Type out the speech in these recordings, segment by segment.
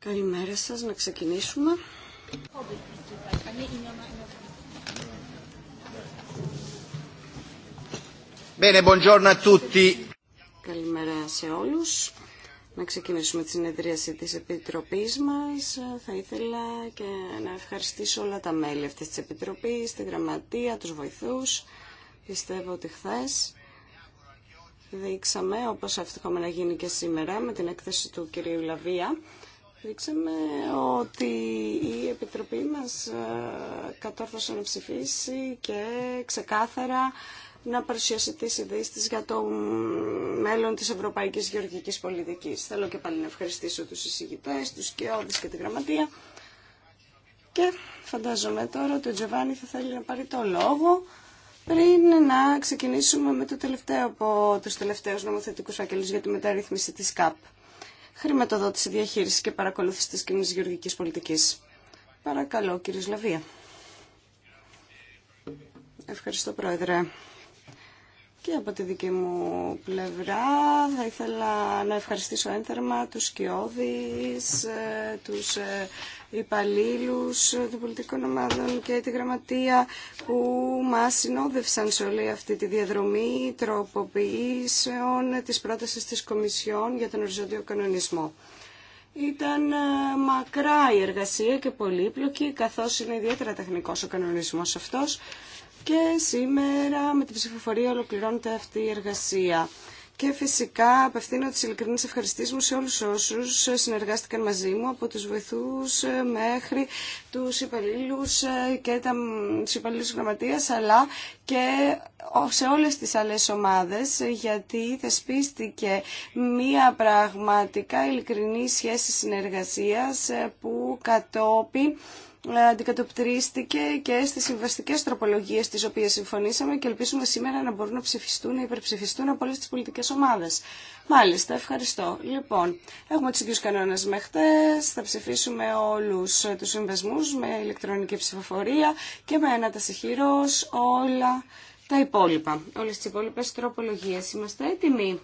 Καλημέρα σας, να ξεκινήσουμε. Bene, buongiorno a tutti. Καλημέρα σε όλους. Να ξεκινήσουμε τη συνεδρίαση της Επιτροπής μας. Θα ήθελα και να ευχαριστήσω όλα τα μέλη αυτής της Επιτροπής, τη Γραμματεία, τους βοηθούς. Πιστεύω ότι χθες δείξαμε, όπως να γίνει και σήμερα με την έκθεση του κυρίου Λαβία, δείξαμε ότι η Επιτροπή μας ε, κατόρθωσε να ψηφίσει και ξεκάθαρα να παρουσιάσει τις ιδέες της για το μέλλον της ευρωπαϊκής γεωργικής πολιτικής. Θέλω και πάλι να ευχαριστήσω τους εισηγητές, τους κοιόδης και τη γραμματεία. Και φαντάζομαι τώρα ότι ο Τζεβάνι θα θέλει να πάρει το λόγο πριν να ξεκινήσουμε με το τελευταίο από τους τελευταίους νομοθετικούς φάκελους για τη μεταρρύθμιση της ΚΑΠ. Χρηματοδότηση, διαχείριση και παρακολούθηση της κοινή γεωργικής πολιτικής. Παρακαλώ, κύριε Σλαβία. Ευχαριστώ, Πρόεδρε. Και από τη δική μου πλευρά θα ήθελα να ευχαριστήσω ένθερμα τους Σκιώδης, ε, τους ε, υπαλλήλου των πολιτικών ομάδων και τη γραμματεία που μα συνόδευσαν σε όλη αυτή τη διαδρομή τροποποιήσεων της πρότασης της Κομισιόν για τον οριζόντιο κανονισμό. Ήταν ε, μακρά η εργασία και πολύπλοκη, καθώς είναι ιδιαίτερα τεχνικός ο κανονισμός αυτός και σήμερα με την ψηφοφορία ολοκληρώνεται αυτή η εργασία. Και φυσικά απευθύνω τις ειλικρινές ευχαριστήσεις μου σε όλους όσους συνεργάστηκαν μαζί μου, από τους βοηθούς μέχρι τους υπαλλήλους ε, και τα, τους υπαλλήλους γραμματείας, αλλά και σε όλες τις άλλες ομάδες, γιατί θεσπίστηκε μία πραγματικά ειλικρινή σχέση συνεργασίας ε, που κατόπιν ε, αντικατοπτρίστηκε και στι συμβαστικέ τροπολογίες τι οποίες συμφωνήσαμε και ελπίζουμε σήμερα να μπορούν να ψηφιστούν, να υπερψηφιστούν από όλε τι πολιτικές ομάδε. Μάλιστα, ευχαριστώ. Λοιπόν, έχουμε του ίδιου κανόνε με χτε. θα ψηφίσουμε όλους ε, τους συμβασμού με ηλεκτρονική ψηφοφορία και με ένα τασιχυρό όλα τα υπόλοιπα, Όλε τι υπόλοιπε τροπολογίε. Είμαστε έτοιμοι.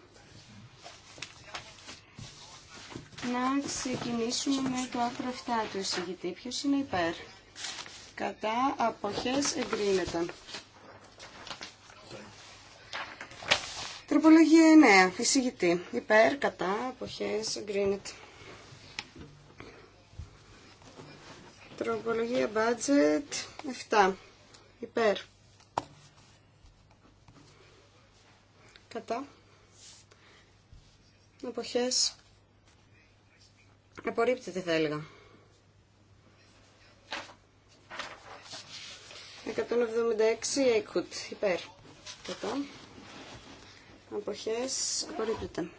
να ξεκινήσουμε με το άκρο 7 του εισηγητή. Ποιο είναι υπέρ. Κατά αποχές εγκρίνεται. Τροπολογία 9. Εισηγητή. Υπέρ, κατά, αποχές, εγκρίνεται. Τροπολογία budget 7. Υπέρ. Κατά. Αποχές, Απορρίπτεται θα έλεγα. 176 έκουτ υπέρ. Κατά. Αποχές απορρίπτεται.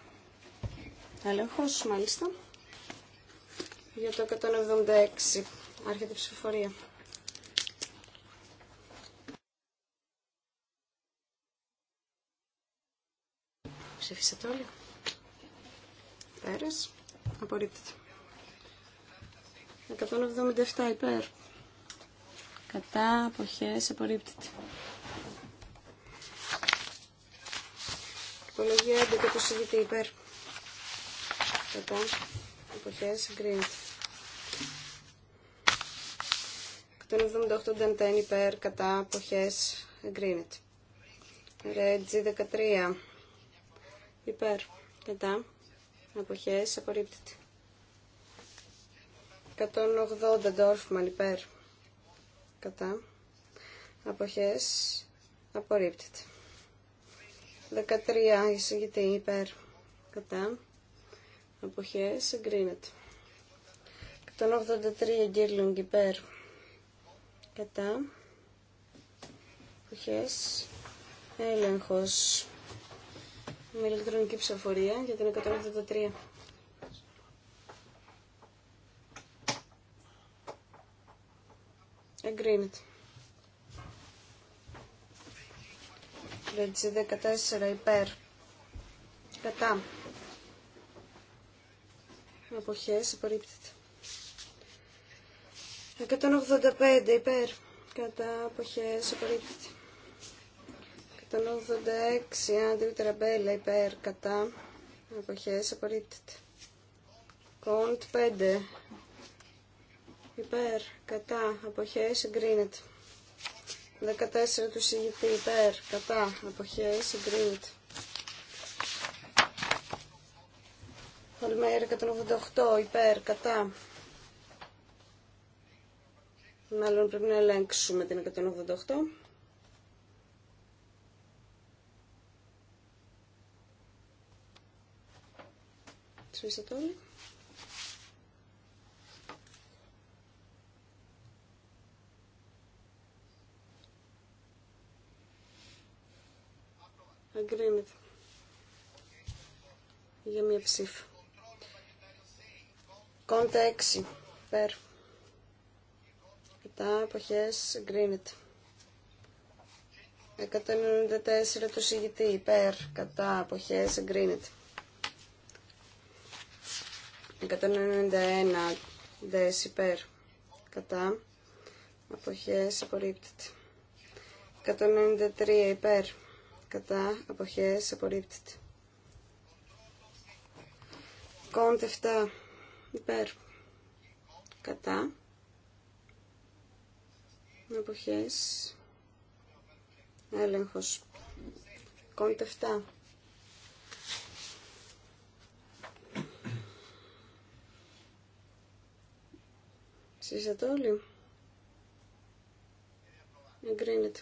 Έλεγχος μάλιστα. Για το 176 άρχεται η ψηφοφορία. το όλοι. Πέρας. Απορρίπτεται. 177 υπέρ. Κατά αποχές απορρίπτεται. Υπολογία 11 το συγκητή υπέρ. Κατά αποχές εγκρίνεται. 178 νταντέν υπέρ. Κατά αποχές εγκρίνεται. Ρέτζι 13 υπέρ. Κατά αποχές απορρίπτεται. 180 Ντόρφμαν υπέρ κατά αποχές απορρίπτεται 13 εισηγητή υπέρ κατά αποχές εγκρίνεται 183 γκίρλινγκ υπέρ κατά αποχές έλεγχος με ηλεκτρονική ψηφοφορία για την 183 Εγκρίνεται. 14 υπέρ. Κατά. Αποχές απορρίπτεται. 185 υπέρ. Κατά αποχές απορρίπτεται. 186 άντρου τραμπέλα υπέρ. Κατά αποχές απορρίπτεται. Κοντ 5 υπέρ, κατά, αποχές, εγκρίνεται. 14 του συγητή υπέρ, κατά, αποχές, εγκρίνεται. Ολμέιρ 188 υπέρ, κατά. Μάλλον πρέπει να ελέγξουμε την 188. Εγκρίνεται. Για μία ψήφα. Κόντα 6. Περ. Κατά εποχές εγκρίνεται. 194 του συγητή. Υπέρ. Κατά αποχές. εγκρίνεται. 191 δες υπέρ. Κατά. Αποχές απορρίπτεται. 193 υπέρ κατά αποχές απορρίπτεται. Κόντ 7 υπέρ κατά αποχές έλεγχος. Κόντ 7 Ψήσατε όλοι. Εγκρίνεται.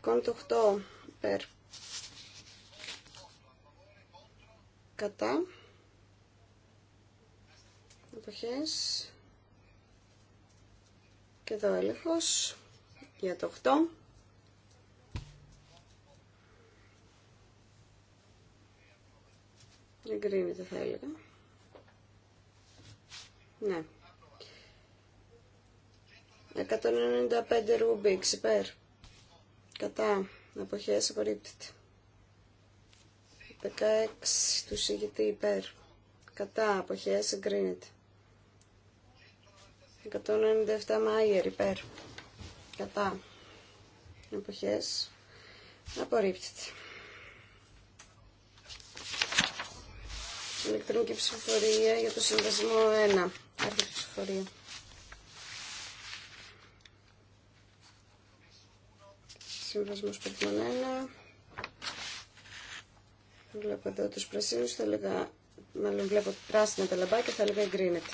Κόντο 8 πέρ Κατά. Εποχές. Και εδώ έλεγχος για το 8. Εγκρίνεται θα έλεγα. Ναι. 195 ρούμπι, υπέρ κατά αποχές απορρίπτεται 16 του συγητή υπέρ κατά αποχές εγκρίνεται 197 Μάιερ υπέρ κατά εποχές απορρίπτεται ηλεκτρονική ψηφοφορία για το συνδεσμό 1 η ψηφοφορία Συμβασμός Πετμόν 1. Βλέπω εδώ τους πρασίνους, θα έλεγα, μάλλον βλέπω πράσινα τα λαμπάκια, θα έλεγα εγκρίνεται.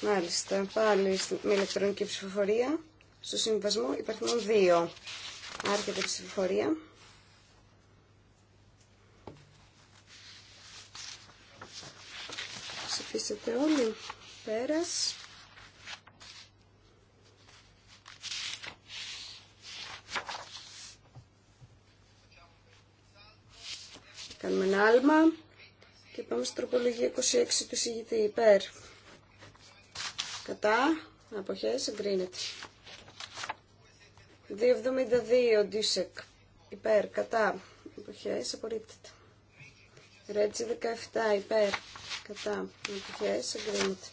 Μάλιστα, πάλι με ηλεκτρονική ψηφοφορία, στο συμβασμό υπάρχουν δύο. Άρχεται η ψηφοφορία. Ψηφίσατε όλοι. Πέρας. Κάνουμε ένα άλμα και πάμε στην τροπολογία 26 του συγητή υπέρ. Κατά, αποχές, εγκρίνεται. 2.72 ντύσεκ υπέρ, κατά, αποχές, απορρίπτεται. Ρέτζι 17 υπέρ, κατά, αποχές, εγκρίνεται.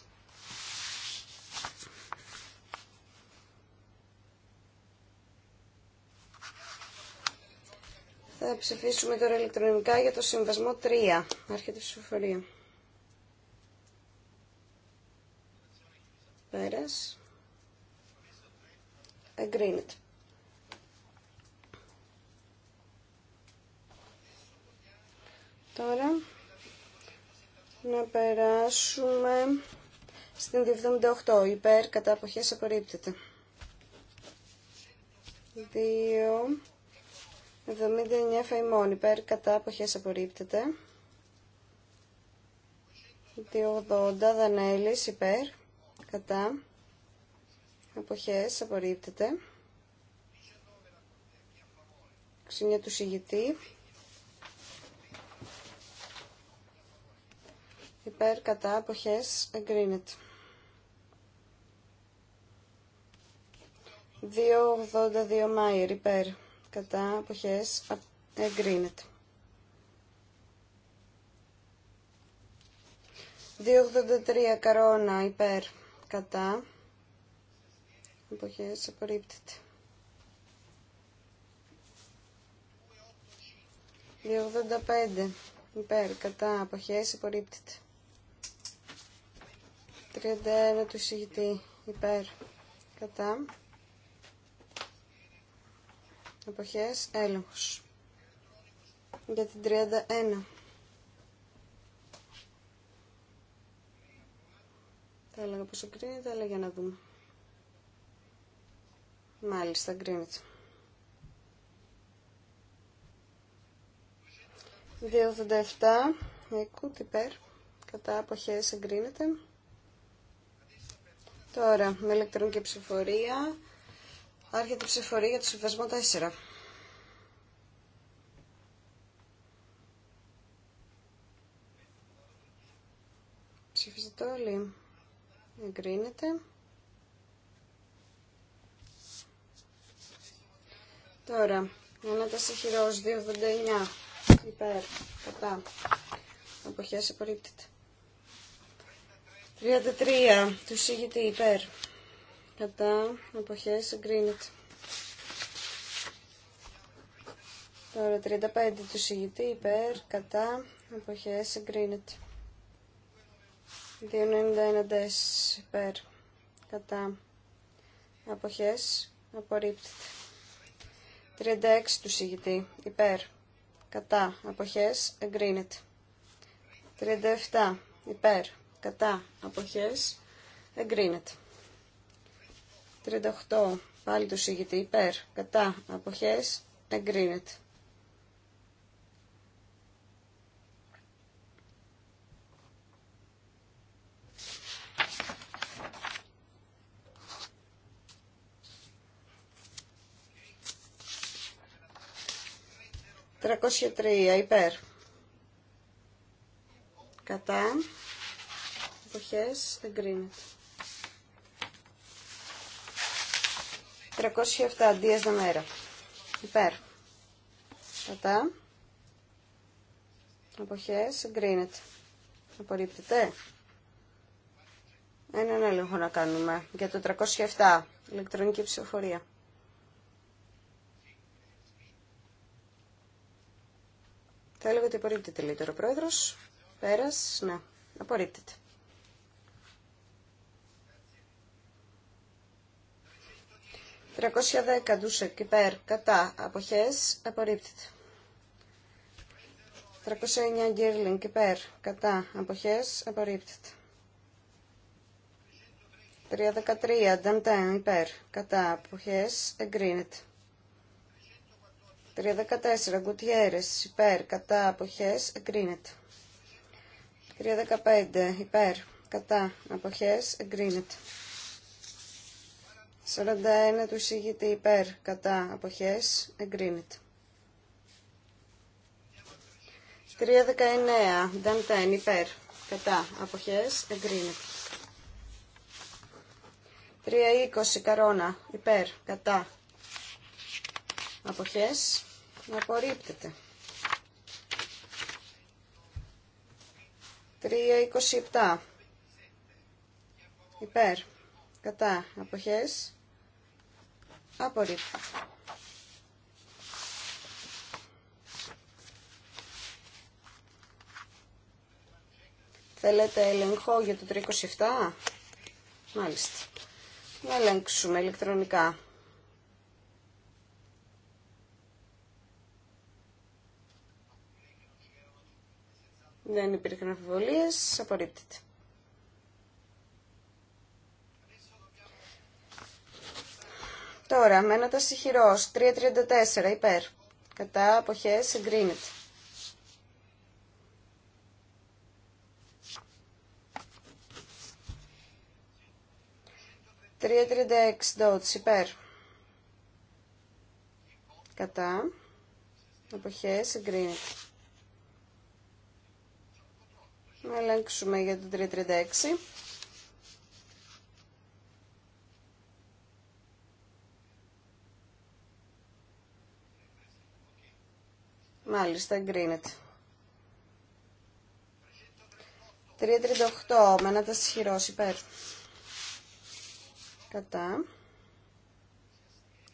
Θα ψηφίσουμε τώρα ηλεκτρονικά για το συμβασμό 3. Άρχεται η ψηφοφορία. Πέρας. Εγκρίνεται. Τώρα να περάσουμε στην 78. Υπέρ κατά αποχές απορρίπτεται. Δύο. 79 φαϊμών υπέρ κατά αποχές απορρίπτεται. 280 δανέλης υπέρ κατά αποχές απορρίπτεται. 69 του συγητή υπέρ κατά αποχές εγκρίνεται. 282 Μάιερ υπέρ κατά αποχές εγκρίνεται. 283 καρόνα υπέρ κατά αποχές απορρίπτεται. 285 υπέρ κατά εποχές απορρίπτεται. 31 του εισηγητή υπέρ κατά εποχές έλεγχος για την 31 θα έλεγα πόσο εγκρίνεται, αλλά για να δούμε μάλιστα κρίνεται 2.87 εκούτ υπέρ κατά αποχές εγκρίνεται τώρα με ηλεκτρονική ψηφορία Άρχεται η ψηφορία για το συμβασμό 4. Ψήφιζε όλοι. Εγκρίνεται. Τώρα, ένα τεσσεχειρός 2,89 υπέρ, κατά, αποχές απορρίπτεται. 33, του συγητή υπέρ, κατά εποχές εγκρίνεται. Τώρα 35 του συγητή υπέρ κατά εποχές εγκρίνεται. 291 δες υπέρ κατά εποχές απορρίπτεται. 36 του συγητή υπέρ κατά εποχές εγκρίνεται. 37 υπέρ κατά εποχές εγκρίνεται. 38. Πάλι το συγγητή υπέρ. Κατά. Αποχές. Εγκρίνεται. Τρακόσια τρία υπέρ. Κατά. Αποχές. Εγκρίνεται. 307 Δίας Δαμέρα. Υπέρ. Κατά. Αποχές. Εγκρίνεται. Απορρίπτεται. Έναν έλεγχο να κάνουμε για το 307. Ηλεκτρονική ψηφοφορία. Θα έλεγα ότι απορρίπτεται λίτερο πρόεδρος. Πέρας. Ναι. Απορρίπτεται. 310 ντούσεκ υπέρ κατά αποχές απορρίπτεται. 309 γκίρλινγκ υπέρ κατά αποχές απορρίπτεται. 313 νταντέν υπέρ κατά αποχές εγκρίνεται. 314 γκουτιέρες υπέρ κατά αποχές εγκρίνεται. 315 υπέρ κατά αποχές εγκρίνεται. 41 του εισηγείται υπέρ κατά αποχές εγκρίνεται. 319 Νταντέν υπέρ κατά αποχές εγκρίνεται. 320 Καρόνα υπέρ κατά αποχές απορρίπτεται. 327 υπέρ κατά αποχές Απορρίπτω. Θέλετε έλεγχο για το 327. Μάλιστα. Να ελέγξουμε ηλεκτρονικά. Δεν υπήρχαν αμφιβολίες. Απορρίπτεται. Τώρα, μένοντα ηχηρό, 334 υπέρ. Κατά αποχέ εγκρίνεται. 336 τριάντα υπέρ. Κατά. Αποχές εγκρίνεται. Να ελέγξουμε για το 336. Μάλιστα, εγκρίνεται. 3.38, με ένα τασχυρός υπέρ. Κατά.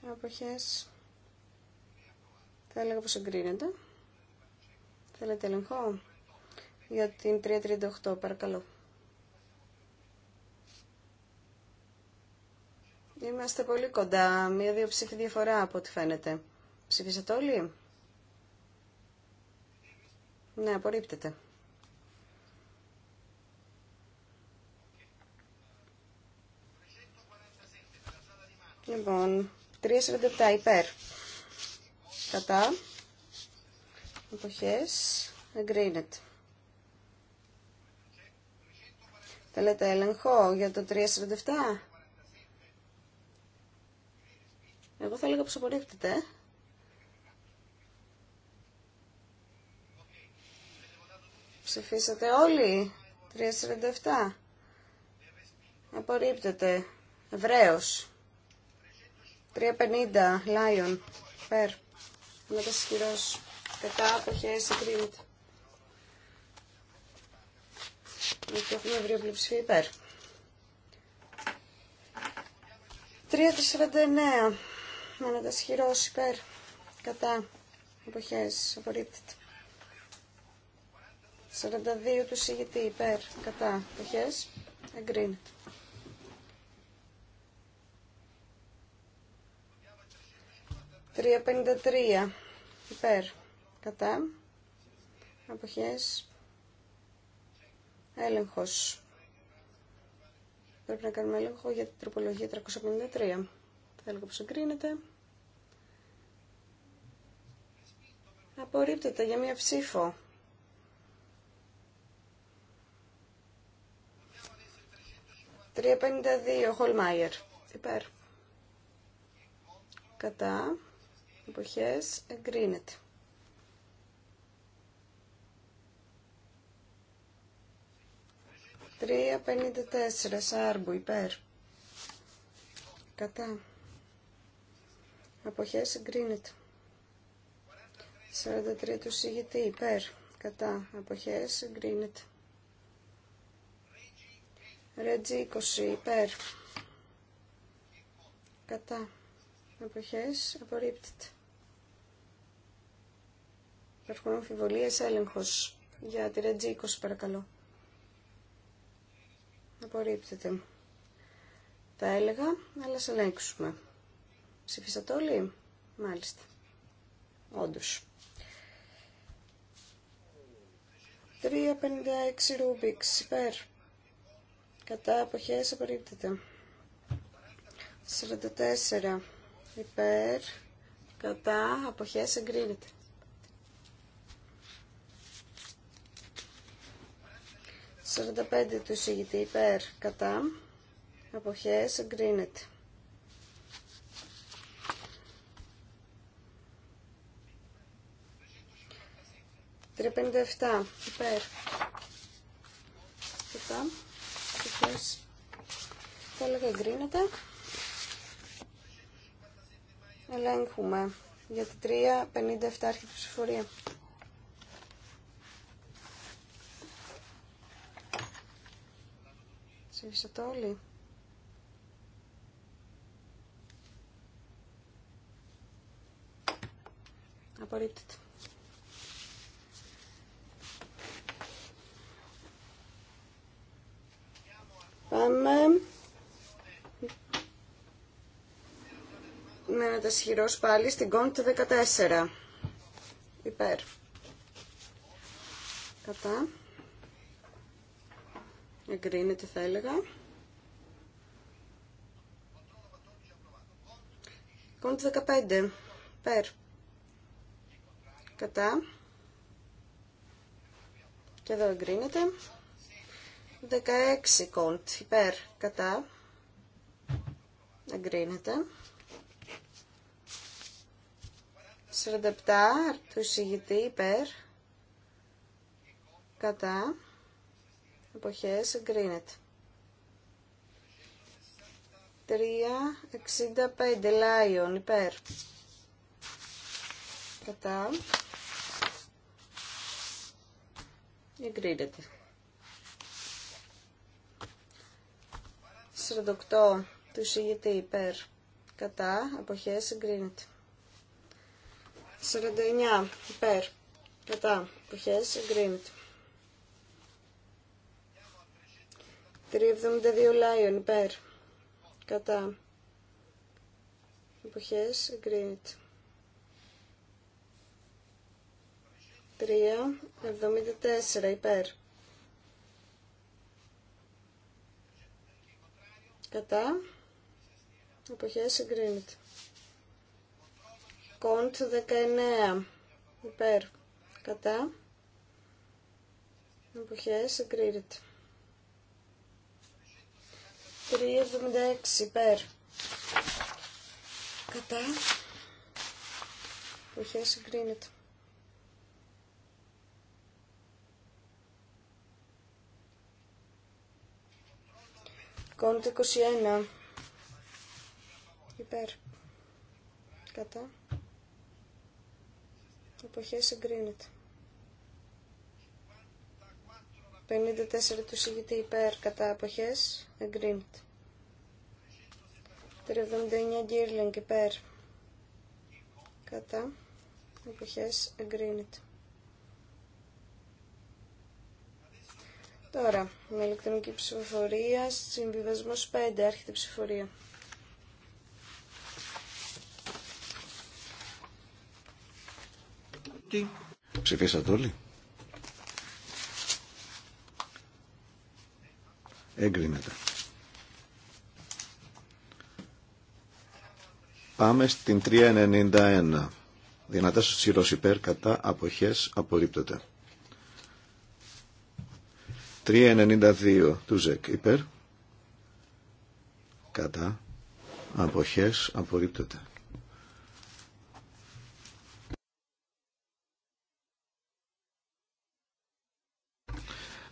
Αποχές. Θα έλεγα πως εγκρίνεται. Θέλετε έλεγχο για την 3.38, παρακαλώ. Είμαστε πολύ κοντά, μία-δύο ψήφι διαφορά από ό,τι φαίνεται. Ψήφισατε όλοι. Ναι, απορρίπτεται. Λοιπόν, 3,47 υπέρ. Κατά. Εποχές. Εγκρίνεται. Θέλετε έλεγχο για το 3,47. Εγώ θα έλεγα πως απορρίπτεται. Ε. Ψηφίσατε όλοι. 347. Απορρίπτεται. Ευραίος. 350. Λάιον. Περ. Μετά ισχυρός. Κατά αποχές εγκρίνεται. Το έχουμε βρει πλειοψηφία υπέρ. 349. τα ισχυρός υπέρ. Κατά αποχές απορρίπτεται. 42 του συγητή υπέρ κατά αποχές εγκρίνεται. 353 υπέρ κατά αποχές έλεγχος. Πρέπει να κάνουμε έλεγχο για την τροπολογία 353. Θα έλεγχο που εγκρίνεται. Απορρίπτεται για μία ψήφο. 352 Χολμάιερ. Υπέρ. Κατά. Εποχές. Εγκρίνεται. 354 Σάρμπου. Υπέρ. Κατά. Αποχές εγκρίνεται. 43 του σιγητή υπέρ. Κατά. Αποχές εγκρίνεται. Ρέτζι 20 υπέρ. Κατά. Εποχές απορρίπτεται. Υπάρχουν αμφιβολίες έλεγχος για τη Ρέτζι 20 παρακαλώ. Απορρίπτεται. Τα έλεγα, αλλά σε ελέγξουμε. Ψηφίσατε όλοι. Μάλιστα. Όντως. 3.56 Ρούμπιξ υπέρ κατά αποχές απορρίπτεται 44 υπέρ κατά αποχές εγκρίνεται 45 του εισηγητή υπέρ κατά αποχές εγκρίνεται 357 υπέρ κατά αποχές θα έλεγα εγκρίνεται ελέγχουμε για τη 3.57 άρχεται ψηφορία ψήφισατε όλοι απορρίπτεται Πάμε με ναι, τεσχυρό πάλι στην κόντ 14. Υπέρ. Κατά. Εγκρίνεται θα έλεγα. Κόντ 15. Υπέρ. Κατά. Και εδώ εγκρίνεται. 16 κόντ υπέρ κατά εγκρίνεται 47 του εισηγητή υπέρ κατά εποχές εγκρίνεται 365 λάϊον υπέρ κατά εγκρίνεται 48 του εισηγητή υπέρ κατά αποχές εγκρίνεται. 49 υπέρ κατά αποχές εγκρίνεται. 372 Λάιον υπέρ κατά Αποχές. εγκρίνεται 374 υπέρ Κατά. εποχές εγκρίνεται. Κοντ 19. Υπέρ. Κατά. εποχές εγκρίνεται. 376 υπέρ. Κατά. εποχές εγκρίνεται. Κόν 21. Υπέρ. Κατά. Εποχέ, εγκρίνεται. 54 του συγγητή υπέρ κατά εποχέ, εγκρίνεται. 379 γκίρλινγκ υπέρ κατά εποχέ, εγκρίνεται. Τώρα, με ηλεκτρονική ψηφοφορία, συμβιβασμό 5, άρχεται ψηφοφορία. Τι. Ψηφίσατε όλοι. Έγκρινεται. Πάμε στην 391. Δυνατά στους υπέρ κατά αποχές απορρίπτεται. 392 του ΖΕΚ υπέρ κατά αποχές απορρίπτεται.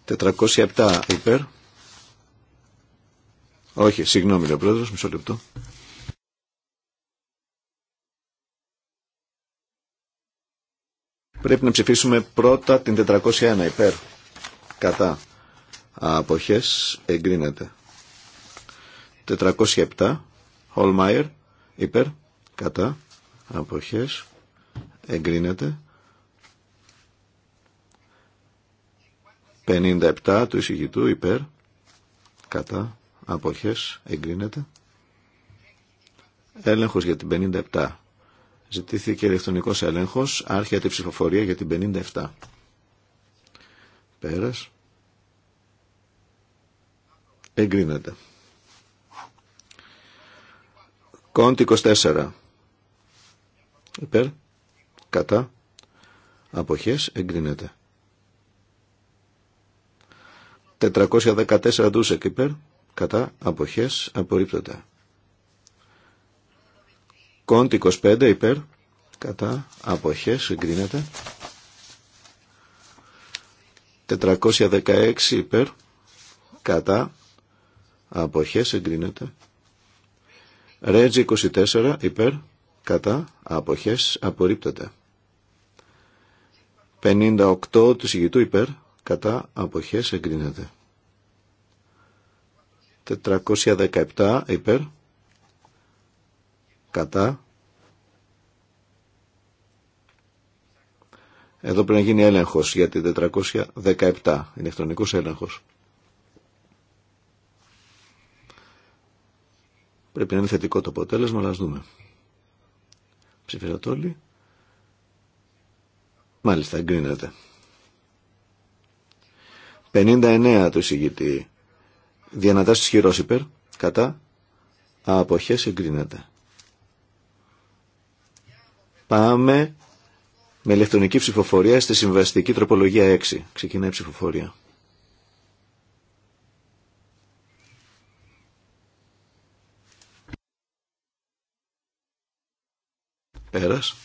407 υπέρ. Όχι, συγγνώμη λέει ο μισό λεπτό. Πρέπει να ψηφίσουμε πρώτα την 401 υπέρ. Κατά αποχές εγκρίνεται 407 Holmeyer, υπέρ κατά αποχές εγκρίνεται 57 του εισηγητού υπέρ κατά αποχές εγκρίνεται έλεγχος για την 57 ζητήθηκε ηλεκτρονικός έλεγχος άρχεται η ψηφοφορία για την 57 πέρας εγκρίνεται. Κόντι 24 υπέρ, κατά, αποχές, εγκρίνεται. 414 ντούσεκ υπέρ, κατά, αποχές, απορρίπτεται. Κόντι 25 υπέρ, κατά, αποχές, εγκρίνεται. 416 υπέρ, κατά, αποχές εγκρίνεται. Ρέτζι 24 υπέρ κατά αποχές απορρίπτεται. 58 του συγητού υπέρ κατά αποχές εγκρίνεται. 417 υπέρ κατά Εδώ πρέπει να γίνει έλεγχος για την 417 ηλεκτρονικός έλεγχος. Πρέπει να είναι θετικό το αποτέλεσμα, αλλά ας δούμε. Ψηφίσατε Μάλιστα, εγκρίνεται. 59 το εισηγητή. Διανατάσεις ισχυρός υπέρ, κατά, αποχές εγκρίνεται. Πάμε με ηλεκτρονική ψηφοφορία στη συμβαστική τροπολογία 6. Ξεκινάει η ψηφοφορία. Πέρας.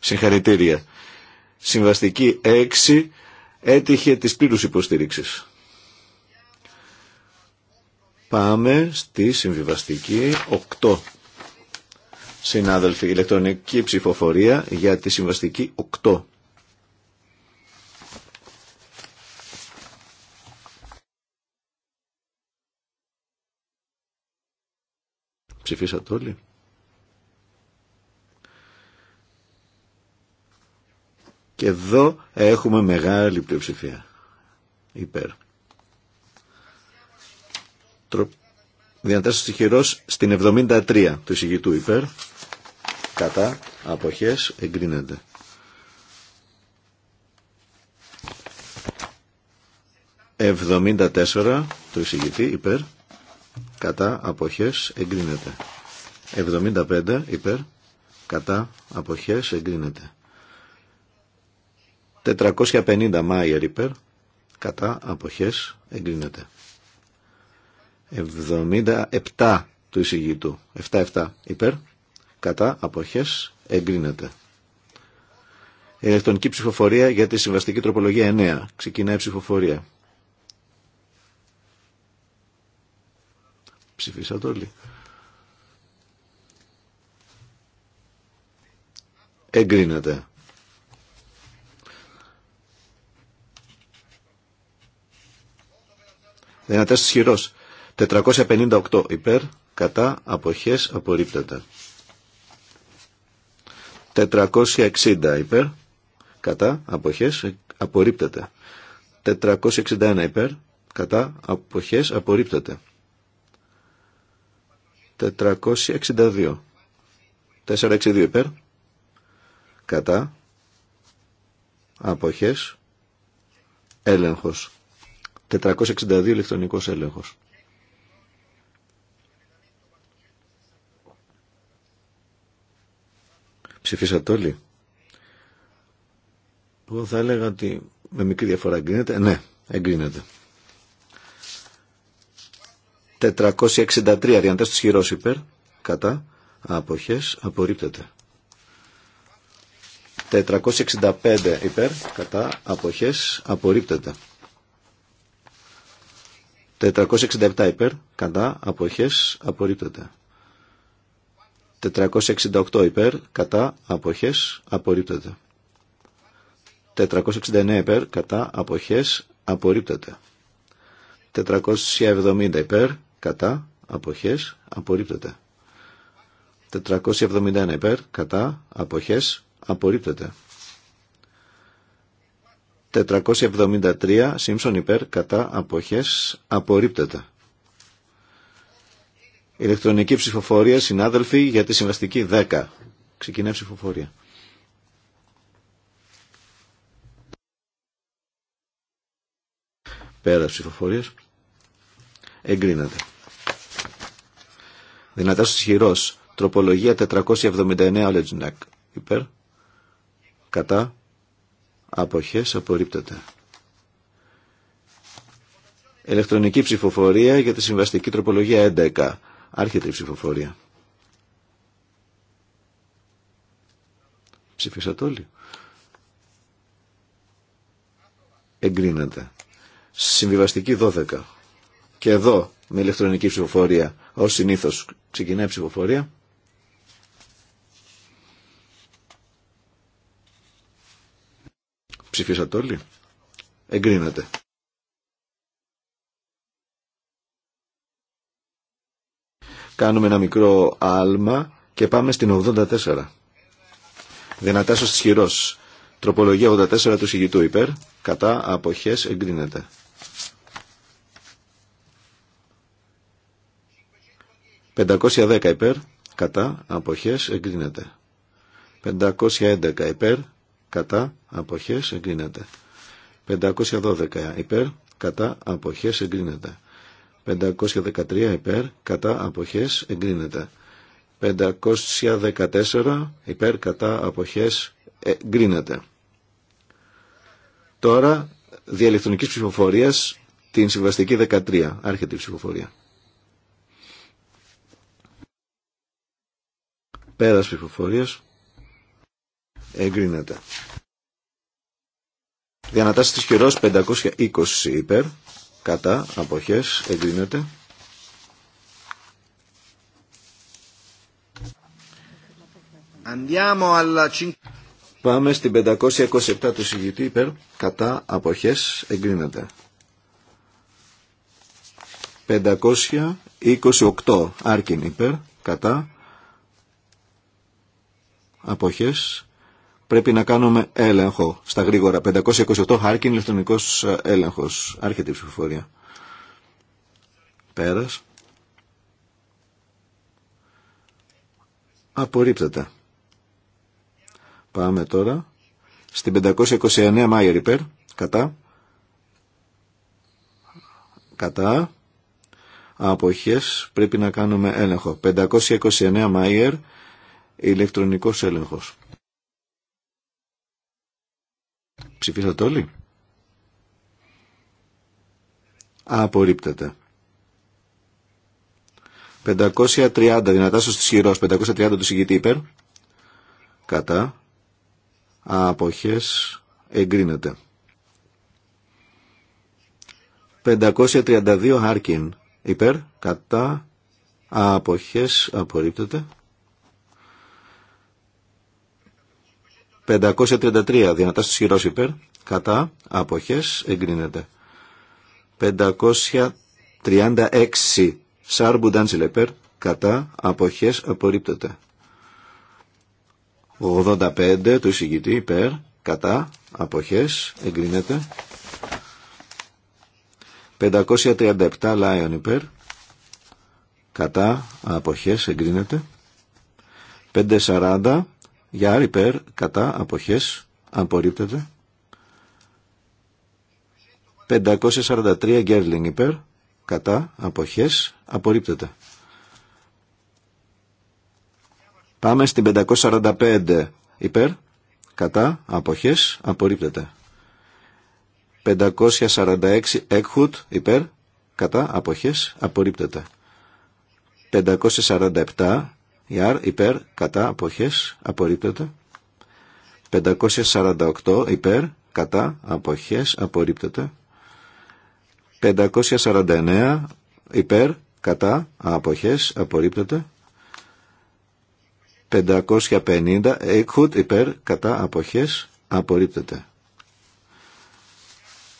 Συγχαρητήρια. Συμβαστική 6 έτυχε της πλήρους υποστήριξης. Πάμε στη συμβιβαστική 8. Συνάδελφοι, ηλεκτρονική ψηφοφορία για τη συμβαστική 8. Ψηφίσατε όλοι. Και εδώ έχουμε μεγάλη πλειοψηφία. Υπέρ. Τρο... χειρός στην 73 του εισηγητού υπέρ. Κατά. Αποχές. Εγκρίνεται. 74 του εισηγητή υπέρ κατά αποχές εγκρίνεται. 75 υπέρ κατά αποχές εγκρίνεται. 450 Μάιερ υπέρ κατά αποχές εγκρίνεται. 77 του εισηγητου 77 υπέρ κατά αποχές εγκρίνεται. Ηλεκτρονική ψηφοφορία για τη συμβαστική τροπολογία 9. Ξεκινάει η ψηφοφορία. Ψηφίσατε όλοι. Εγκρίνεται. Δυνατές 458 υπέρ, κατά, αποχές, απορρίπτεται. 460 υπέρ, κατά, αποχές, απορρίπτεται. 461 υπέρ, κατά, αποχές, απορρίπτεται. 462. 462 υπέρ. Κατά. Αποχές. Έλεγχος. 462 ηλεκτρονικός έλεγχος. Ψηφίσατε όλοι. Εγώ θα έλεγα ότι με μικρή διαφορά εγκρίνεται. Ναι, εγκρίνεται. 463 αριαντές του χειρός υπέρ, κατά, αποχές, απορρίπτεται. 465 υπέρ, κατά, αποχές, απορρίπτεται. 467 υπέρ, κατά, αποχές, απορρίπτεται. 468 υπέρ, κατά, αποχές, απορρίπτεται. 469 υπέρ, κατά, αποχές, απορρίπτεται. 470 υπέρ, κατά, αποχές, απορρίπτεται. 471 υπέρ, κατά, αποχές, απορρίπτεται. 473 Σίμψον υπέρ, κατά, αποχές, απορρίπτεται. Ηλεκτρονική ψηφοφορία, συνάδελφοι, για τη συμβαστική 10. Ξεκινάει ψηφοφορία. Πέρα ψηφοφορίας. Εγκρίνεται. Δυνατάς ισχυρός. Τροπολογία 479 Αλετζνέκ. Υπέρ. Κατά. Αποχές απορρίπτεται. Ελεκτρονική ψηφοφορία για τη συμβαστική τροπολογία 11. Άρχεται η ψηφοφορία. Ψηφίσατε όλοι. Εγκρίνεται. Συμβιβαστική 12. Και εδώ με ηλεκτρονική ψηφοφορία, ως συνήθως ξεκινάει ψηφοφορία. Ψηφίσατε όλοι. εγκρίνεται. Κάνουμε ένα μικρό άλμα και πάμε στην 84. Δυνατάσως χειρό. Τροπολογία 84 του συγητού υπέρ. Κατά αποχές εγκρίνεται. 510 υπέρ, κατά, αποχές, εγκρίνεται. 511 υπέρ, κατά, αποχές, εγκρίνεται. 512 υπέρ, κατά, αποχές, εγκρίνεται. 513 υπέρ, κατά, αποχές, εγκρίνεται. 514 υπέρ, κατά, αποχές, εγκρίνεται. Τώρα, διαλεκτρονικής ψηφοφορίας, την συμβαστική 13, άρχεται η ψηφοφορία. Πέρας ψηφοφορίας. Εγκρίνεται. Διανατάσεις της χειρός 520 υπέρ. Κατά αποχές. Εγκρίνεται. Andiamo Πάμε στην 527 του συγκριτή υπέρ. Κατά αποχές. Εγκρίνεται. 528 άρκιν υπέρ. Κατά αποχές πρέπει να κάνουμε έλεγχο στα γρήγορα. 528 Χάρκιν, ηλεκτρονικός έλεγχος. Άρχεται η ψηφοφορία. Πέρας. Απορρίπτεται. Πάμε τώρα στην 529 Μάιερ υπέρ, κατά, κατά, αποχές, πρέπει να κάνουμε έλεγχο. 529 Μάιερ, ηλεκτρονικός έλεγχος. Ψηφίσατε όλοι. Απορρίπτεται. 530 δυνατά στο χειρός. 530 του συγκητή υπέρ. Κατά. Αποχές. Εγκρίνεται. 532 Άρκιν υπέρ. Κατά. Αποχές. Απορρίπτεται. 533 δυνατά στους χειρός υπέρ κατά αποχές εγκρίνεται 536 σάρ υπέρ κατά αποχές απορρίπτεται 85 του εισηγητή υπέρ κατά αποχές εγκρίνεται 537 λάιον υπέρ κατά αποχές εγκρίνεται 540 για υπέρ κατά αποχές απορρίπτεται. 543 γκέρλινγκ υπέρ κατά αποχές απορρίπτεται. Πάμε στην 545 υπέρ κατά αποχές απορρίπτεται. 546 έκχουτ υπέρ κατά αποχές απορρίπτεται. 547 Ιάρ, υπέρ, κατά, αποχές, απορρίπτεται. 548 υπέρ, κατά, αποχές, απορρίπτεται. 549 υπέρ, κατά, αποχές, απορρίπτεται. 550 έκχουτ υπέρ, κατά, αποχές, απορρίπτεται.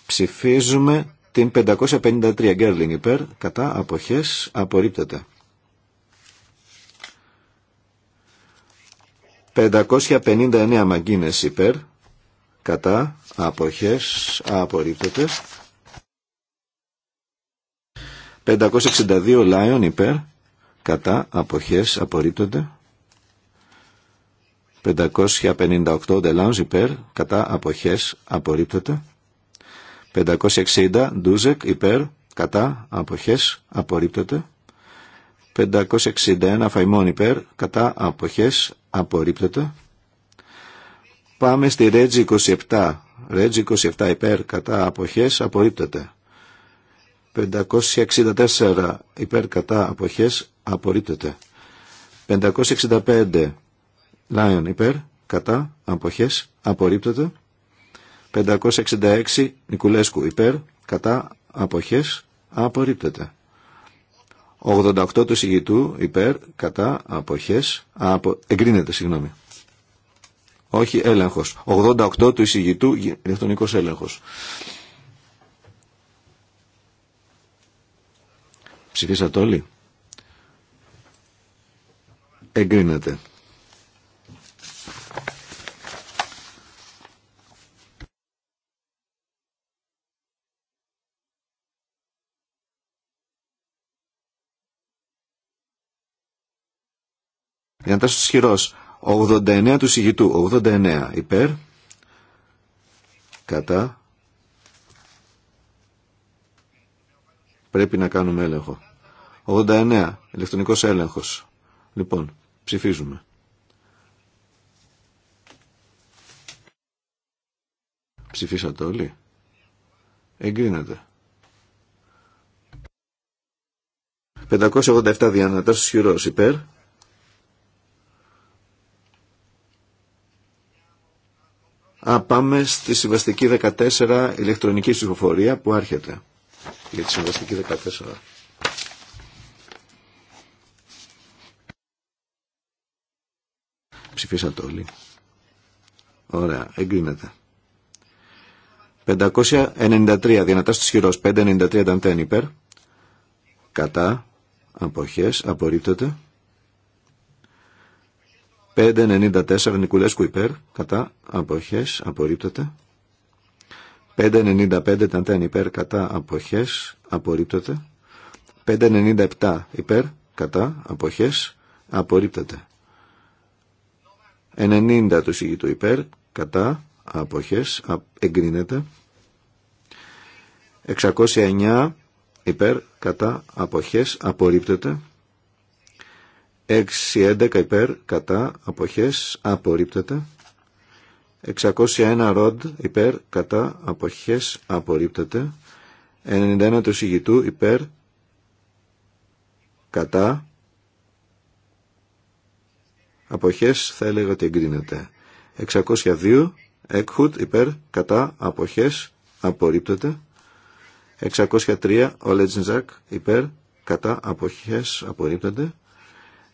Ψηφίζουμε την 553 γκέρλινγκ υπέρ, κατά, αποχές, απορρίπτεται. 559 μαγκίνες υπέρ, κατά, αποχές, απορρίπτεται. 562 λάιον υπέρ, κατά, αποχές, απορρίπτεται. 558 δελάνς υπέρ, κατά, αποχές, απορρίπτεται. 560 ντούζεκ υπέρ, κατά, αποχές, απορρίπτεται. 561 φαϊμόν υπέρ, κατά, αποχές, απορρίπτεται. Πάμε στη Ρέτζη 27. Ρέτζη 27 υπέρ κατά αποχές απορρίπτεται. 564 υπέρ κατά αποχές απορρίπτεται. 565 Lion υπέρ κατά αποχές απορρίπτεται. 566 Νικουλέσκου υπέρ κατά αποχές απορρίπτεται. 88 του συγητού υπέρ, κατά, αποχές, απο, εγκρίνεται, συγγνώμη. Όχι, έλεγχος. 88 του εισηγητού, ηλεκτρονικός έλεγχος. Ψηφίσατε όλοι. Εγκρίνεται. Για να 89 του συγητού. 89 υπέρ. Κατά. Πρέπει να κάνουμε έλεγχο. 89. Ηλεκτρονικός έλεγχος. Λοιπόν, ψηφίζουμε. Ψηφίσατε όλοι. Εγκρίνεται. 587 διανατάς χειρός υπέρ. Α, πάμε στη συμβαστική 14 ηλεκτρονική ψηφοφορία που άρχεται για τη συμβαστική 14. Ψηφίσατε όλοι. Ωραία, εγκρίνεται. 593, δυνατά στους χειρός, 593 ήταν υπέρ. Κατά, αποχές, απορρίπτεται. 594 Νικουλέσκου υπέρ, κατά, αποχές, απορρίπτωται. 595 Ταντέν υπέρ, κατά, αποχές, απορρίπτωται. 597 υπέρ, κατά, αποχές, απορρίπτεται. 90 του συγητού υπέρ, κατά, αποχές, εγκρίνεται. 609 υπέρ, κατά, αποχές, απορρίπτεται. 611 11 υπέρ, κατά, αποχές, απορρίπτεται. 601 ροντ υπέρ, κατά, αποχές, απορρίπτεται. 91 του συγητού υπέρ, κατά, αποχές, θα έλεγα ότι εγκρίνεται. 602 έκχουτ υπέρ, κατά, αποχές, απορρίπτεται. 603 ο Λετζινζάκ υπέρ, κατά, αποχές, απορρίπτεται.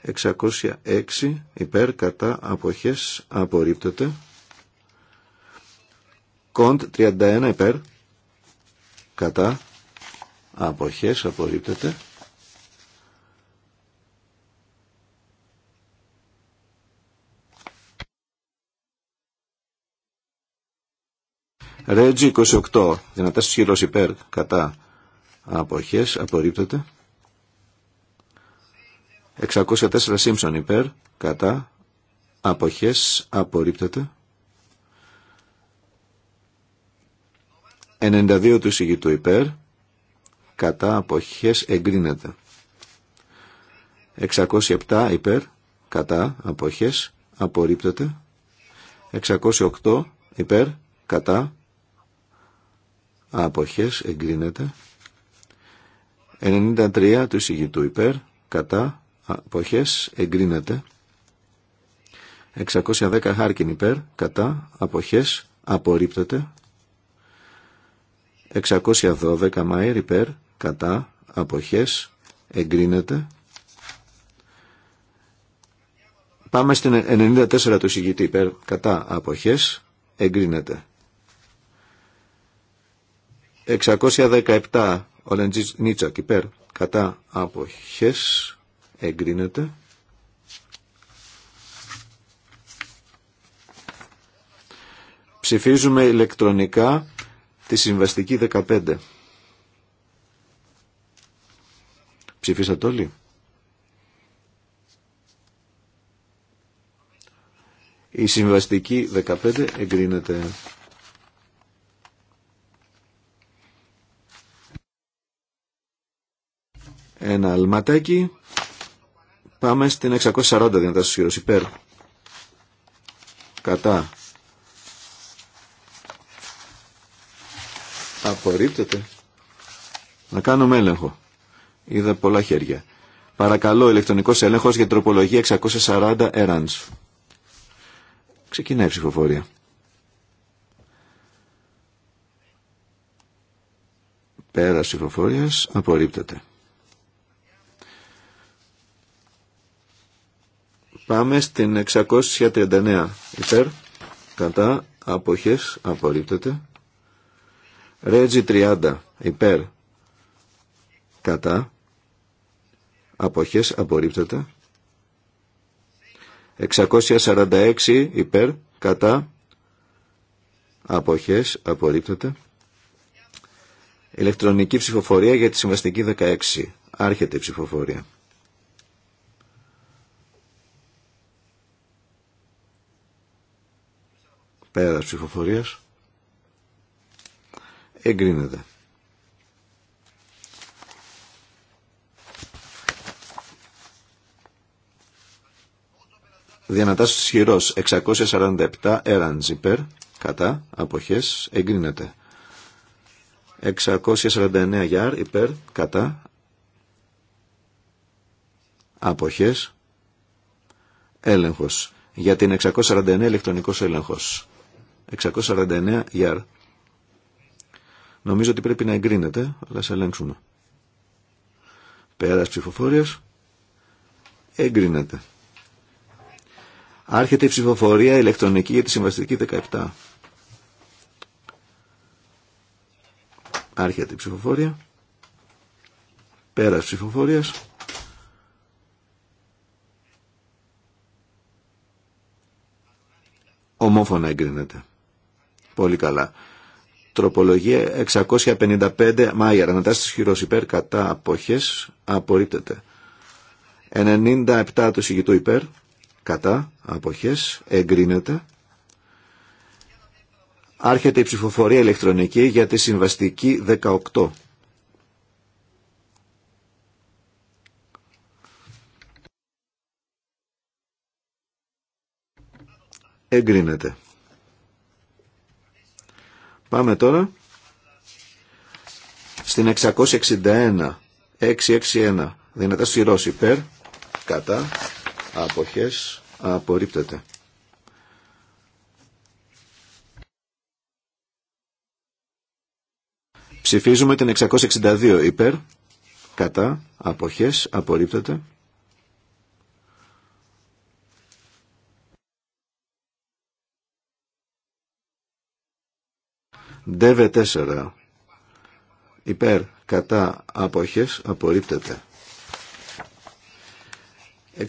606 υπέρ κατά αποχές απορρίπτεται. Κοντ 31 υπέρ κατά αποχές απορρίπτεται. Ρέτζι 28, δυνατές χειρός υπέρ κατά αποχές απορρίπτεται. 604 Simpson υπέρ, κατά, αποχές, απορρίπτεται. 92 του εισηγητού υπέρ, κατά, αποχές, εγκρίνεται. 607 υπέρ, κατά, αποχές, απορρίπτεται. 608 υπέρ, κατά, αποχές, εγκρίνεται. 93 του εισηγητού υπέρ, κατά, αποχές εγκρίνεται 610 χάρκιν υπέρ κατά αποχές απορρίπτεται 612 μαέρ υπέρ κατά αποχές εγκρίνεται Πάμε στην 94 του συγγητή υπέρ κατά αποχές εγκρίνεται 617 ο Νίτσακ υπέρ κατά αποχές εγκρίνεται. Ψηφίζουμε ηλεκτρονικά τη συμβαστική 15. Ψηφίσατε όλοι. Η συμβαστική 15 εγκρίνεται. Ένα αλματάκι Πάμε στην 640 δυνατά του υπέρ. Κατά. Απορρίπτεται. Να κάνουμε έλεγχο. Είδα πολλά χέρια. Παρακαλώ, ηλεκτρονικός έλεγχος για τροπολογία 640 εράνς. Ξεκινάει η ψηφοφορία. Πέρα ψηφοφορίας απορρίπτεται. Πάμε στην 639. Υπέρ, κατά, αποχές, απορρίπτεται. Ρέτζι 30. Υπέρ, κατά, αποχές, απορρίπτεται. 646 υπέρ, κατά, αποχές, απορρίπτεται. Ηλεκτρονική ψηφοφορία για τη συμβαστική 16. Άρχεται η ψηφοφορία. Πέρας ψηφοφορίας. Εγκρίνεται. Διανατάσσεως χειρός 647 έραντζ υπέρ, κατά, αποχές, εγκρίνεται. 649 γιάρ υπέρ, κατά, αποχές, έλεγχος. Για την 649 ηλεκτρονικός έλεγχος. 649 γιάρ. Νομίζω ότι πρέπει να εγκρίνεται, αλλά σε ελέγξουμε. Πέρας ψηφοφόριας, εγκρίνεται. Άρχεται η ψηφοφορία ηλεκτρονική για τη συμβαστική 17. Άρχεται η ψηφοφορία. Πέρας ψηφοφορίας. Ομόφωνα εγκρίνεται. Πολύ καλά. Τροπολογία 655 Μάιερ. Ανατάσσεται χειρό υπέρ κατά αποχέ. Απορρίπτεται. 97 του συγητού υπέρ κατά αποχέ. Εγκρίνεται. Άρχεται η ψηφοφορία ηλεκτρονική για τη συμβαστική 18. Εγκρίνεται. Πάμε τώρα στην 661. 661. Δυνατά σειρό υπέρ, κατά, απόχέ, απορρίπτεται. Ψηφίζουμε την 662 υπέρ, κατά, αποχές, απορρίπτεται. Δεύε 4 υπέρ κατά αποχές απορρίπτεται.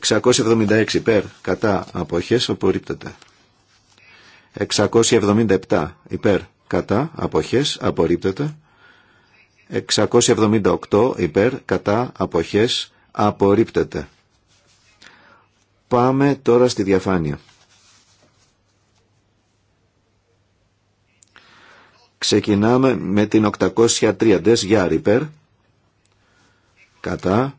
676 υπέρ κατά αποχές απορρίπτεται. 677 υπέρ κατά αποχές απορρίπτεται. 678 υπέρ κατά αποχές απορρίπτεται. Πάμε τώρα στη διαφάνεια. Ξεκινάμε με την 803 δες για Κατά.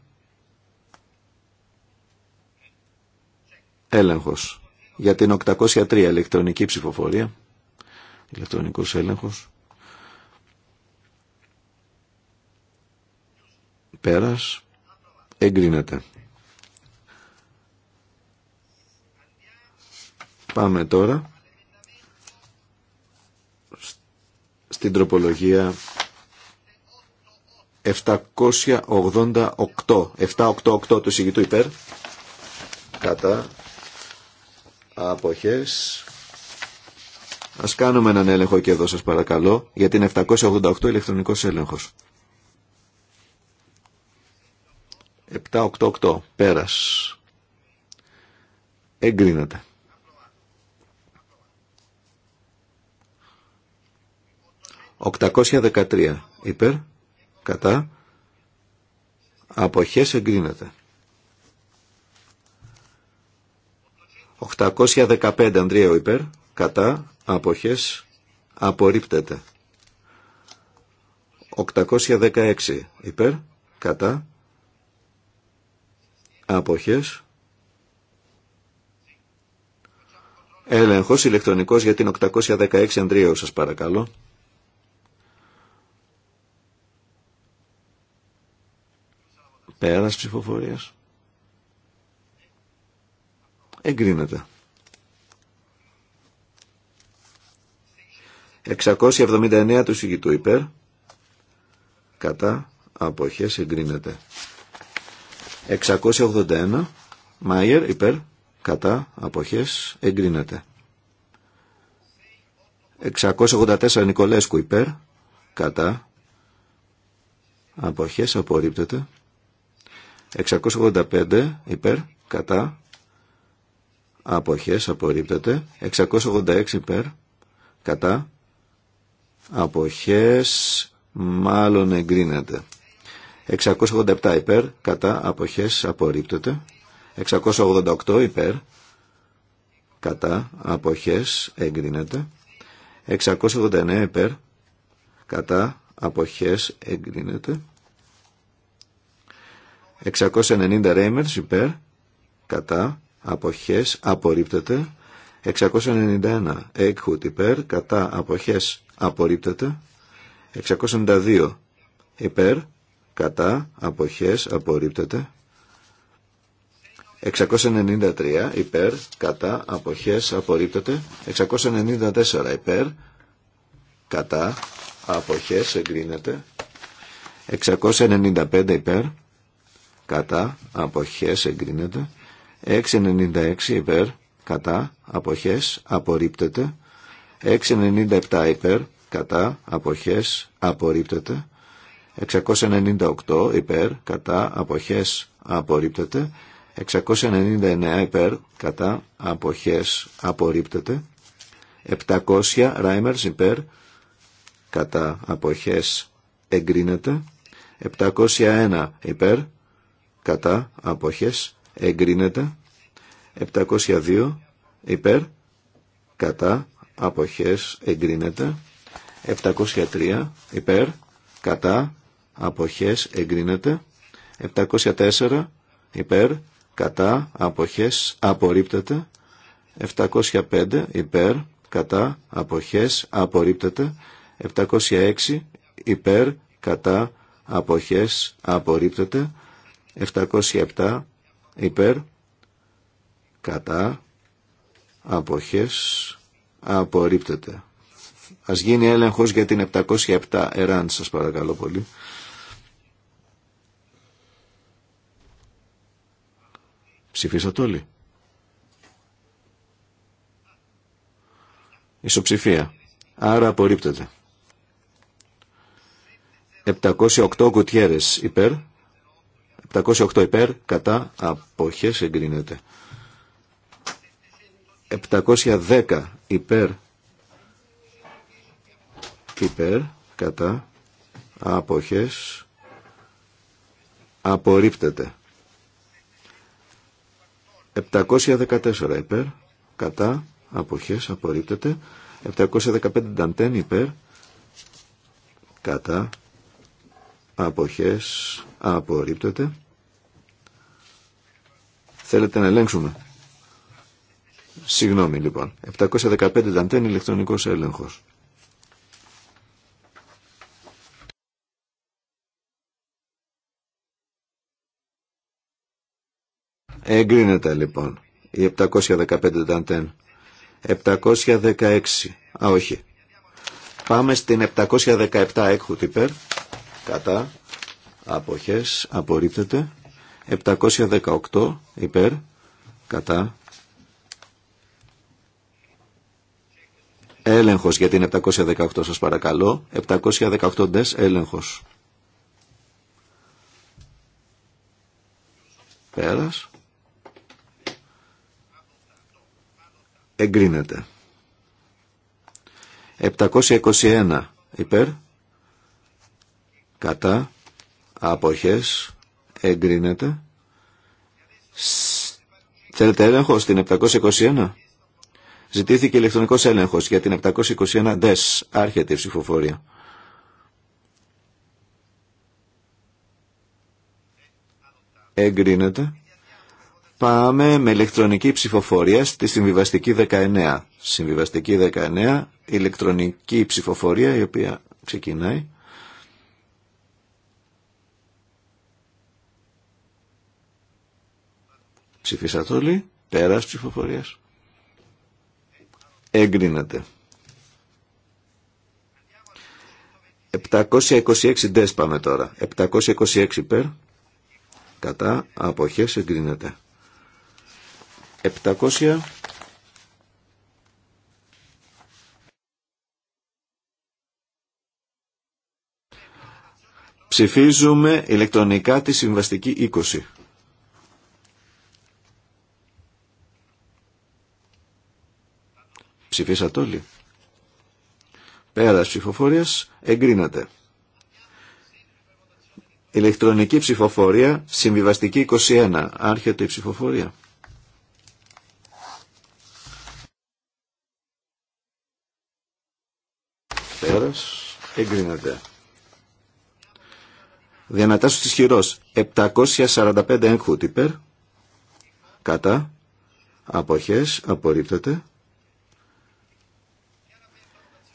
Έλεγχος. Για την 803 ηλεκτρονική ψηφοφορία. Ηλεκτρονικός έλεγχος. Πέρας. Εγκρίνεται. Πάμε τώρα την τροπολογία 788, 788 του συγκριτού υπέρ, κατά αποχές. Ας κάνουμε έναν έλεγχο και εδώ σας παρακαλώ, γιατί την 788 ηλεκτρονικός έλεγχος. 788, πέρας. Εγκρίνεται. 813 υπέρ, κατά, αποχές εγκρίνεται. 815 Ανδρέο υπέρ, κατά, αποχές απορρίπτεται. 816 υπέρ, κατά, αποχές, έλεγχος ηλεκτρονικός για την 816 Ανδρέου σας παρακαλώ. Πέρας ψηφοφορίας. Εγκρίνεται. 679 του συγκητού υπέρ. Κατά αποχές εγκρίνεται. 681 Μάιερ υπέρ. Κατά αποχές εγκρίνεται. 684 Νικολέσκου υπέρ. Κατά αποχές απορρίπτεται. 685 υπέρ, κατά, αποχές, απορρίπτεται. 686 υπέρ, κατά, αποχές, μάλλον εγκρίνεται. 687 υπέρ, κατά, αποχές, απορρίπτεται. 688 υπέρ, κατά, αποχές, εγκρίνεται. 689 υπέρ, κατά, αποχές, εγκρίνεται. 690 Reimers υπέρ, κατά, αποχές, απορρίπτεται. 691 Έκχουτ υπέρ, κατά, αποχές, απορρίπτεται. 692 υπέρ, κατά, αποχές, απορρίπτεται. 693 υπέρ, κατά, αποχές, απορρίπτεται. 694 υπέρ, κατά, αποχές, εγκρίνεται. 695 υπέρ, κατά αποχές εγκρίνεται 696 υπέρ κατά αποχές απορρίπτεται 697 υπέρ κατά αποχές απορρίπτεται 698 υπέρ κατά αποχές απορρίπτεται 699 υπέρ κατά αποχές απορρίπτεται 700 Ράιμερς υπέρ κατά αποχές εγκρίνεται 701 υπέρ κατά αποχές εγκρίνεται 702 υπέρ κατά αποχές εγκρίνεται 703 υπέρ κατά αποχές εγκρίνεται 704 υπέρ κατά αποχές απορρίπτεται 705 υπέρ κατά αποχές απορρίπτεται 706 υπέρ κατά αποχές απορρίπτεται 707 υπέρ κατά αποχές απορρίπτεται. Ας γίνει έλεγχος για την 707 εράν σας παρακαλώ πολύ. Ψηφίσατε όλοι. Ισοψηφία. Άρα απορρίπτεται. 708 κουτιέρες υπέρ 708 υπέρ, κατά, αποχές εγκρίνεται. 710 υπέρ, υπέρ, κατά, αποχές, απορρίπτεται. 714 υπέρ, κατά, αποχές, απορρίπτεται. 715 υπέρ, κατά, αποχές απορρίπτεται. Θέλετε να ελέγξουμε. Συγγνώμη λοιπόν. 715 δαντέν ηλεκτρονικός έλεγχος. Εγκρίνεται λοιπόν η 715 δαντέν. 716. Α όχι. Πάμε στην 717 έκχου τυπέρ κατά αποχές απορρίπτεται 718 υπέρ κατά έλεγχος για την 718 σας παρακαλώ 718 ντες έλεγχος πέρας εγκρίνεται 721 υπέρ κατά αποχές εγκρίνεται θέλετε έλεγχο στην 721 ζητήθηκε ηλεκτρονικός έλεγχος για την 721 δες άρχεται η ψηφοφορία εγκρίνεται Πάμε με ηλεκτρονική ψηφοφορία στη συμβιβαστική 19. Συμβιβαστική 19, ηλεκτρονική ψηφοφορία η οποία ξεκινάει. Ψηφίσατε όλοι. Πέρας ψηφοφορίας. Εγκρίνατε. 726 δες πάμε τώρα. 726 υπέρ. Κατά αποχές εγκρίνεται. 700... 700 Ψηφίζουμε ηλεκτρονικά τη συμβαστική 20. Ψηφίσατε όλοι. Πέρας ψηφοφορίας εγκρίνεται. Ηλεκτρονική ψηφοφορία, συμβιβαστική 21. Άρχεται η ψηφοφορία. Πέρας εγκρίνεται. Διανατάσσου της χειρός 745 έγχουτ υπέρ κατά αποχές απορρίπτεται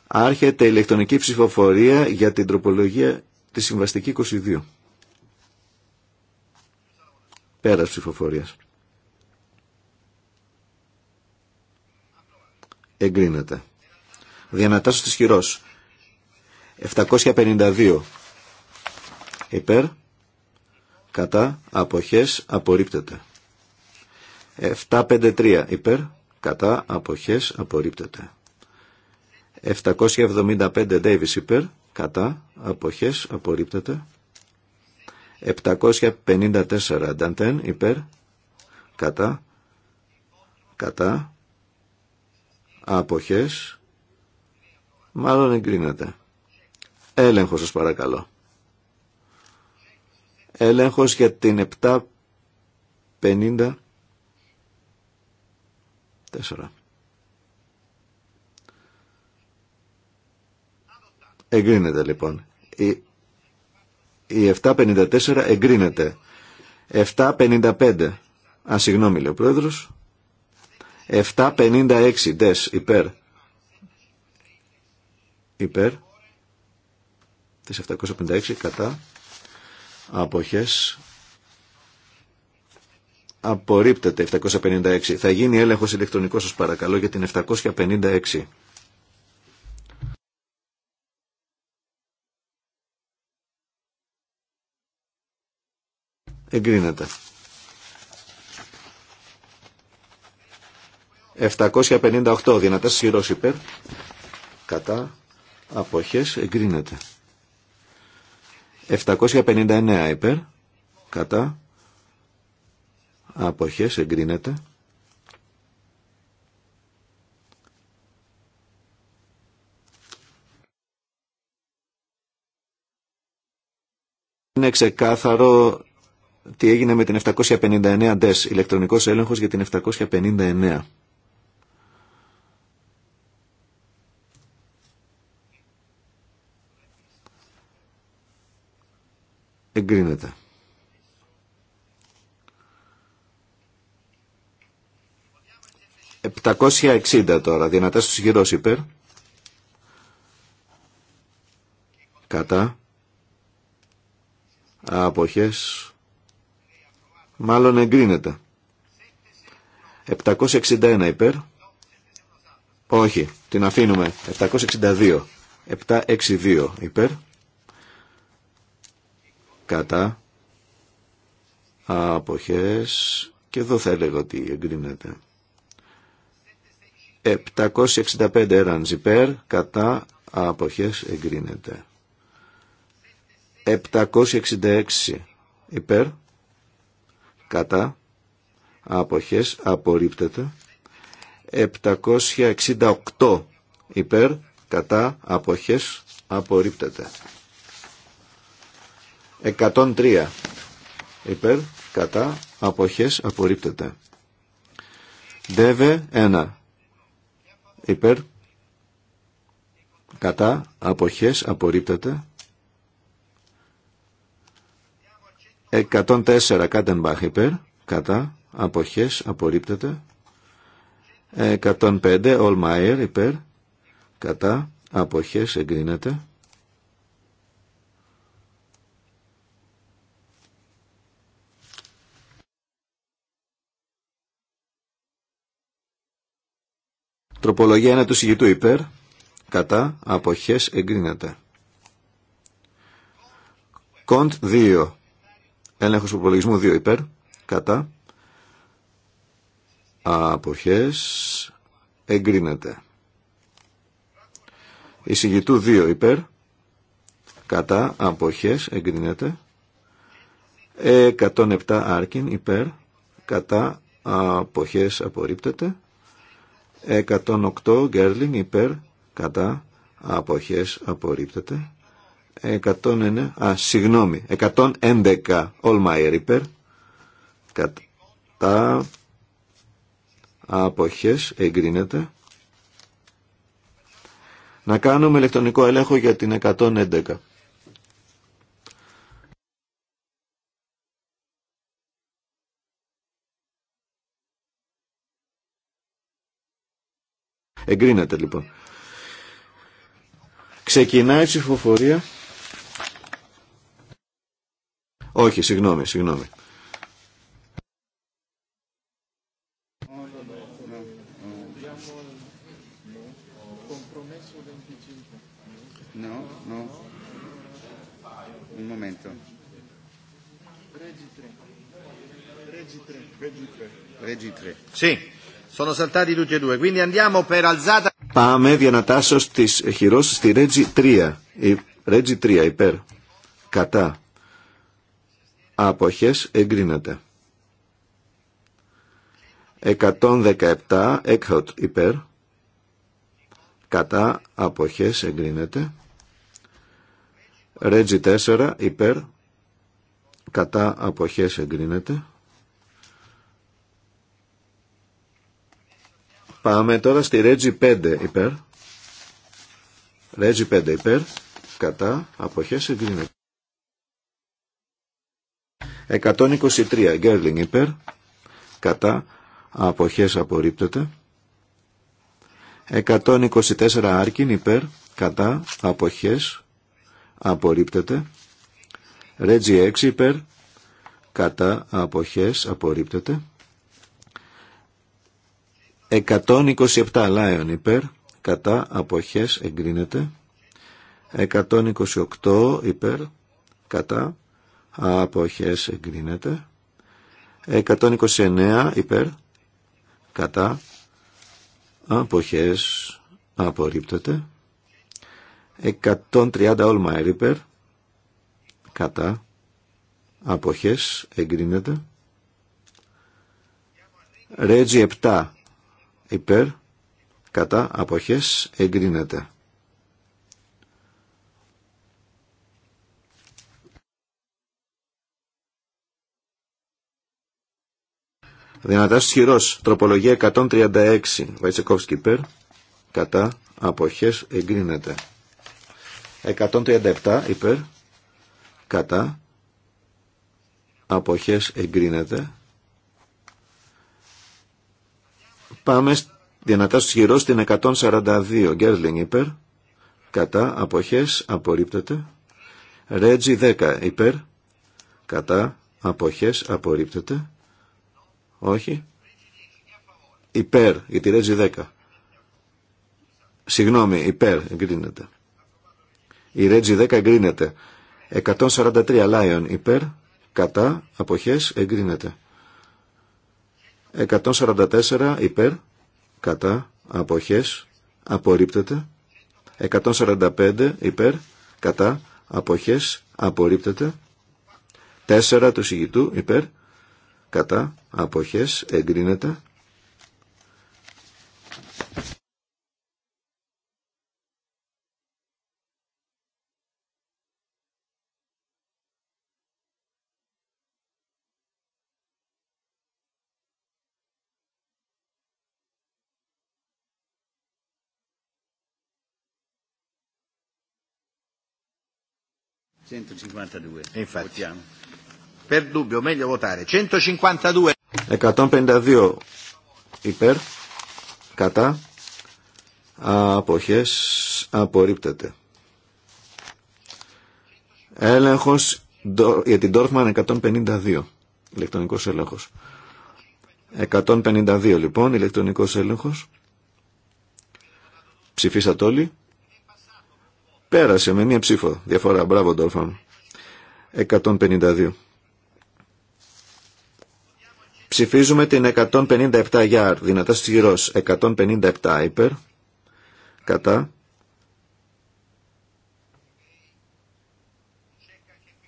Άρχεται ηλεκτρονική ψηφοφορία για την τροπολογία της συμβαστική 22. Πέρας ψηφοφορίας. Εγκρίνεται. Διανατάσσω της χειρός. 752. Υπέρ. Κατά. Αποχές. Απορρίπτεται. 753. Υπέρ. Κατά. Αποχές. Απορρίπτεται. 775 Davis υπέρ, κατά, αποχές, απορρίπτεται. 754 Danten υπέρ, κατά, κατά, αποχές, μάλλον εγκρίνεται. Έλεγχο σας παρακαλώ. Έλεγχος για την 754. Εγκρίνεται λοιπόν. Η, η 754 εγκρίνεται. 755. Α, συγγνώμη λέει ο πρόεδρος. 756 Δες, υπέρ. Υπέρ. Τις 756 κατά. Αποχές. Απορρίπτεται 756. Θα γίνει έλεγχος ηλεκτρονικός σας παρακαλώ για την 756. Εγκρίνεται. 758 δυνατές σειρός υπέρ. Κατά. Αποχές. Εγκρίνεται. 759 υπέρ. Κατά. Αποχές. Εγκρίνεται. ξεκάθαρο τι έγινε με την 759 DES, ηλεκτρονικός έλεγχος για την 759. Εγκρίνεται. «760 τώρα, δυνατά στους γυρός υπέρ». «Κατά». «Αποχές». Μάλλον εγκρίνεται. 761 υπέρ. Όχι, την αφήνουμε. 762. 762 υπέρ. Κατά. Αποχές. Και εδώ θα έλεγα ότι εγκρίνεται. 765 έραν υπέρ. Κατά. Αποχές εγκρίνεται. 766 υπέρ κατά αποχές απορρίπτεται 768 υπέρ κατά αποχές απορρίπτεται 103 υπέρ κατά αποχές απορρίπτεται δεύε 1 υπέρ κατά αποχές απορρίπτεται 104 Κάντεμπαχ υπέρ, κατά, αποχές, απορρίπτεται. 105 Ολμάιερ υπέρ, κατά, αποχές, εγκρίνεται. 1. Τροπολογία 1 του συγητού υπέρ, κατά, αποχές, εγκρίνεται. Κοντ 2 Έλεγχος υπολογισμού 2 υπέρ. Κατά. Αποχές. Εγκρίνεται. Εισηγητού 2 υπέρ. Κατά. Αποχές. Εγκρίνεται. 107 άρκιν υπέρ. Κατά. Αποχές. Απορρίπτεται. 108 γκέρλινγκ υπέρ. Κατά. Αποχές. Απορρίπτεται. 109, α, συγγνώμη, 111 All Reaper κατά αποχές εγκρίνεται. Να κάνουμε ηλεκτρονικό ελέγχο για την 111. Εγκρίνεται λοιπόν. Ξεκινάει η ψηφοφορία. Όχι, συγγνώμη, συγγνώμη. Πάμε διανατάσσω στις χειρός στη Ρέτζι 3. Η Ρέτζι 3 υπέρ. Κατά αποχές εγκρίνεται. 117 έκθοτ υπέρ κατά αποχές εγκρίνεται. Ρέτζι 4 υπέρ κατά αποχές εγκρίνεται. Πάμε τώρα στη Ρέτζι 5 υπέρ. Ρέτζι 5 υπέρ κατά αποχές εγκρίνεται. 123 Γκέρλινγκ υπέρ κατά αποχές απορρίπτεται 124 Άρκιν υπέρ κατά αποχές απορρίπτεται Ρέτζι 6 υπέρ κατά αποχές απορρίπτεται 127 Λάιον υπέρ κατά αποχές εγκρίνεται 128 υπέρ κατά αποχές εγκρίνεται 129 υπέρ κατά αποχές απορρίπτεται 130 όλμα υπέρ κατά αποχές εγκρίνεται Ρέτζι 7 υπέρ κατά αποχές εγκρίνεται Δυνατάς χειρός, Τροπολογία 136. Βαϊτσεκόφσκι υπέρ. Κατά. Αποχές. Εγκρίνεται. 137 υπέρ. Κατά. Αποχές. Εγκρίνεται. Πάμε δυνατά χειρός στην 142. Γκέρλινγκ υπέρ. Κατά. Αποχές. Απορρίπτεται. Ρέτζι 10 υπέρ. Κατά. Αποχές. Απορρίπτεται. Όχι. Υπέρ, για τη Ρέτζη 10. Συγγνώμη, υπέρ, εγκρίνεται. Η Ρέτζη 10 εγκρίνεται. 143 Λάιον υπέρ, κατά, αποχές, εγκρίνεται. 144 υπέρ, κατά, αποχές, απορρίπτεται. 145 υπέρ, κατά, αποχές, απορρίπτεται. 4 του συγητού υπέρ, κατά αποχές εγκρίνεται. Infatti. Per dubbio, meglio votare. 152. 152 υπέρ, κατά, αποχές, απορρίπτεται. Έλεγχος για την Dorfman 152, ηλεκτρονικός έλεγχος. 152 λοιπόν, ηλεκτρονικός έλεγχος. Ψηφίσατε όλοι. Πέρασε με μία ψήφο. Διαφορά. Μπράβο, Dortmund 152. Ψηφίζουμε την 157 γιάρ, δυνατά στους γυρός, 157 υπερ, κατά.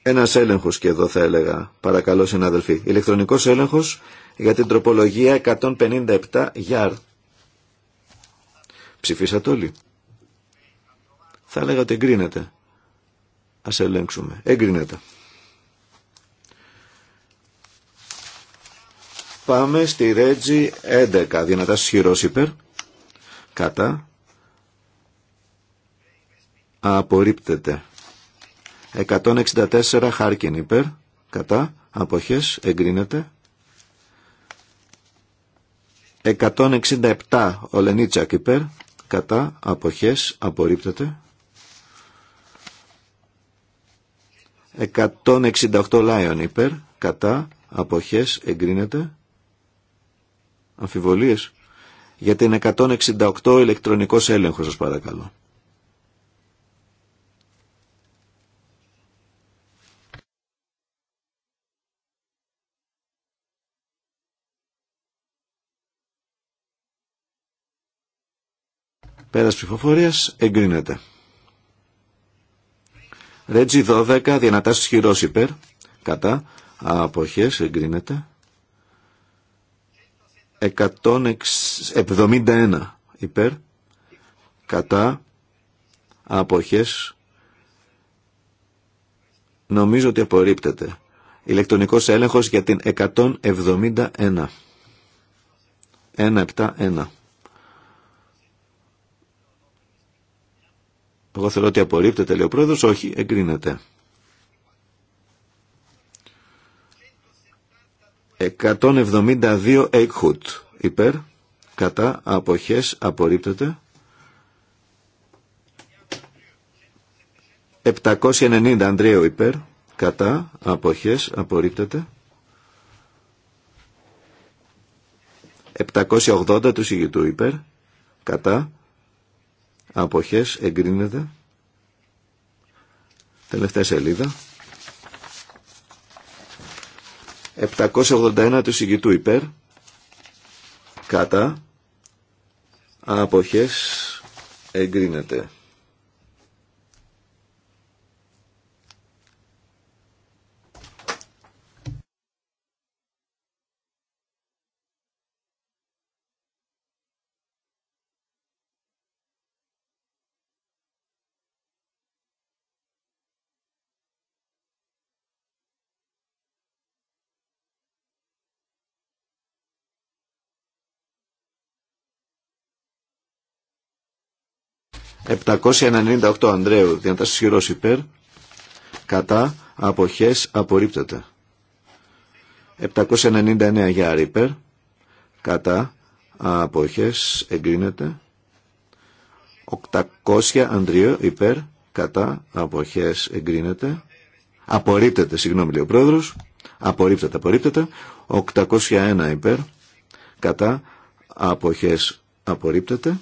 Ένας έλεγχος και εδώ θα έλεγα, παρακαλώ συνάδελφοι. Ηλεκτρονικός έλεγχος για την τροπολογία 157 γιάρ. Ψηφίσατε όλοι. Θα έλεγα ότι εγκρίνεται. Ας ελέγξουμε. Εγκρίνεται. Πάμε στη Ρέτζι 11. Δυνατά σχηρό υπέρ. Κατά. Απορρίπτεται. 164 χάρκιν υπέρ. Κατά. Αποχές. Εγκρίνεται. 167 Ολενίτσακ υπέρ. Κατά. Αποχές. Απορρίπτεται. 168 Λάιον υπέρ. Κατά. Αποχές. Εγκρίνεται αμφιβολίες για την 168 ηλεκτρονικός έλεγχος σας παρακαλώ. Πέρας ψηφοφορίας εγκρίνεται. Ρέτζι 12, διανατάσεις χειρός υπέρ, κατά, αποχές εγκρίνεται. 171 υπέρ κατά αποχές νομίζω ότι απορρίπτεται ηλεκτρονικός έλεγχος για την 171 171 εγώ θέλω ότι απορρίπτεται λέει ο πρόεδρος όχι εγκρίνεται 172 Eichhut υπέρ κατά αποχές απορρίπτεται 790 Ανδρέου υπέρ κατά αποχές απορρίπτεται 780 του σιγητού υπέρ κατά αποχές εγκρίνεται τελευταία σελίδα 781 του συγκητού υπέρ κατά αποχές εγκρίνεται 798 Ανδρέου, διατάσσει χειρό υπέρ, κατά, απόχέ απορρίπτεται. 799 για υπέρ, κατά, αποχές, εγκρίνεται. 800 Ανδρέου υπέρ, κατά, απόχέ εγκρίνεται. Απορρίπτεται, συγγνώμη λέει ο πρόεδρο. Απορρίπτεται, απορρίπτεται. 801 υπέρ, κατά, αποχές, απορρίπτεται.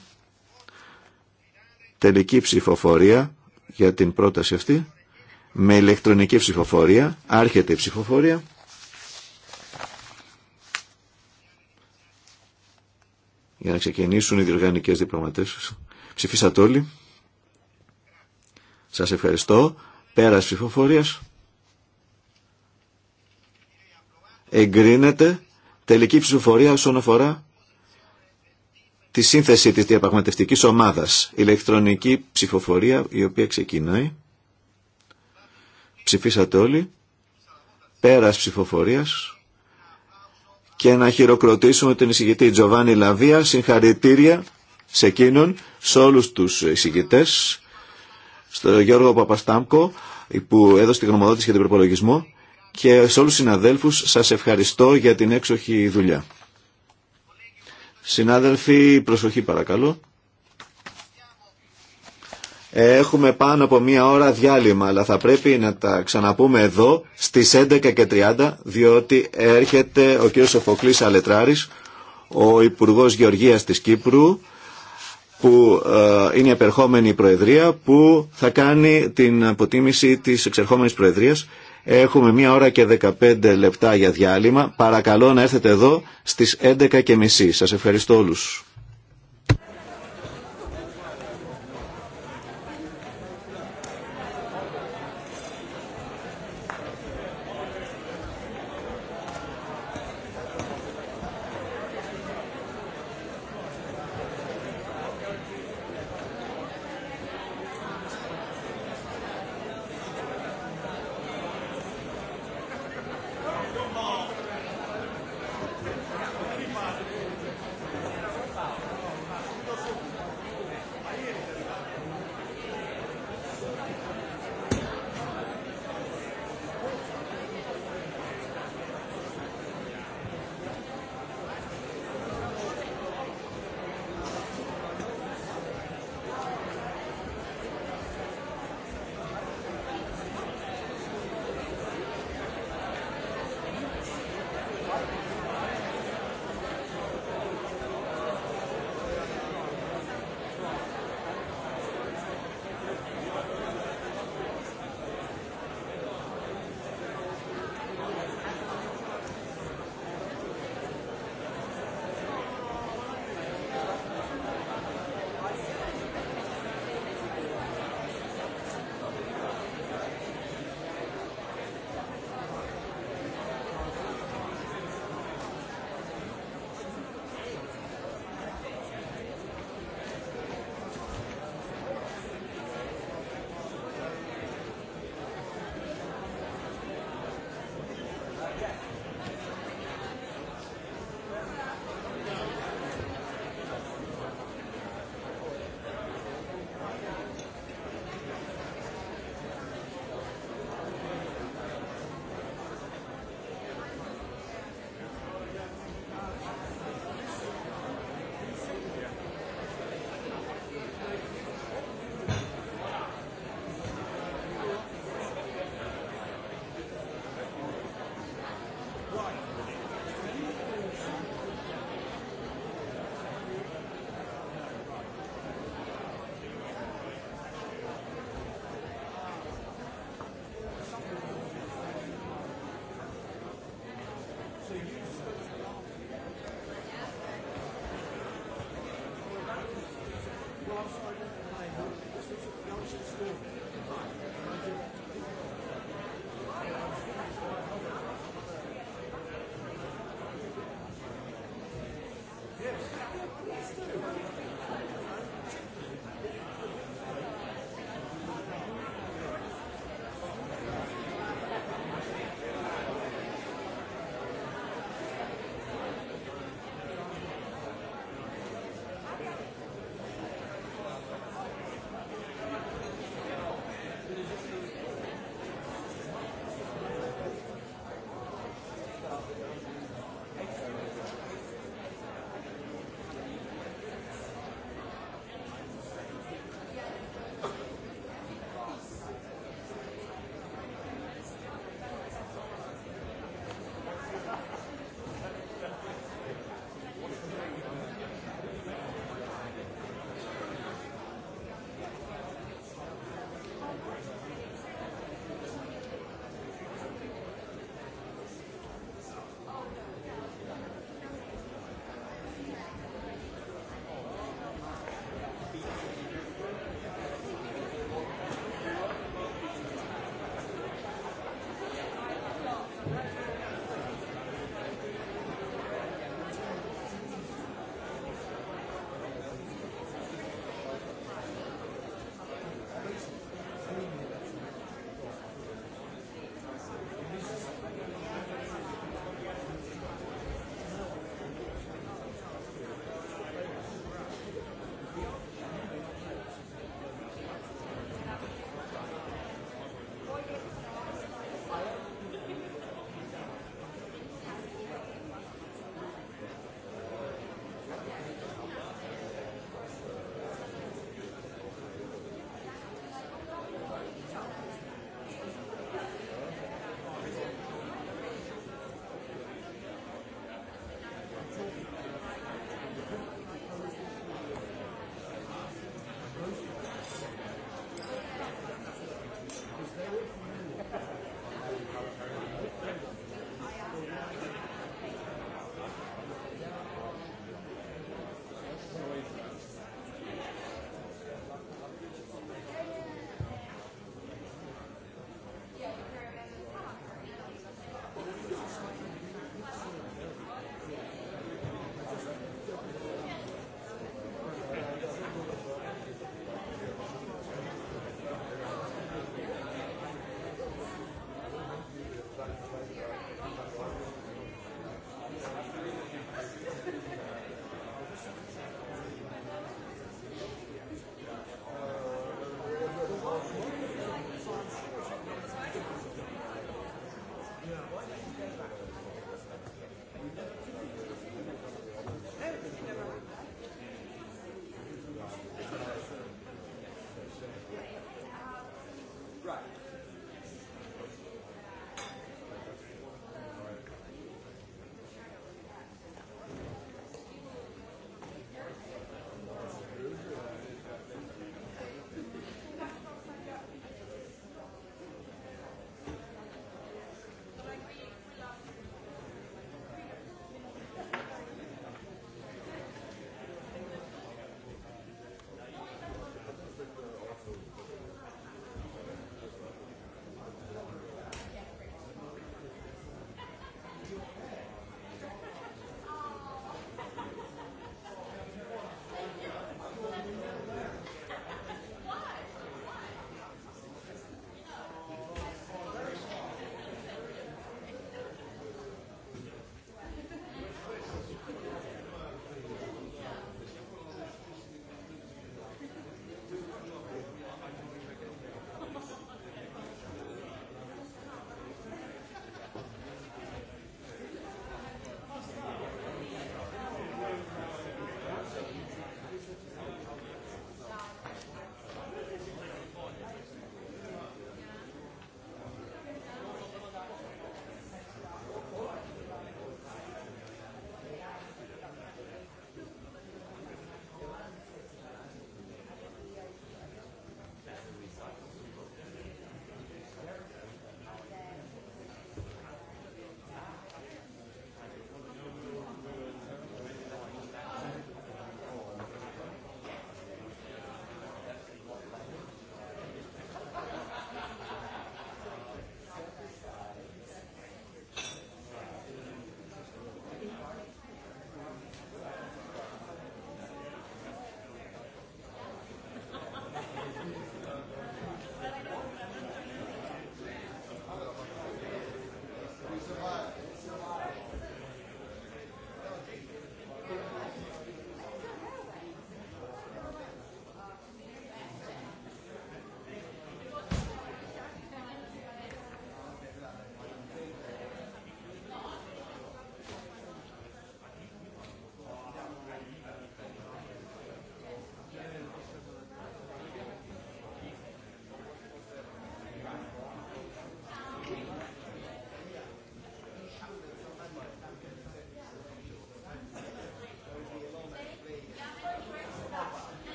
Τελική ψηφοφορία για την πρόταση αυτή με ηλεκτρονική ψηφοφορία. Άρχεται η ψηφοφορία. Για να ξεκινήσουν οι διοργανικές διπλωματές. Ψηφίσατε όλοι. Σας ευχαριστώ. Πέρας ψηφοφορίας. Εγκρίνεται τελική ψηφοφορία όσον αφορά τη σύνθεση της διαπραγματευτικής ομάδας. Ηλεκτρονική ψηφοφορία η οποία ξεκινάει. Ψηφίσατε όλοι. Πέρας ψηφοφορίας. Και να χειροκροτήσουμε τον εισηγητή Τζοβάνι Λαβία. Συγχαρητήρια σε εκείνον, σε όλους τους εισηγητές. Στον Γιώργο Παπαστάμκο που έδωσε τη γνωμοδότηση για τον προπολογισμό και σε όλους τους συναδέλφους σας ευχαριστώ για την έξοχη δουλειά. Συνάδελφοι, προσοχή παρακαλώ. Έχουμε πάνω από μία ώρα διάλειμμα, αλλά θα πρέπει να τα ξαναπούμε εδώ στις 11.30, διότι έρχεται ο κ. Σοφοκλής Αλετράρης, ο Υπουργός Γεωργίας της Κύπρου, που ε, είναι η επερχόμενη Προεδρία, που θα κάνει την αποτίμηση της εξερχόμενης Προεδρίας Έχουμε μία ώρα και 15 λεπτά για διάλειμμα. Παρακαλώ να έρθετε εδώ στις 11.30. Σας ευχαριστώ όλους.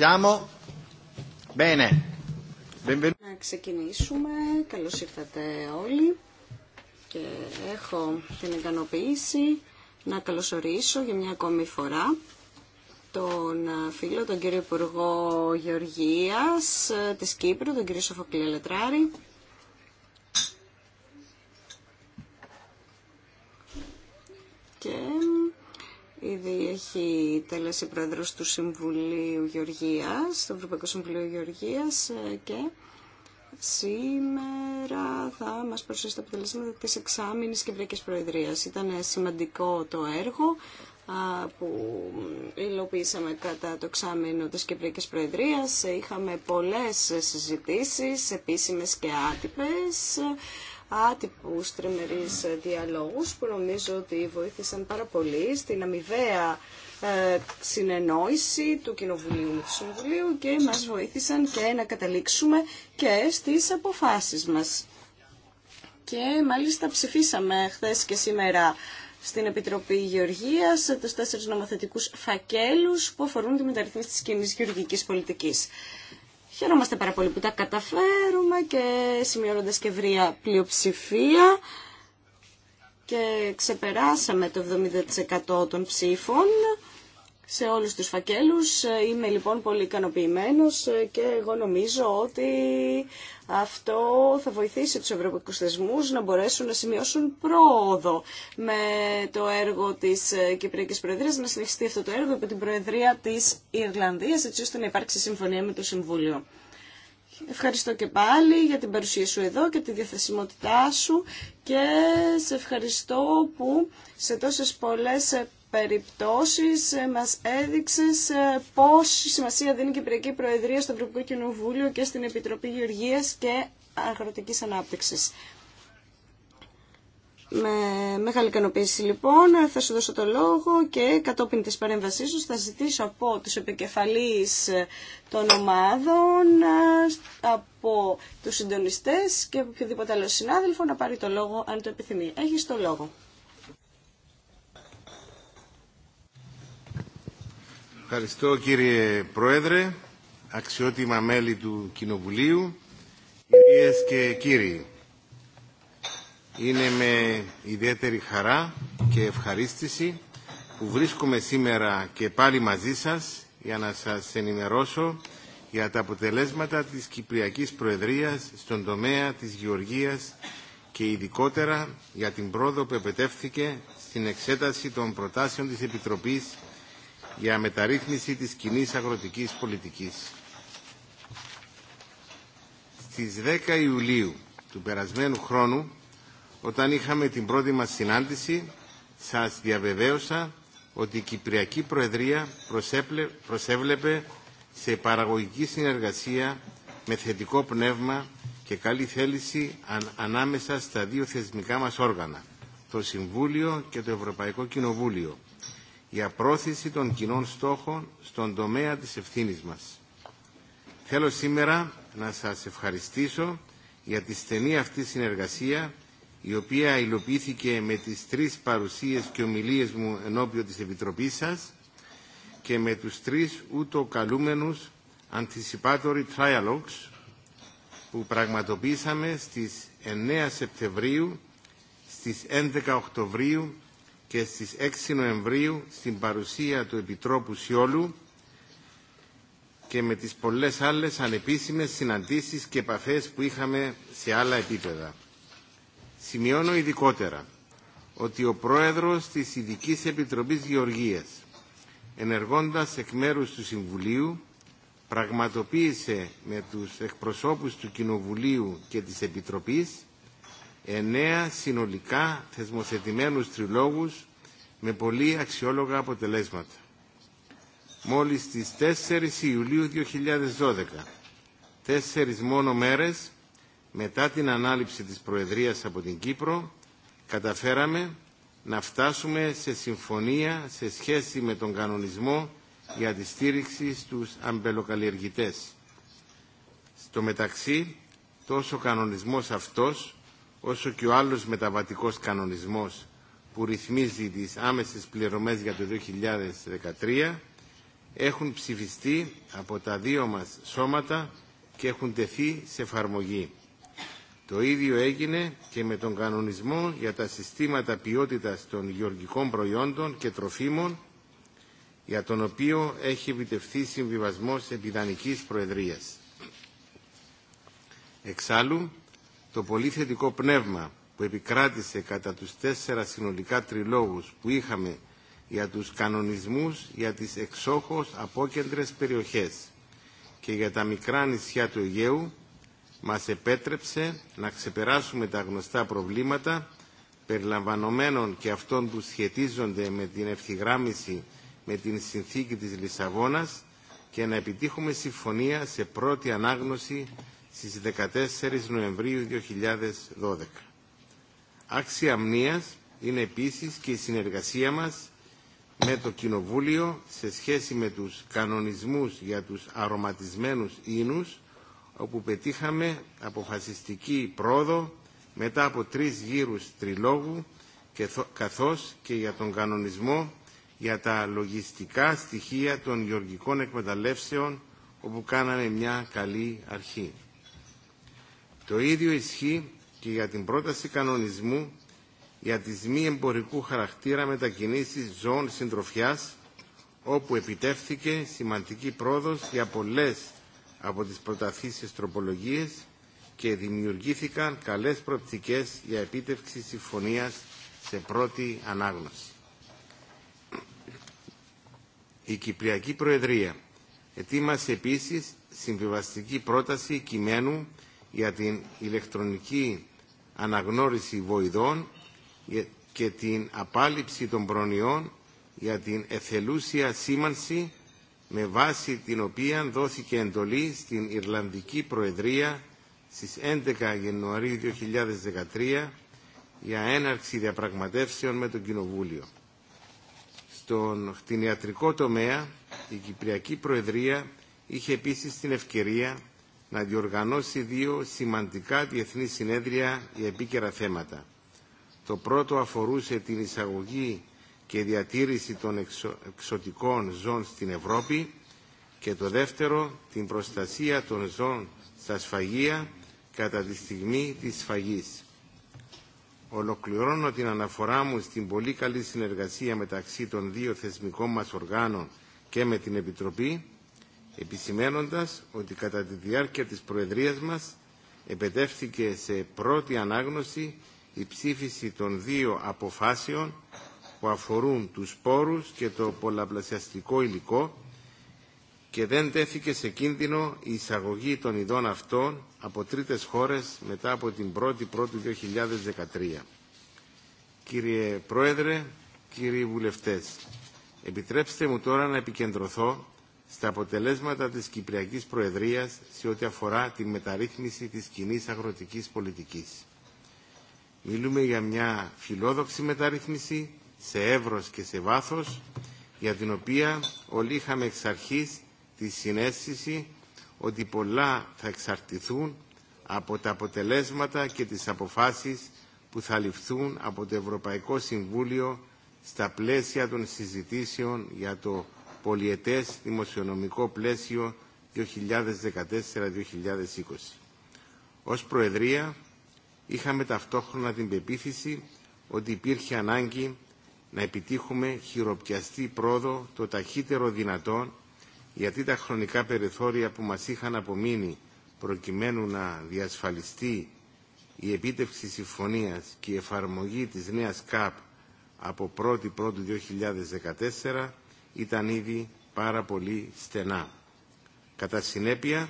Siamo. Bene. Να ξεκινήσουμε. Καλώς ήρθατε όλοι. Και έχω την ικανοποίηση να καλωσορίσω για μια ακόμη φορά τον φίλο, τον κύριο Υπουργό Γεωργίας ε, της Κύπρου, τον κύριο Σοφοκλή Λετράρη τέλεση πρόεδρος του Συμβουλίου Γεωργίας, του Ευρωπαϊκού Συμβουλίου Γεωργίας ε, και σήμερα θα μας προσθέσει τα αποτελέσματα της εξάμηνης Κυπριακής Προεδρίας. Ήταν ε, σημαντικό το έργο που υλοποιήσαμε κατά το εξάμεινο της Κυπριακή Προεδρίας. Ε, είχαμε πολλές συζητήσεις, επίσημες και άτυπες, άτυπους τριμερείς διαλόγους που νομίζω ότι βοήθησαν πάρα πολύ στην αμοιβαία ε, συνεννόηση του Κοινοβουλίου του Συμβουλίου και μας βοήθησαν και να καταλήξουμε και στις αποφάσεις μας. Και μάλιστα ψηφίσαμε χθες και σήμερα στην Επιτροπή Γεωργίας τους τέσσερις νομοθετικούς φακέλους που αφορούν τη μεταρρυθμίση της κοινή γεωργικής πολιτικής. Χαιρόμαστε πάρα πολύ που τα καταφέρουμε και σημειώνοντας και ευρεία πλειοψηφία και ξεπεράσαμε το 70% των ψήφων σε όλους τους φακέλους. Ε, είμαι λοιπόν πολύ ικανοποιημένο ε, και εγώ νομίζω ότι αυτό θα βοηθήσει τους ευρωπαϊκούς θεσμούς να μπορέσουν να σημειώσουν πρόοδο με το έργο της ε, Κυπριακής Προεδρίας, να συνεχιστεί αυτό το έργο υπό την Προεδρία της Ιρλανδίας, έτσι ώστε να υπάρξει συμφωνία με το Συμβούλιο. Ευχαριστώ και πάλι για την παρουσία σου εδώ και τη διαθεσιμότητά σου και σε ευχαριστώ που σε τόσες πολλές περιπτώσεις ε, μας έδειξες ε, πόση σημασία δίνει η Κυπριακή Προεδρία στο Ευρωπαϊκό Κοινοβούλιο και στην Επιτροπή Γεωργίας και Αγροτικής Ανάπτυξης. Με μεγάλη ικανοποίηση λοιπόν θα σου δώσω το λόγο και κατόπιν της παρέμβασής σου θα ζητήσω από τους επικεφαλείς ε, των ομάδων, από τους συντονιστές και οποιοδήποτε άλλο συνάδελφο να πάρει το λόγο αν το επιθυμεί. Έχεις το λόγο. Ευχαριστώ κύριε Πρόεδρε, αξιότιμα μέλη του Κοινοβουλίου, κυρίες και κύριοι. Είναι με ιδιαίτερη χαρά και ευχαρίστηση που βρίσκομαι σήμερα και πάλι μαζί σας για να σας ενημερώσω για τα αποτελέσματα της Κυπριακής Προεδρίας στον τομέα της γεωργίας και ειδικότερα για την πρόοδο που επετεύθηκε στην εξέταση των προτάσεων της Επιτροπής για μεταρρύθμιση της κοινή αγροτικής πολιτικής. Στις 10 Ιουλίου του περασμένου χρόνου, όταν είχαμε την πρώτη μας συνάντηση, σας διαβεβαίωσα ότι η Κυπριακή Προεδρία προσέβλεπε σε παραγωγική συνεργασία με θετικό πνεύμα και καλή θέληση ανάμεσα στα δύο θεσμικά μας όργανα, το Συμβούλιο και το Ευρωπαϊκό Κοινοβούλιο, για πρόθεση των κοινών στόχων στον τομέα της ευθύνης μας. Θέλω σήμερα να σας ευχαριστήσω για τη στενή αυτή συνεργασία η οποία υλοποιήθηκε με τις τρεις παρουσίες και ομιλίες μου ενώπιον της Επιτροπής σας και με τους τρεις ούτω καλούμενους Anticipatory Trialogues που πραγματοποίησαμε στις 9 Σεπτεμβρίου, στις 11 Οκτωβρίου και στις 6 Νοεμβρίου στην παρουσία του Επιτρόπου Σιόλου και με τις πολλές άλλες ανεπίσημες συναντήσεις και επαφές που είχαμε σε άλλα επίπεδα. Σημειώνω ειδικότερα ότι ο Πρόεδρος της ειδική Επιτροπής Γεωργίας, ενεργώντας εκ μέρους του Συμβουλίου, πραγματοποίησε με τους εκπροσώπους του Κοινοβουλίου και της Επιτροπής εννέα συνολικά θεσμοθετημένους τριλόγους με πολύ αξιόλογα αποτελέσματα. Μόλις στις 4 Ιουλίου 2012, τέσσερις μόνο μέρες μετά την ανάληψη της Προεδρίας από την Κύπρο, καταφέραμε να φτάσουμε σε συμφωνία σε σχέση με τον κανονισμό για τη στήριξη στους αμπελοκαλλιεργητές. Στο μεταξύ, τόσο ο κανονισμός αυτός όσο και ο άλλος μεταβατικός κανονισμός που ρυθμίζει τις άμεσες πληρωμές για το 2013 έχουν ψηφιστεί από τα δύο μας σώματα και έχουν τεθεί σε εφαρμογή. Το ίδιο έγινε και με τον κανονισμό για τα συστήματα ποιότητας των γεωργικών προϊόντων και τροφίμων για τον οποίο έχει επιτευχθεί συμβιβασμός επιδανικής προεδρίας. Εξάλλου, το πολύ θετικό πνεύμα που επικράτησε κατά τους τέσσερα συνολικά τριλόγους που είχαμε για τους κανονισμούς για τις εξόχως απόκεντρες περιοχές και για τα μικρά νησιά του Αιγαίου μας επέτρεψε να ξεπεράσουμε τα γνωστά προβλήματα περιλαμβανομένων και αυτών που σχετίζονται με την ευθυγράμμιση με την συνθήκη της Λισαβόνας και να επιτύχουμε συμφωνία σε πρώτη ανάγνωση στις 14 Νοεμβρίου 2012. Άξια αμνίας είναι επίσης και η συνεργασία μας με το Κοινοβούλιο σε σχέση με τους κανονισμούς για τους αρωματισμένους ίνους όπου πετύχαμε αποφασιστική πρόοδο μετά από τρεις γύρους τριλόγου και καθώς και για τον κανονισμό για τα λογιστικά στοιχεία των γεωργικών εκμεταλλεύσεων όπου κάναμε μια καλή αρχή. Το ίδιο ισχύει και για την πρόταση κανονισμού για τις μη εμπορικού χαρακτήρα μετακινήσεις ζώων συντροφιάς, όπου επιτεύθηκε σημαντική πρόοδος για πολλές από τις προταθήσεις τροπολογίες και δημιουργήθηκαν καλές προοπτικές για επίτευξη συμφωνίας σε πρώτη ανάγνωση. Η Κυπριακή Προεδρία ετοίμασε επίσης συμβιβαστική πρόταση κειμένου για την ηλεκτρονική αναγνώριση βοηδών και την απάλληψη των προνοιών για την εθελούσια σήμανση με βάση την οποία δόθηκε εντολή στην Ιρλανδική Προεδρία στις 11 Ιανουαρίου 2013 για έναρξη διαπραγματεύσεων με το Κοινοβούλιο. Στον χτινιατρικό τομέα η Κυπριακή Προεδρία είχε επίσης την ευκαιρία να διοργανώσει δύο σημαντικά διεθνή συνέδρια για επίκαιρα θέματα. Το πρώτο αφορούσε την εισαγωγή και διατήρηση των εξωτικών ζώων στην Ευρώπη και το δεύτερο την προστασία των ζώων στα σφαγεία κατά τη στιγμή της σφαγής. Ολοκληρώνω την αναφορά μου στην πολύ καλή συνεργασία μεταξύ των δύο θεσμικών μας οργάνων και με την Επιτροπή επισημένοντας ότι κατά τη διάρκεια της Προεδρίας μας επετεύθηκε σε πρώτη ανάγνωση η ψήφιση των δύο αποφάσεων που αφορούν τους πόρους και το πολλαπλασιαστικό υλικό και δεν τέθηκε σε κίνδυνο η εισαγωγή των ειδών αυτών από τρίτες χώρες μετά από την 1η Πρώτου 2013. Κύριε Πρόεδρε, κύριοι βουλευτές, επιτρέψτε μου τώρα να επικεντρωθώ στα αποτελέσματα της Κυπριακής Προεδρίας σε ό,τι αφορά τη μεταρρύθμιση της κοινή αγροτικής πολιτικής. Μιλούμε για μια φιλόδοξη μεταρρύθμιση σε εύρος και σε βάθος, για την οποία όλοι είχαμε εξ αρχής τη συνέστηση ότι πολλά θα εξαρτηθούν από τα αποτελέσματα και τις αποφάσεις που θα ληφθούν από το Ευρωπαϊκό Συμβούλιο στα πλαίσια των συζητήσεων για το πολιετές δημοσιονομικό πλαίσιο 2014-2020. Ως Προεδρία είχαμε ταυτόχρονα την πεποίθηση ότι υπήρχε ανάγκη να επιτύχουμε χειροπιαστή πρόοδο το ταχύτερο δυνατόν γιατί τα χρονικά περιθώρια που μας είχαν απομείνει προκειμένου να διασφαλιστεί η επίτευξη συμφωνίας και η εφαρμογή της νέας ΚΑΠ από 1η 1η-1η 2014 ήταν ήδη πάρα πολύ στενά. Κατά συνέπεια,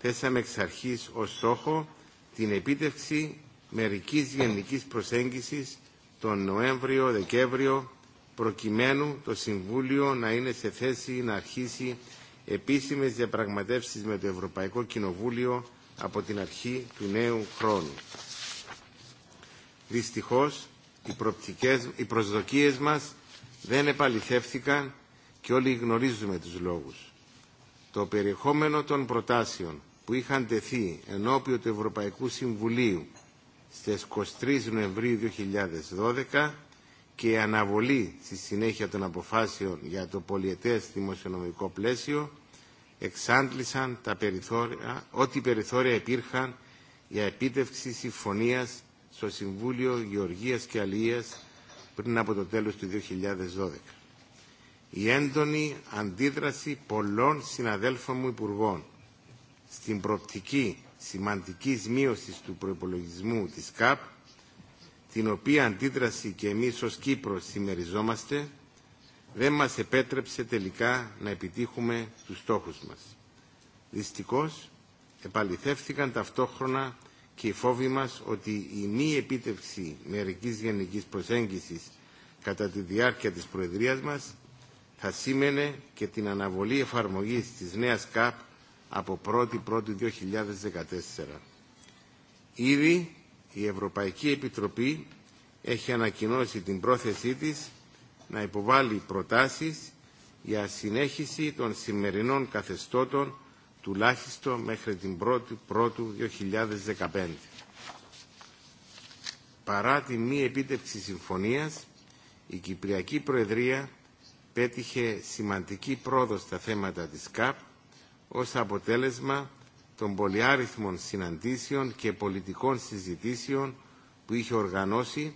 θέσαμε εξ αρχής ως στόχο την επίτευξη μερικής γενικής προσέγγισης τον Νοέμβριο-Δεκέμβριο προκειμένου το Συμβούλιο να είναι σε θέση να αρχίσει επίσημες διαπραγματεύσεις με το Ευρωπαϊκό Κοινοβούλιο από την αρχή του νέου χρόνου. Δυστυχώς, οι, οι προσδοκίες μας δεν επαληθεύθηκαν και όλοι γνωρίζουμε τους λόγους. Το περιεχόμενο των προτάσεων που είχαν τεθεί ενώπιον του Ευρωπαϊκού Συμβουλίου στις 23 Νοεμβρίου 2012 και η αναβολή στη συνέχεια των αποφάσεων για το πολιετές δημοσιονομικό πλαίσιο εξάντλησαν τα περιθώρια, ό,τι περιθώρια υπήρχαν για επίτευξη συμφωνίας στο Συμβούλιο Γεωργίας και Αλίας πριν από το τέλος του 2012 η έντονη αντίδραση πολλών συναδέλφων μου υπουργών στην προοπτική σημαντικής μείωσης του προϋπολογισμού της ΚΑΠ, την οποία αντίδραση και εμείς ως Κύπρος συμμεριζόμαστε, δεν μας επέτρεψε τελικά να επιτύχουμε τους στόχους μας. Δυστυχώς, επαληθεύθηκαν ταυτόχρονα και οι φόβοι μας ότι η μη επίτευξη μερικής γενικής προσέγγισης κατά τη διάρκεια της Προεδρίας μας θα σήμαινε και την αναβολή εφαρμογής της νέας ΚΑΠ από 1η 1η 2014. Ήδη η Ευρωπαϊκή Επιτροπή έχει ανακοινώσει την πρόθεσή της να υποβάλει προτάσεις για συνέχιση των σημερινών καθεστώτων τουλάχιστον μέχρι την 1η 1η 2015. Παρά τη μη επίτευξη συμφωνίας, η Κυπριακή Προεδρία πέτυχε σημαντική πρόοδο στα θέματα της ΚΑΠ ως αποτέλεσμα των πολυάριθμων συναντήσεων και πολιτικών συζητήσεων που είχε οργανώσει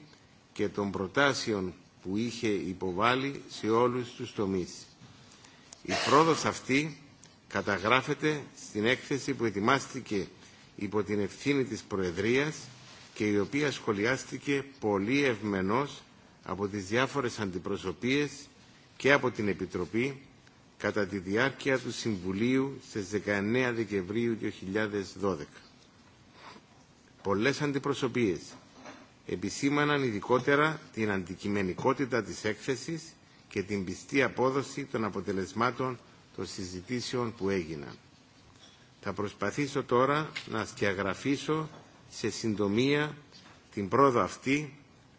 και των προτάσεων που είχε υποβάλει σε όλους τους τομείς. Η πρόοδος αυτή καταγράφεται στην έκθεση που ετοιμάστηκε υπό την ευθύνη της Προεδρίας και η οποία σχολιάστηκε πολύ ευμενώς από τις διάφορες αντιπροσωπείες και από την Επιτροπή κατά τη διάρκεια του Συμβουλίου στις 19 Δεκεμβρίου 2012. Πολλές αντιπροσωπείες επισήμαναν ειδικότερα την αντικειμενικότητα της έκθεσης και την πιστή απόδοση των αποτελεσμάτων των συζητήσεων που έγιναν. Θα προσπαθήσω τώρα να σκιαγραφίσω σε συντομία την πρόοδο αυτή,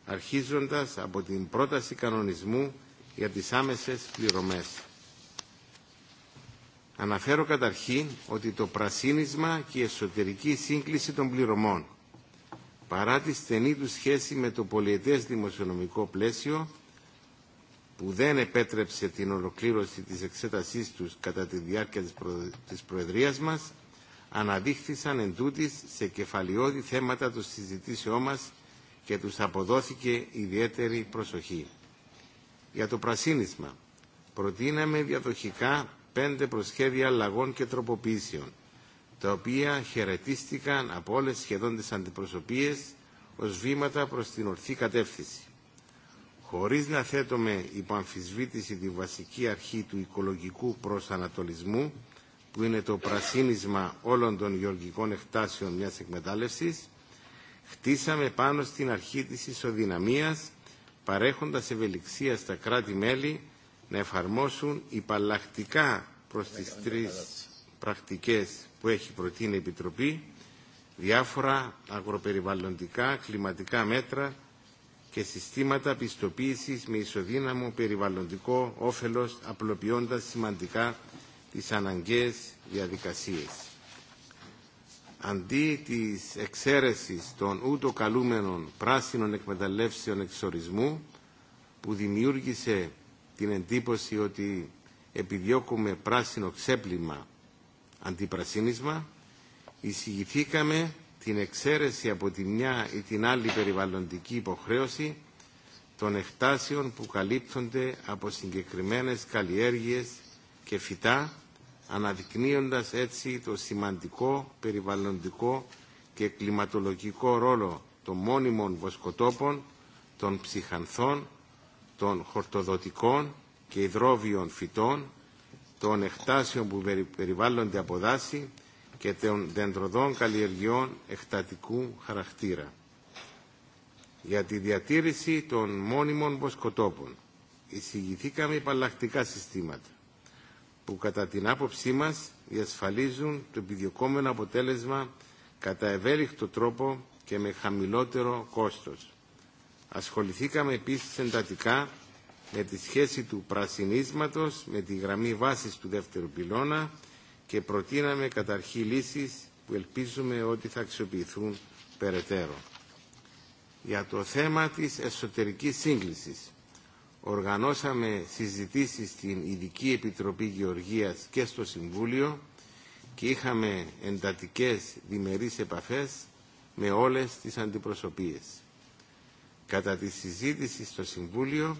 αρχίζοντας από την πρόταση κανονισμού για τις άμεσες πληρωμές. Αναφέρω καταρχήν ότι το πρασίνισμα και η εσωτερική σύγκληση των πληρωμών, παρά τη στενή του σχέση με το πολιετές δημοσιονομικό πλαίσιο, που δεν επέτρεψε την ολοκλήρωση της εξέτασής τους κατά τη διάρκεια της Προεδρίας μας, αναδείχθησαν εν σε κεφαλιώδη θέματα των συζητήσεών μας και τους αποδόθηκε ιδιαίτερη προσοχή για το πρασίνισμα. Προτείναμε διαδοχικά πέντε προσχέδια αλλαγών και τροποποιήσεων, τα οποία χαιρετίστηκαν από όλες σχεδόν τις αντιπροσωπείες ως βήματα προς την ορθή κατεύθυνση. Χωρίς να θέτουμε υπό αμφισβήτηση τη βασική αρχή του οικολογικού προσανατολισμού, που είναι το πρασίνισμα όλων των γεωργικών εκτάσεων μιας εκμετάλλευσης, χτίσαμε πάνω στην αρχή της ισοδυναμίας παρέχοντας ευελιξία στα κράτη-μέλη να εφαρμόσουν υπαλλακτικά προς τις τρεις πρακτικές που έχει προτείνει η Επιτροπή διάφορα αγροπεριβαλλοντικά, κλιματικά μέτρα και συστήματα πιστοποίησης με ισοδύναμο περιβαλλοντικό όφελος απλοποιώντας σημαντικά τις αναγκαίες διαδικασίες αντί της εξαίρεσης των ούτω καλούμενων πράσινων εκμεταλλεύσεων εξορισμού που δημιούργησε την εντύπωση ότι επιδιώκουμε πράσινο ξέπλυμα αντιπρασίνισμα εισηγηθήκαμε την εξαίρεση από τη μια ή την άλλη περιβαλλοντική υποχρέωση των εκτάσεων που καλύπτονται από συγκεκριμένες καλλιέργειες και φυτά αναδεικνύοντας έτσι το σημαντικό περιβαλλοντικό και κλιματολογικό ρόλο των μόνιμων βοσκοτόπων, των ψυχανθών, των χορτοδοτικών και υδρόβιων φυτών, των εκτάσεων που περιβάλλονται από δάση και των δεντροδών καλλιεργειών εκτατικού χαρακτήρα. Για τη διατήρηση των μόνιμων βοσκοτόπων εισηγηθήκαμε υπαλλακτικά συστήματα που κατά την άποψή μας διασφαλίζουν το επιδιωκόμενο αποτέλεσμα κατά ευέλικτο τρόπο και με χαμηλότερο κόστος. Ασχοληθήκαμε επίσης εντατικά με τη σχέση του πρασινίσματος με τη γραμμή βάσης του δεύτερου πυλώνα και προτείναμε καταρχή λύσεις που ελπίζουμε ότι θα αξιοποιηθούν περαιτέρω. Για το θέμα της εσωτερικής σύγκλησης οργανώσαμε συζητήσεις στην Ειδική Επιτροπή Γεωργίας και στο Συμβούλιο και είχαμε εντατικές διμερείς επαφές με όλες τις αντιπροσωπείες. Κατά τη συζήτηση στο Συμβούλιο,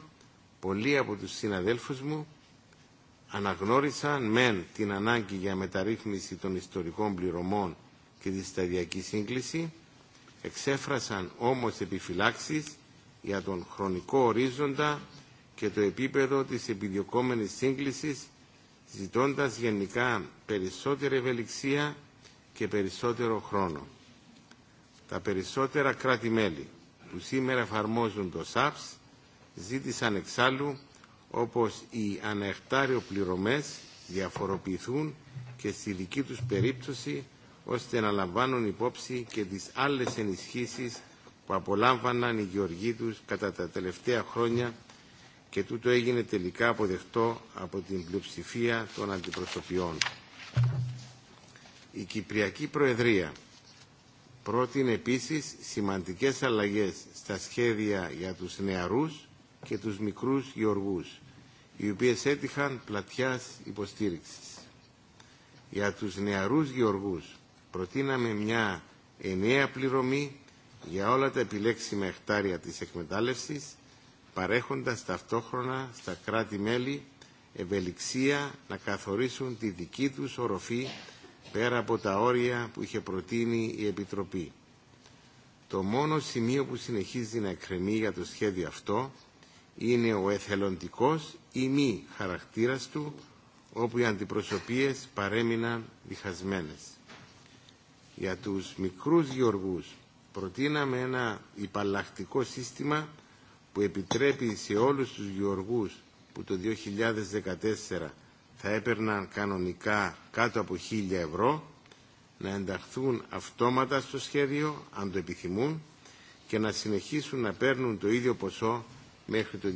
πολλοί από τους συναδέλφους μου αναγνώρισαν μεν την ανάγκη για μεταρρύθμιση των ιστορικών πληρωμών και τη σταδιακή σύγκληση, εξέφρασαν όμως επιφυλάξεις για τον χρονικό ορίζοντα και το επίπεδο της επιδιωκόμενης σύγκλησης, ζητώντας γενικά περισσότερη ευελιξία και περισσότερο χρόνο. Τα περισσότερα κράτη-μέλη που σήμερα εφαρμόζουν το ΣΑΠΣ ζήτησαν εξάλλου όπως οι αναεκτάριο πληρωμές διαφοροποιηθούν και στη δική τους περίπτωση ώστε να λαμβάνουν υπόψη και τις άλλες ενισχύσεις που απολάμβαναν οι γεωργοί τους κατά τα τελευταία χρόνια και τούτο έγινε τελικά αποδεκτό από την πλειοψηφία των αντιπροσωπιών. Η Κυπριακή Προεδρία πρότεινε επίσης σημαντικές αλλαγές στα σχέδια για τους νεαρούς και τους μικρούς γεωργούς, οι οποίες έτυχαν πλατιάς υποστήριξης. Για τους νεαρούς γεωργούς προτείναμε μια ενιαία πληρωμή για όλα τα επιλέξιμα εκτάρια της εκμετάλλευσης παρέχοντας ταυτόχρονα στα κράτη-μέλη ευελιξία να καθορίσουν τη δική τους οροφή πέρα από τα όρια που είχε προτείνει η Επιτροπή. Το μόνο σημείο που συνεχίζει να εκκρεμεί για το σχέδιο αυτό είναι ο εθελοντικός ή μη χαρακτήρας του, όπου οι αντιπροσωπείες παρέμειναν διχασμένες. Για τους μικρούς γεωργούς προτείναμε ένα υπαλλακτικό σύστημα που επιτρέπει σε όλους τους γεωργούς που το 2014 θα έπαιρναν κανονικά κάτω από 1.000 ευρώ να ενταχθούν αυτόματα στο σχέδιο, αν το επιθυμούν, και να συνεχίσουν να παίρνουν το ίδιο ποσό μέχρι το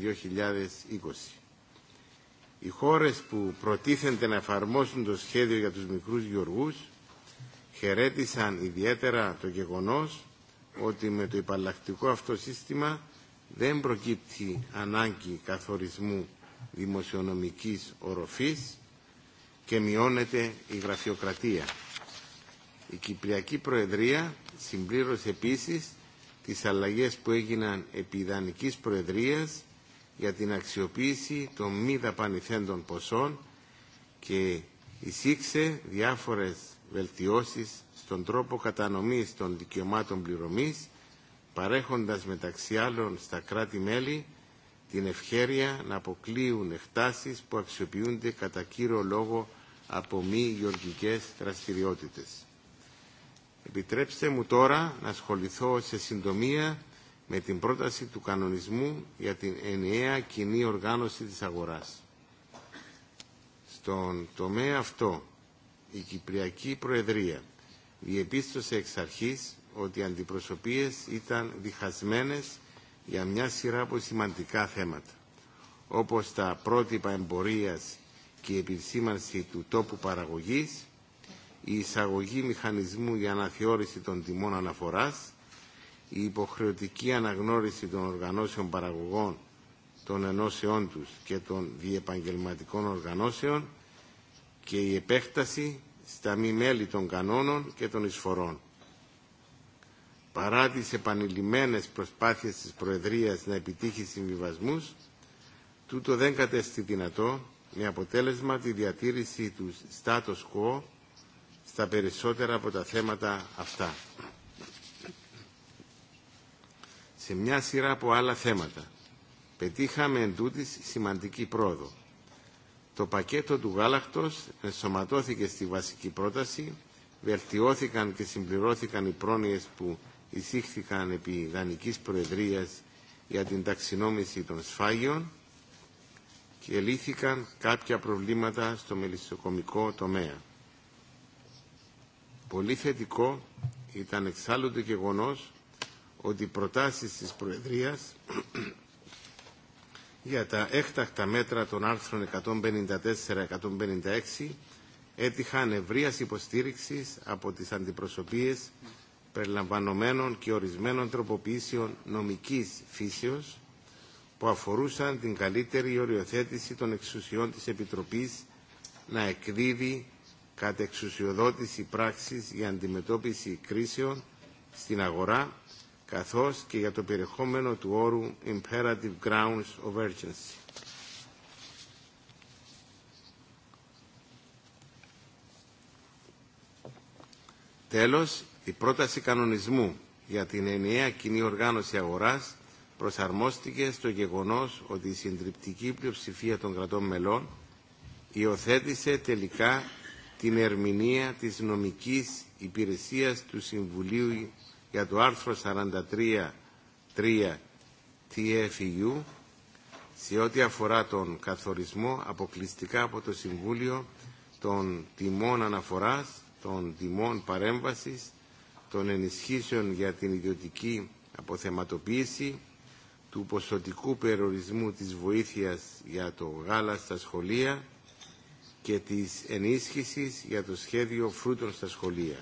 2020. Οι χώρες που προτίθενται να εφαρμόσουν το σχέδιο για τους μικρούς γεωργούς χαιρέτησαν ιδιαίτερα το γεγονός ότι με το υπαλλακτικό αυτό σύστημα δεν προκύπτει ανάγκη καθορισμού δημοσιονομικής οροφής και μειώνεται η γραφειοκρατία. Η Κυπριακή Προεδρία συμπλήρωσε επίσης τις αλλαγές που έγιναν επί ιδανικής Προεδρίας για την αξιοποίηση των μη δαπανηθέντων ποσών και εισήξε διάφορες βελτιώσεις στον τρόπο κατανομής των δικαιωμάτων πληρωμής παρέχοντας μεταξύ άλλων στα κράτη-μέλη την ευχέρεια να αποκλείουν εκτάσεις που αξιοποιούνται κατά κύριο λόγο από μη γεωργικές δραστηριότητες. Επιτρέψτε μου τώρα να ασχοληθώ σε συντομία με την πρόταση του κανονισμού για την ενιαία κοινή οργάνωση της αγοράς. Στον τομέα αυτό η Κυπριακή Προεδρία διεπίστωσε εξ αρχής ότι οι αντιπροσωπείες ήταν διχασμένες για μια σειρά από σημαντικά θέματα, όπως τα πρότυπα εμπορίας και η επισήμανση του τόπου παραγωγής, η εισαγωγή μηχανισμού για αναθεώρηση των τιμών αναφοράς, η υποχρεωτική αναγνώριση των οργανώσεων παραγωγών των ενώσεών τους και των διεπαγγελματικών οργανώσεων και η επέκταση στα μη μέλη των κανόνων και των εισφορών παρά τις επανειλημμένες προσπάθειες της Προεδρίας να επιτύχει συμβιβασμούς, τούτο δεν κατέστη δυνατό με αποτέλεσμα τη διατήρηση του status quo στα περισσότερα από τα θέματα αυτά. Σε μια σειρά από άλλα θέματα, πετύχαμε εν σημαντική πρόοδο. Το πακέτο του γάλακτος ενσωματώθηκε στη βασική πρόταση, βελτιώθηκαν και συμπληρώθηκαν οι πρόνοιες που εισήχθηκαν επί Δανικής Προεδρίας για την ταξινόμηση των σφάγιων και λύθηκαν κάποια προβλήματα στο μελισσοκομικό τομέα. Πολύ θετικό ήταν εξάλλου το γεγονός ότι οι προτάσεις της Προεδρίας για τα έκτακτα μέτρα των άρθρων 154-156 έτυχαν ευρείας υποστήριξης από τις αντιπροσωπείες περιλαμβανομένων και ορισμένων τροποποιήσεων νομικής φύσεως που αφορούσαν την καλύτερη οριοθέτηση των εξουσιών της Επιτροπής να εκδίδει κατ' εξουσιοδότηση πράξης για αντιμετώπιση κρίσεων στην αγορά καθώς και για το περιεχόμενο του όρου Imperative Grounds of Urgency. Τέλος, η πρόταση κανονισμού για την ενιαία κοινή οργάνωση αγοράς προσαρμόστηκε στο γεγονός ότι η συντριπτική πλειοψηφία των κρατών μελών υιοθέτησε τελικά την ερμηνεία της νομικής υπηρεσίας του Συμβουλίου για το άρθρο 43.3 TFU e σε ό,τι αφορά τον καθορισμό αποκλειστικά από το Συμβούλιο των τιμών αναφοράς, των τιμών παρέμβασης των ενισχύσεων για την ιδιωτική αποθεματοποίηση, του ποσοτικού περιορισμού της βοήθειας για το γάλα στα σχολεία και της ενίσχυσης για το σχέδιο φρούτων στα σχολεία.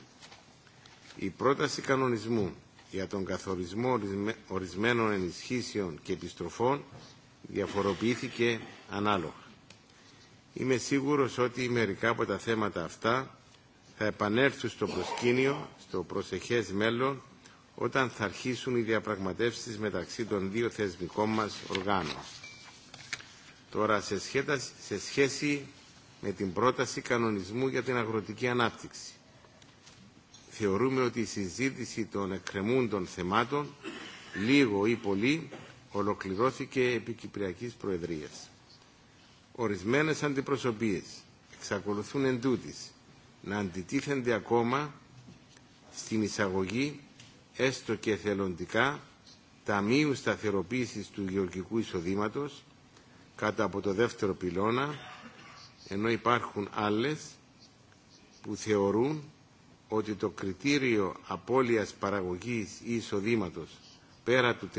Η πρόταση κανονισμού για τον καθορισμό ορισμένων ενισχύσεων και επιστροφών διαφοροποιήθηκε ανάλογα. Είμαι σίγουρος ότι μερικά από τα θέματα αυτά θα επανέλθουν στο προσκήνιο το προσεχές μέλλον όταν θα αρχίσουν οι διαπραγματεύσεις μεταξύ των δύο θεσμικών μας οργάνων. Τώρα, σε σχέση με την πρόταση κανονισμού για την αγροτική ανάπτυξη, θεωρούμε ότι η συζήτηση των εκκρεμούντων θεμάτων, λίγο ή πολύ, ολοκληρώθηκε επί Κυπριακής Προεδρίας. Ορισμένες αντιπροσωπείες εξακολουθούν εντούτοις να αντιτίθενται ακόμα στην εισαγωγή, έστω και θελοντικά, ταμείου σταθεροποίησης του γεωργικού εισοδήματος κάτω από το δεύτερο πυλώνα, ενώ υπάρχουν άλλες που θεωρούν ότι το κριτήριο απώλειας παραγωγής ή εισοδήματος πέρα του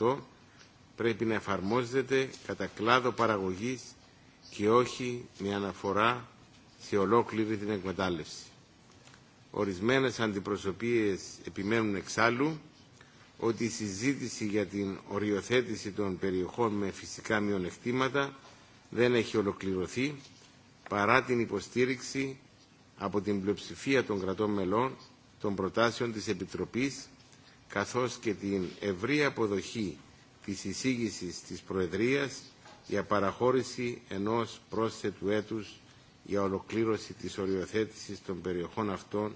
30% πρέπει να εφαρμόζεται κατά κλάδο παραγωγής και όχι με αναφορά σε ολόκληρη την εκμετάλλευση. Ορισμένες αντιπροσωπείες επιμένουν εξάλλου ότι η συζήτηση για την οριοθέτηση των περιοχών με φυσικά μειονεκτήματα δεν έχει ολοκληρωθεί παρά την υποστήριξη από την πλειοψηφία των κρατών μελών των προτάσεων της Επιτροπής καθώς και την ευρή αποδοχή της εισήγησης της Προεδρίας για παραχώρηση ενός πρόσθετου έτους για ολοκλήρωση της οριοθέτησης των περιοχών αυτών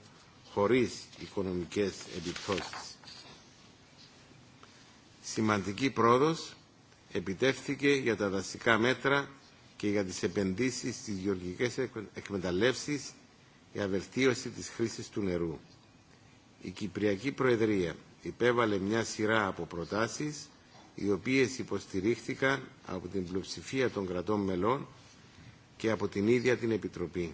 χωρίς οικονομικές επιπτώσεις. Σημαντική πρόοδος επιτεύχθηκε για τα δασικά μέτρα και για τις επενδύσεις στις γεωργικές εκμεταλλεύσεις για βελτίωση της χρήσης του νερού. Η Κυπριακή Προεδρία υπέβαλε μια σειρά από προτάσεις οι οποίες υποστηρίχθηκαν από την πλειοψηφία των κρατών μελών και από την ίδια την Επιτροπή.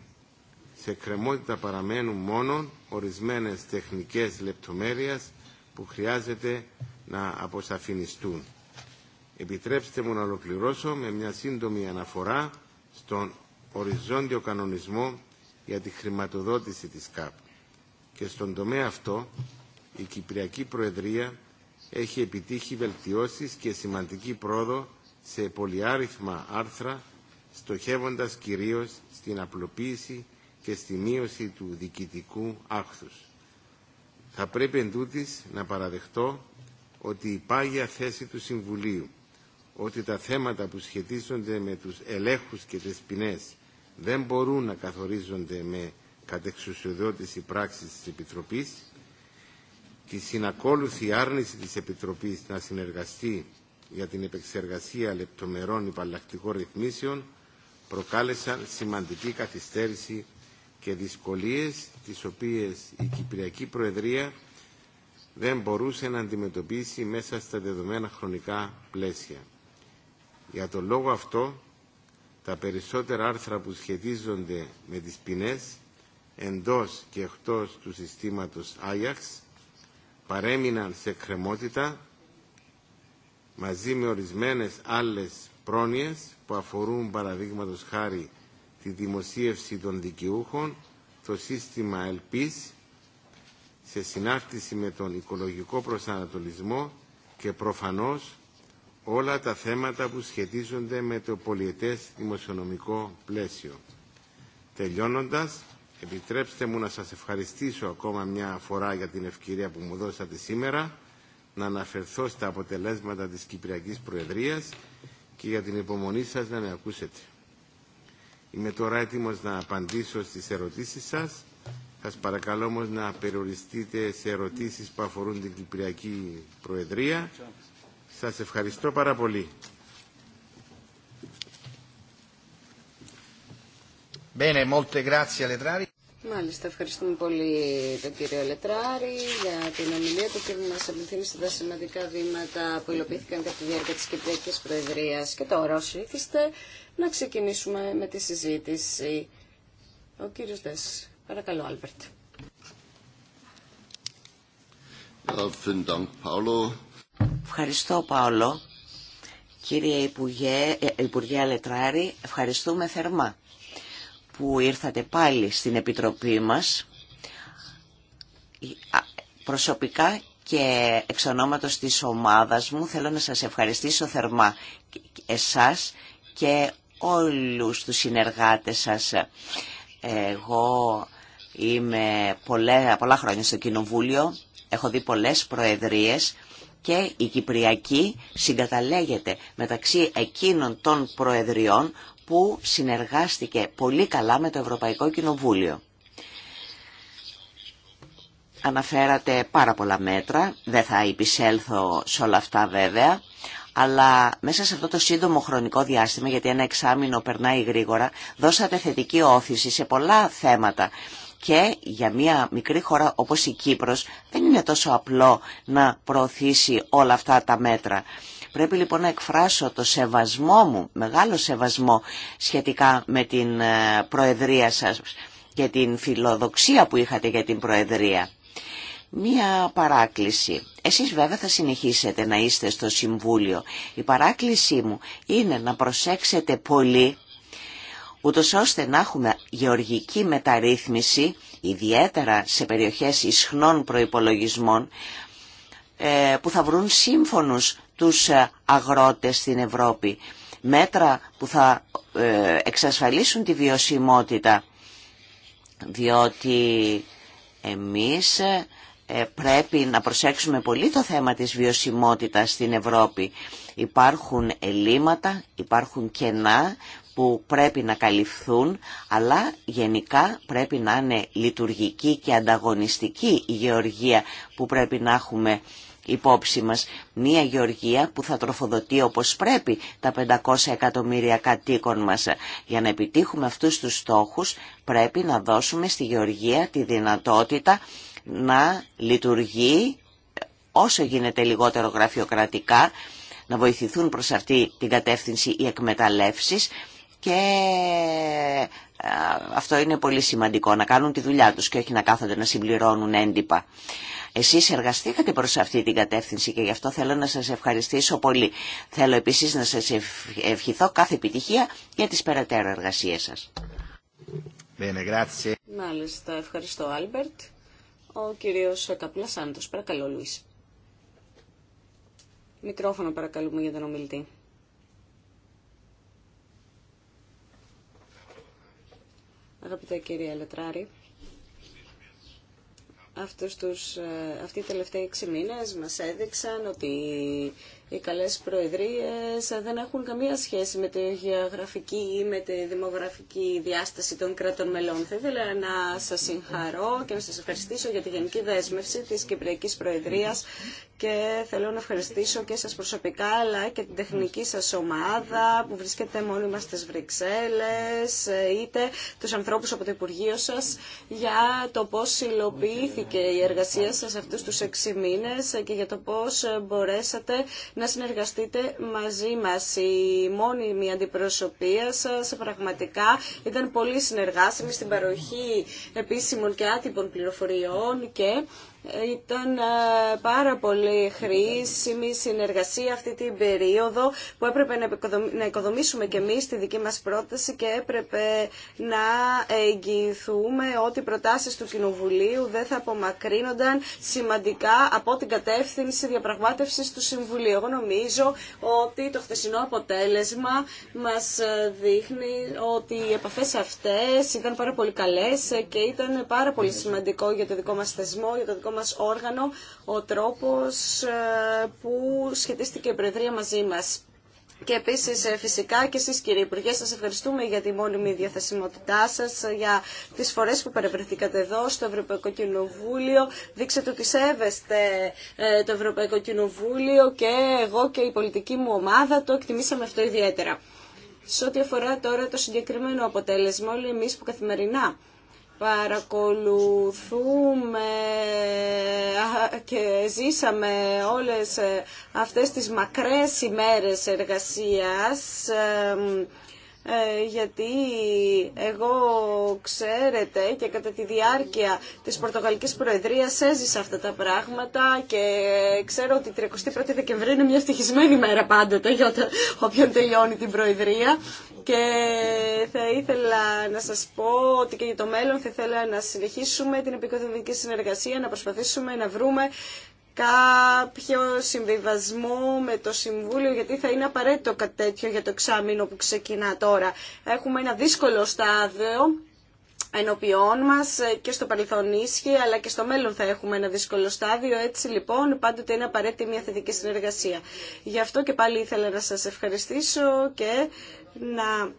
Σε κρεμότητα παραμένουν μόνο ορισμένες τεχνικές λεπτομέρειες που χρειάζεται να αποσαφινιστούν. Επιτρέψτε μου να ολοκληρώσω με μια σύντομη αναφορά στον οριζόντιο κανονισμό για τη χρηματοδότηση της ΚΑΠ. Και στον τομέα αυτό η Κυπριακή Προεδρία έχει επιτύχει βελτιώσεις και σημαντική πρόοδο σε πολυάριθμα άρθρα στοχεύοντας κυρίως στην απλοποίηση και στη μείωση του διοικητικού άχθους. Θα πρέπει εντούτοις να παραδεχτώ ότι η πάγια θέση του Συμβουλίου ότι τα θέματα που σχετίζονται με τους ελέγχους και τις ποινές δεν μπορούν να καθορίζονται με κατεξουσιοδότηση πράξης της Επιτροπής, η συνακόλουθη άρνηση της Επιτροπής να συνεργαστεί για την επεξεργασία λεπτομερών υπαλλακτικών ρυθμίσεων προκάλεσαν σημαντική καθυστέρηση και δυσκολίες τις οποίες η Κυπριακή Προεδρία δεν μπορούσε να αντιμετωπίσει μέσα στα δεδομένα χρονικά πλαίσια. Για τον λόγο αυτό, τα περισσότερα άρθρα που σχετίζονται με τις ποινές εντός και εκτός του συστήματος Άγιαξ παρέμειναν σε κρεμότητα μαζί με ορισμένες άλλες πρόνοιες που αφορούν παραδείγματο χάρη τη δημοσίευση των δικαιούχων, το σύστημα ΕΛΠΙΣ σε συνάρτηση με τον οικολογικό προσανατολισμό και προφανώς όλα τα θέματα που σχετίζονται με το πολιετές δημοσιονομικό πλαίσιο. Τελειώνοντας, επιτρέψτε μου να σας ευχαριστήσω ακόμα μια φορά για την ευκαιρία που μου δώσατε σήμερα να αναφερθώ στα αποτελέσματα της Κυπριακής Προεδρίας και για την υπομονή σας να με ακούσετε. Είμαι τώρα έτοιμος να απαντήσω στις ερωτήσεις σας. Σας παρακαλώ όμως να περιοριστείτε σε ερωτήσεις που αφορούν την Κυπριακή Προεδρία. Σας ευχαριστώ πάρα πολύ. Bene, molte grazie Μάλιστα, ευχαριστούμε πολύ τον κύριο Λετράρη για την ομιλία του και μας απευθύνησε τα σημαντικά βήματα που υλοποιήθηκαν κατά τη διάρκεια της Κυπριακής Προεδρίας. Και τώρα, όσοι ήθιστε, να ξεκινήσουμε με τη συζήτηση. Ο κύριος Δες. Παρακαλώ, Άλβερτ. Ευχαριστώ, Παόλο. Κύριε Υπουργέ, ε, Υπουργέ Λετράρη, ευχαριστούμε θερμά που ήρθατε πάλι στην Επιτροπή μας προσωπικά και εξ ονόματος της ομάδας μου θέλω να σας ευχαριστήσω θερμά εσάς και όλους τους συνεργάτες σας. Εγώ είμαι πολλά, πολλά χρόνια στο Κοινοβούλιο, έχω δει πολλές προεδρίες και η Κυπριακή συγκαταλέγεται μεταξύ εκείνων των προεδριών που συνεργάστηκε πολύ καλά με το Ευρωπαϊκό Κοινοβούλιο. Αναφέρατε πάρα πολλά μέτρα, δεν θα υπησέλθω σε όλα αυτά βέβαια, αλλά μέσα σε αυτό το σύντομο χρονικό διάστημα, γιατί ένα εξάμεινο περνάει γρήγορα, δώσατε θετική όθηση σε πολλά θέματα και για μια μικρή χώρα όπως η Κύπρος δεν είναι τόσο απλό να προωθήσει όλα αυτά τα μέτρα. Πρέπει λοιπόν να εκφράσω το σεβασμό μου, μεγάλο σεβασμό σχετικά με την ε, Προεδρία σας και την φιλοδοξία που είχατε για την Προεδρία. Μία παράκληση. Εσείς βέβαια θα συνεχίσετε να είστε στο Συμβούλιο. Η παράκλησή μου είναι να προσέξετε πολύ ούτω ώστε να έχουμε γεωργική μεταρρύθμιση, ιδιαίτερα σε περιοχές ισχνών προϋπολογισμών, ε, που θα βρουν σύμφωνους τους ε, αγρότες στην Ευρώπη. Μέτρα που θα ε, εξασφαλίσουν τη βιωσιμότητα, διότι εμείς ε, πρέπει να προσέξουμε πολύ το θέμα της βιωσιμότητας στην Ευρώπη. Υπάρχουν ελλείμματα, υπάρχουν κενά που πρέπει να καλυφθούν, αλλά γενικά πρέπει να είναι λειτουργική και ανταγωνιστική η γεωργία που πρέπει να έχουμε υπόψη μας μια γεωργία που θα τροφοδοτεί όπως πρέπει τα 500 εκατομμύρια κατοίκων μας. Για να επιτύχουμε αυτούς τους στόχους πρέπει να δώσουμε στη γεωργία τη δυνατότητα να λειτουργεί όσο γίνεται λιγότερο γραφειοκρατικά, να βοηθηθούν προς αυτή την κατεύθυνση οι εκμεταλλεύσεις και ε, αυτό είναι πολύ σημαντικό, να κάνουν τη δουλειά τους και όχι να κάθονται να συμπληρώνουν έντυπα. Εσείς εργαστήκατε προς αυτή την κατεύθυνση και γι' αυτό θέλω να σας ευχαριστήσω πολύ. Θέλω επίσης να σας ευχηθώ κάθε επιτυχία για τις περαιτέρω εργασίες σας. Μάλιστα, ευχαριστώ Άλμπερτ. Ο κύριος Καπλασάντος, παρακαλώ Λουίς. Μικρόφωνο παρακαλούμε για τον ομιλητή. Αγαπητέ κύριε Λετράρη, τους, ε, αυτοί οι τελευταίοι 6 μήνες μας έδειξαν ότι οι καλές προεδρίες δεν έχουν καμία σχέση με τη γεωγραφική ή με τη δημογραφική διάσταση των κρατών μελών. Θα ήθελα να σας συγχαρώ και να σας ευχαριστήσω για τη γενική δέσμευση της Κυπριακής Προεδρίας και θέλω να ευχαριστήσω και σας προσωπικά αλλά και την τεχνική σας ομάδα που βρίσκεται μόνιμα στις Βρυξέλλες είτε τους ανθρώπους από το Υπουργείο σας για το πώς υλοποιήθηκε η εργασία σας αυτούς τους έξι μήνες και για το πώς μπορέσατε να συνεργαστείτε μαζί μας. Η μόνιμη αντιπροσωπεία σας πραγματικά ήταν πολύ συνεργάσιμη στην παροχή επίσημων και άτυπων πληροφοριών και ήταν ε, πάρα πολύ χρήσιμη συνεργασία αυτή την περίοδο που έπρεπε να οικοδομήσουμε και εμείς τη δική μας πρόταση και έπρεπε να εγγυηθούμε ότι οι προτάσεις του Κοινοβουλίου δεν θα απομακρύνονταν σημαντικά από την κατεύθυνση διαπραγμάτευσης του Συμβουλίου. Εγώ νομίζω ότι το χθεσινό αποτέλεσμα μας ε, δείχνει ότι οι επαφές αυτές ήταν πάρα πολύ καλές και ήταν πάρα πολύ σημαντικό για το δικό μας θεσμό, για το δικό μας όργανο ο τρόπος ε, που σχετίστηκε η Προεδρία μαζί μας. Και επίση, ε, φυσικά και εσεί, κύριε Υπουργέ, σα ευχαριστούμε για τη μόνιμη διαθεσιμότητά σα, ε, για τι φορέ που παρευρεθήκατε εδώ στο Ευρωπαϊκό Κοινοβούλιο. Δείξατε ότι σέβεστε το Ευρωπαϊκό Κοινοβούλιο και εγώ και η πολιτική μου ομάδα το εκτιμήσαμε αυτό ιδιαίτερα. Σε ό,τι αφορά τώρα το συγκεκριμένο αποτέλεσμα, όλοι εμεί που καθημερινά παρακολουθούμε και ζήσαμε όλες ε, αυτές τις μακρές ημέρες εργασίας ε, γιατί εγώ ξέρετε και κατά τη διάρκεια της Πορτογαλικής Προεδρίας έζησα αυτά τα πράγματα και ξέρω ότι 31η Δεκεμβρίου είναι μια ευτυχισμένη μέρα πάντοτε για όποιον τελειώνει την Προεδρία και θα ήθελα να σας πω ότι και για το μέλλον θα ήθελα να συνεχίσουμε την επικοδομική συνεργασία, να προσπαθήσουμε να βρούμε κάποιο συμβιβασμό με το Συμβούλιο, γιατί θα είναι απαραίτητο κάτι τέτοιο για το εξάμεινο που ξεκινά τώρα. Έχουμε ένα δύσκολο στάδιο ενωπιών μας ε, και στο παρελθόν ίσχυε, αλλά και στο μέλλον θα έχουμε ένα δύσκολο στάδιο. Έτσι λοιπόν πάντοτε είναι απαραίτητη μια θετική συνεργασία. Γι' αυτό και πάλι ήθελα να σας ευχαριστήσω και να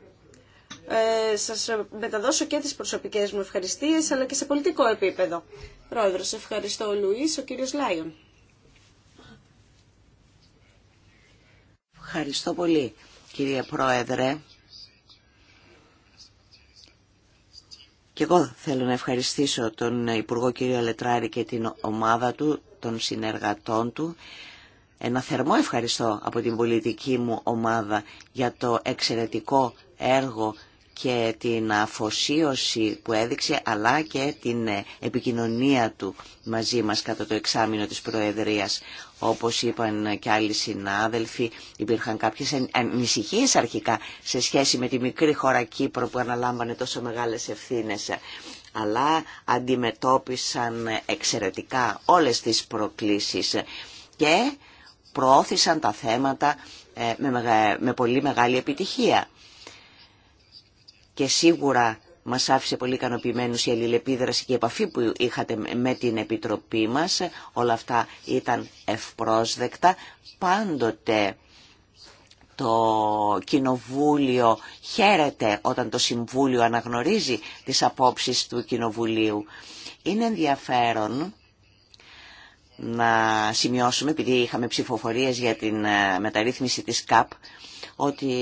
ε, σας μεταδώσω και τις προσωπικές μου ευχαριστίες αλλά και σε πολιτικό επίπεδο. Πρόεδρος, ευχαριστώ ο Λουίς, ο κύριος Λάιον. Ευχαριστώ πολύ, κύριε Πρόεδρε. Και εγώ θέλω να ευχαριστήσω τον Υπουργό κύριο λετράρη και την ομάδα του, των συνεργατών του. Ένα θερμό ευχαριστώ από την πολιτική μου ομάδα για το εξαιρετικό έργο και την αφοσίωση που έδειξε αλλά και την ε, επικοινωνία του μαζί μας κατά το εξάμεινο της Προεδρίας. Όπως είπαν και άλλοι συνάδελφοι, υπήρχαν κάποιες ανησυχίε αρχικά σε σχέση με τη μικρή χώρα Κύπρο που αναλάμβανε τόσο μεγάλες ευθύνες αλλά αντιμετώπισαν εξαιρετικά όλες τις προκλήσεις και προώθησαν τα θέματα ε, με πολύ μεγάλη επιτυχία και σίγουρα μας άφησε πολύ ικανοποιημένους η αλληλεπίδραση και η επαφή που είχατε με την Επιτροπή μας. Όλα αυτά ήταν ευπρόσδεκτα. Πάντοτε το Κοινοβούλιο χαίρεται όταν το Συμβούλιο αναγνωρίζει τις απόψεις του Κοινοβουλίου. Είναι ενδιαφέρον να σημειώσουμε, επειδή είχαμε ψηφοφορίες για την ε, μεταρρύθμιση της ΚΑΠ, ότι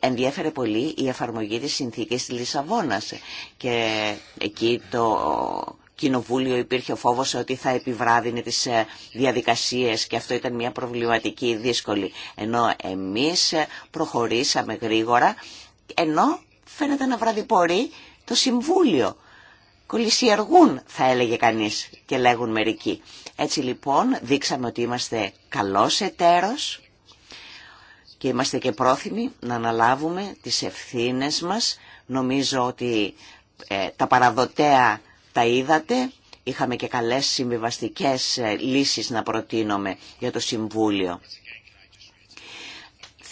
ενδιέφερε πολύ η εφαρμογή της συνθήκης της Λισαβόνας και εκεί το κοινοβούλιο υπήρχε ο φόβος ότι θα επιβράδυνε τις ε, διαδικασίες και αυτό ήταν μια προβληματική δύσκολη. Ενώ εμείς ε, προχωρήσαμε γρήγορα, ενώ φαίνεται να βραδιπορεί το Συμβούλιο. Κολυσιεργούν θα έλεγε κανείς και λέγουν μερικοί. Έτσι λοιπόν δείξαμε ότι είμαστε καλός εταίρος, και είμαστε και πρόθυμοι να αναλάβουμε τις ευθύνες μας. Νομίζω ότι ε, τα παραδοτέα τα είδατε. Είχαμε και καλές συμβιβαστικές ε, λύσεις να προτείνουμε για το Συμβούλιο.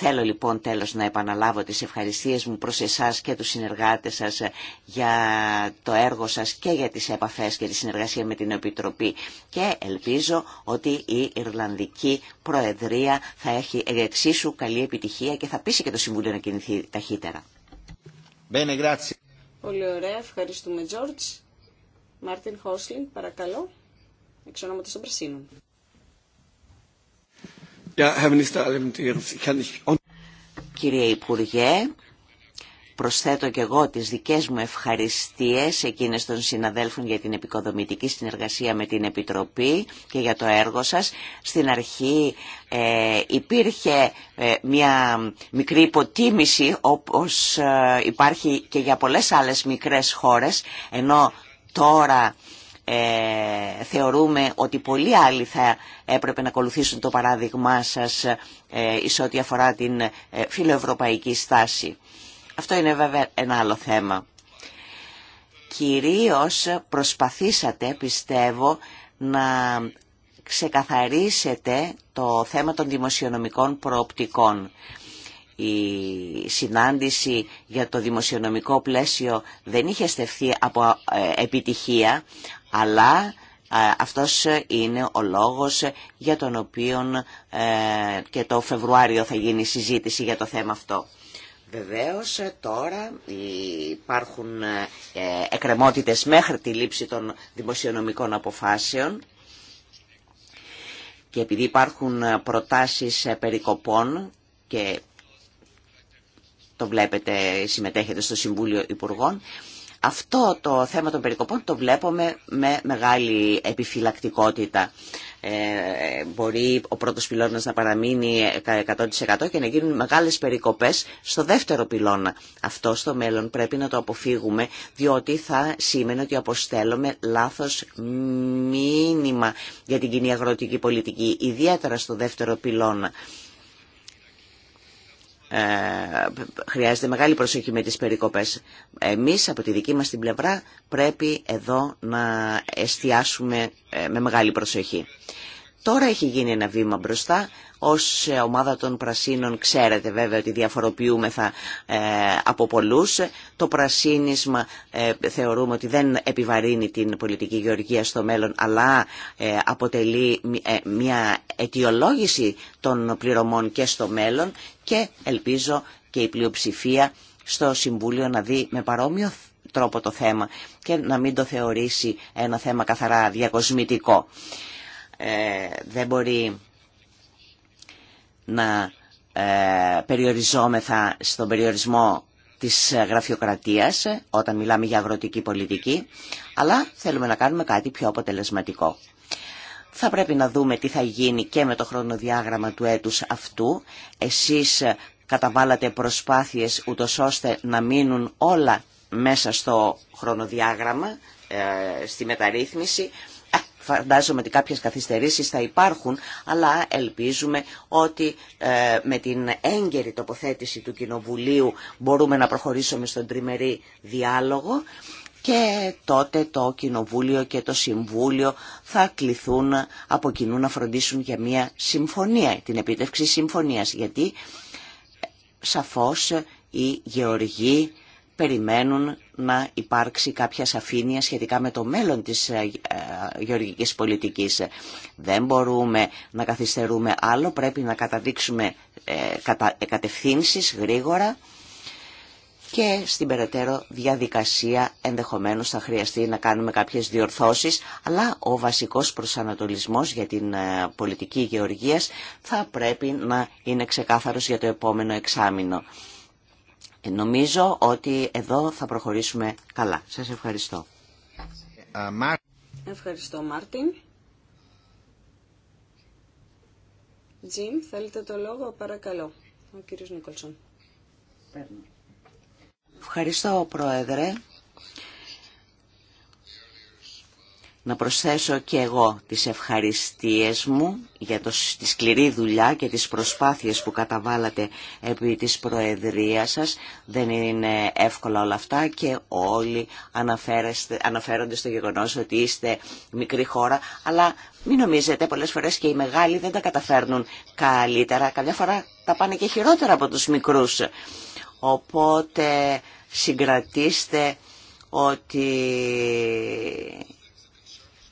Θέλω λοιπόν τέλος να επαναλάβω τις ευχαριστίες μου προς εσάς και τους συνεργάτες σας για το έργο σας και για τις επαφές και τη συνεργασία με την Επιτροπή και ελπίζω ότι η Ιρλανδική Προεδρία θα έχει εξίσου καλή επιτυχία και θα πείσει και το Συμβούλιο να κινηθεί ταχύτερα. Πολύ ωραία, ευχαριστούμε Τζόρτζ. Μάρτιν Χόσλιν, παρακαλώ, εξ ονόματος των Πρασίνων. Κύριε Υπουργέ, προσθέτω και εγώ τις δικές μου ευχαριστίες εκείνες των συναδέλφων για την επικοδομητική συνεργασία με την Επιτροπή και για το έργο σας. Στην αρχή ε, υπήρχε ε, μια μικρή υποτίμηση όπως ε, υπάρχει και για πολλές άλλες μικρές χώρες, ενώ τώρα ε, θεωρούμε ότι πολλοί άλλοι θα έπρεπε να ακολουθήσουν το παράδειγμά σας ε, ό,τι αφορά την ε, φιλοευρωπαϊκή στάση. Αυτό είναι βέβαια ένα άλλο θέμα. Κυρίως προσπαθήσατε, πιστεύω, να ξεκαθαρίσετε το θέμα των δημοσιονομικών προοπτικών. Η συνάντηση για το δημοσιονομικό πλαίσιο δεν είχε στεφθεί από ε, επιτυχία, αλλά ε, αυτός είναι ο λόγος για τον οποίο ε, και το Φεβρουάριο θα γίνει συζήτηση για το θέμα αυτό. Βεβαίως ε, τώρα υπάρχουν εκκρεμότητες μέχρι τη λήψη των δημοσιονομικών αποφάσεων και επειδή υπάρχουν προτάσεις περικοπών και το βλέπετε συμμετέχετε στο Συμβούλιο Υπουργών, αυτό το θέμα των περικοπών το βλέπουμε με μεγάλη επιφυλακτικότητα. Ε, μπορεί ο πρώτος πυλώνας να παραμείνει 100% και να γίνουν μεγάλες περικοπές στο δεύτερο πυλώνα. Αυτό στο μέλλον πρέπει να το αποφύγουμε διότι θα σήμαινε ότι αποστέλουμε λάθος μήνυμα για την κοινή αγροτική πολιτική, ιδιαίτερα στο δεύτερο πυλώνα. Ε, χρειάζεται μεγάλη προσοχή με τις περικοπές. Εμείς από τη δική μας την πλευρά πρέπει εδώ να εστιάσουμε ε, με μεγάλη προσοχή. Τώρα έχει γίνει ένα βήμα μπροστά, ως ε, ομάδα των πρασίνων ξέρετε βέβαια ότι διαφοροποιούμεθα ε, από πολλούς. Το πρασίνισμα ε, θεωρούμε ότι δεν επιβαρύνει την πολιτική γεωργία στο μέλλον αλλά αποτελεί μια αιτιολόγηση των πληρωμών και στο μέλλον και ελπίζω και η πλειοψηφία στο Συμβούλιο να δει με παρόμοιο τρόπο το θέμα και να μην το θεωρήσει ένα θέμα καθαρά διακοσμητικό. Ε, δεν μπορεί να ε, περιοριζόμεθα στον περιορισμό της ε, γραφειοκρατίας ε, όταν μιλάμε για αγροτική πολιτική, αλλά θέλουμε να κάνουμε κάτι πιο αποτελεσματικό. Θα πρέπει να δούμε τι θα γίνει και με το χρονοδιάγραμμα του έτους αυτού. Εσείς καταβάλατε προσπάθειες ούτω ώστε να μείνουν όλα μέσα στο χρονοδιάγραμμα, στη μεταρρύθμιση. Φαντάζομαι ότι κάποιες καθυστερήσεις θα υπάρχουν, αλλά ελπίζουμε ότι ε, με την έγκαιρη τοποθέτηση του Κοινοβουλίου μπορούμε να προχωρήσουμε στον τριμερή διάλογο και τότε το Κοινοβούλιο και το Συμβούλιο θα κληθούν από κοινού να φροντίσουν για μια συμφωνία, την επίτευξη συμφωνίας, γιατί ε, σαφώς οι γεωργοί περιμένουν να υπάρξει κάποια σαφήνεια σχετικά με το μέλλον της ε, γεωργικής πολιτικής. Δεν μπορούμε να καθυστερούμε άλλο, πρέπει να καταδείξουμε ε, ε, κατευθύνσεις γρήγορα και στην περαιτέρω διαδικασία ενδεχομένως θα χρειαστεί να κάνουμε κάποιες διορθώσεις, αλλά ο βασικός προσανατολισμός για την πολιτική γεωργίας θα πρέπει να είναι ξεκάθαρος για το επόμενο εξάμεινο. Ε, νομίζω ότι εδώ θα προχωρήσουμε καλά. Σας ευχαριστώ. Ε, ε, ευχαριστώ Μάρτιν. Τζιμ, θέλετε το λόγο, παρακαλώ. Ο κύριος Νίκολσον. Ευχαριστώ, Πρόεδρε. Να προσθέσω και εγώ τις ευχαριστίες μου για το, τη σκληρή δουλειά και τις προσπάθειες που καταβάλατε επί της Προεδρίας σας. Δεν είναι εύκολα όλα αυτά και όλοι αναφέρονται στο γεγονός ότι είστε μικρή χώρα, αλλά μην νομίζετε, πολλές φορές και οι μεγάλοι δεν τα καταφέρνουν καλύτερα. Καμιά φορά τα πάνε και χειρότερα από τους μικρούς. Οπότε συγκρατήστε ότι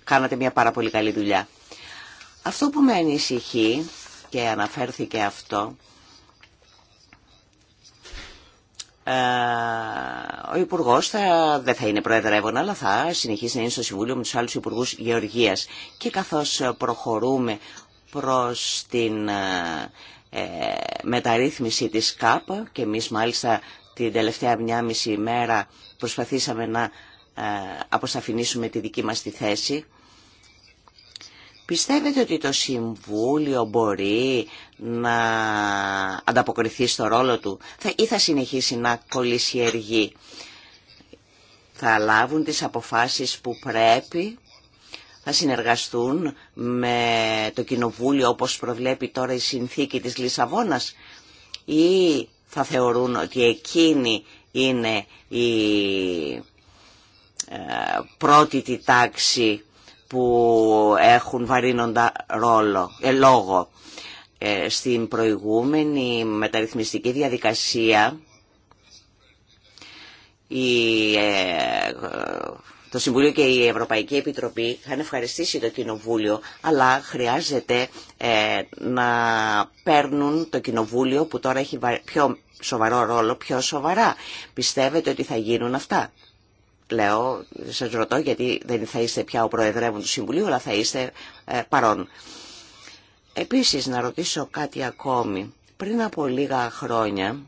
Κάνατε μια πάρα πολύ καλή δουλειά. Αυτό που με ανησυχεί και αναφέρθηκε αυτό, ε, ο Υπουργό δεν θα είναι προεδρεύων, αλλά θα συνεχίσει να είναι στο Συμβούλιο με τους άλλους Υπουργούς Γεωργίας. Και καθώς προχωρούμε προς την ε, ε μεταρρύθμιση της ΚΑΠ και εμείς μάλιστα την τελευταία μια μισή ημέρα προσπαθήσαμε να ε, τη δική μας τη θέση Πιστεύετε ότι το Συμβούλιο μπορεί να ανταποκριθεί στο ρόλο του ή θα συνεχίσει να κολλησιεργεί. Θα λάβουν τις αποφάσεις που πρέπει, θα συνεργαστούν με το Κοινοβούλιο όπως προβλέπει τώρα η συνθήκη της Λισαβόνας ή θα θεωρούν ότι εκείνη είναι η ε, πρώτη τάξη που έχουν βαρύνοντα ρόλο, ε, λόγο. Ε, στην προηγούμενη μεταρρυθμιστική διαδικασία η, ε, το Συμβούλιο και η Ευρωπαϊκή Επιτροπή είχαν ευχαριστήσει το Κοινοβούλιο, αλλά χρειάζεται ε, να παίρνουν το Κοινοβούλιο που τώρα έχει πιο σοβαρό ρόλο πιο σοβαρά. Πιστεύετε ότι θα γίνουν αυτά λέω, σας ρωτώ γιατί δεν θα είστε πια ο Προεδρεύων του Συμβουλίου, αλλά θα είστε ε, παρόν. Επίσης, να ρωτήσω κάτι ακόμη. Πριν από λίγα χρόνια,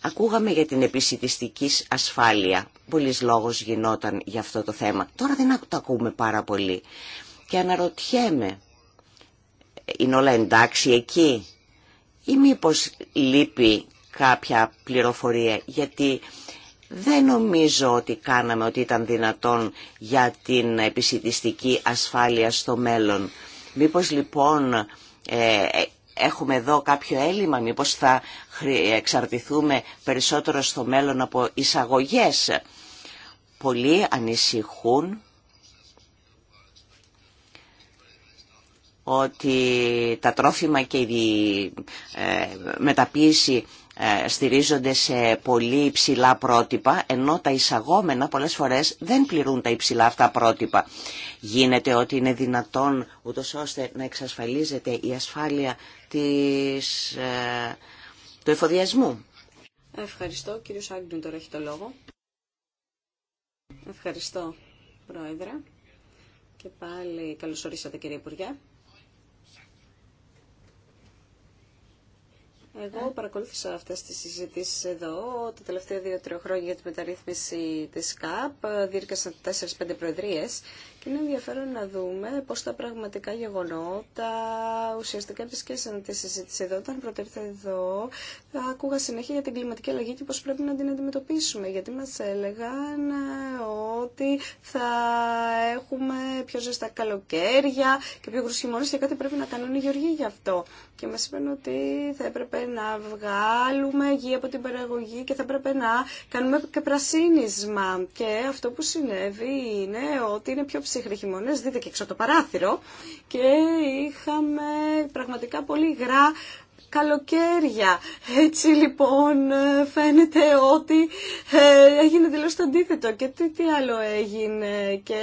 ακούγαμε για την επισητιστική ασφάλεια. Πολλής λόγος γινόταν για αυτό το θέμα. Τώρα δεν το ακούμε πάρα πολύ. Και αναρωτιέμαι, ε, είναι όλα εντάξει εκεί ή μήπως λείπει κάποια πληροφορία, γιατί δεν νομίζω ότι κάναμε ότι ήταν δυνατόν για την επισητιστική ασφάλεια στο μέλλον. Μήπως λοιπόν ε, έχουμε εδώ κάποιο έλλειμμα, μήπως θα εξαρτηθούμε περισσότερο στο μέλλον από εισαγωγές. Πολλοί ανησυχούν ότι τα τρόφιμα και η ε, μεταποίηση ε, στηρίζονται σε πολύ υψηλά πρότυπα, ενώ τα εισαγόμενα πολλές φορές δεν πληρούν τα υψηλά αυτά πρότυπα. Γίνεται ότι είναι δυνατόν ούτω ώστε να εξασφαλίζεται η ασφάλεια της, ε, του εφοδιασμού. Ευχαριστώ. κύριο Άγγλουν τώρα έχει το λόγο. Ευχαριστώ, πρόεδρα Και πάλι καλωσορίσατε κύριε Υπουργέ. Εγώ ε. παρακολούθησα αυτές τις συζητήσεις εδώ τα τελευταία δύο-τρία χρόνια για τη μεταρρύθμιση της ΚΑΠ. διηρκασαν τεσσερις τέσσερις-πέντε προεδρίες και είναι ενδιαφέρον να δούμε πώς τα πραγματικά γεγονότα ουσιαστικά επισκέψαν τη συζήτηση εδώ. Όταν πρώτα εδώ, άκουγα συνέχεια για την κλιματική αλλαγή και πώς πρέπει να την αντιμετωπίσουμε. Γιατί μας έλεγαν ε, ότι θα έχουμε πιο ζεστά καλοκαίρια και πιο γρουσιμόνες και κάτι πρέπει να κάνουν οι γεωργοί γι' αυτό. Και μας είπαν ότι θα έπρεπε να βγάλουμε γη από την παραγωγή και θα έπρεπε να κάνουμε και πρασίνισμα. Και αυτό που συνέβη είναι ότι είναι πιο ψηλό ψύχρη χειμωνέ, δείτε και έξω το παράθυρο και είχαμε πραγματικά πολύ υγρά καλοκαίρια. Έτσι λοιπόν φαίνεται ότι ε, έγινε δηλώς το αντίθετο. Και τι, τι άλλο έγινε. Και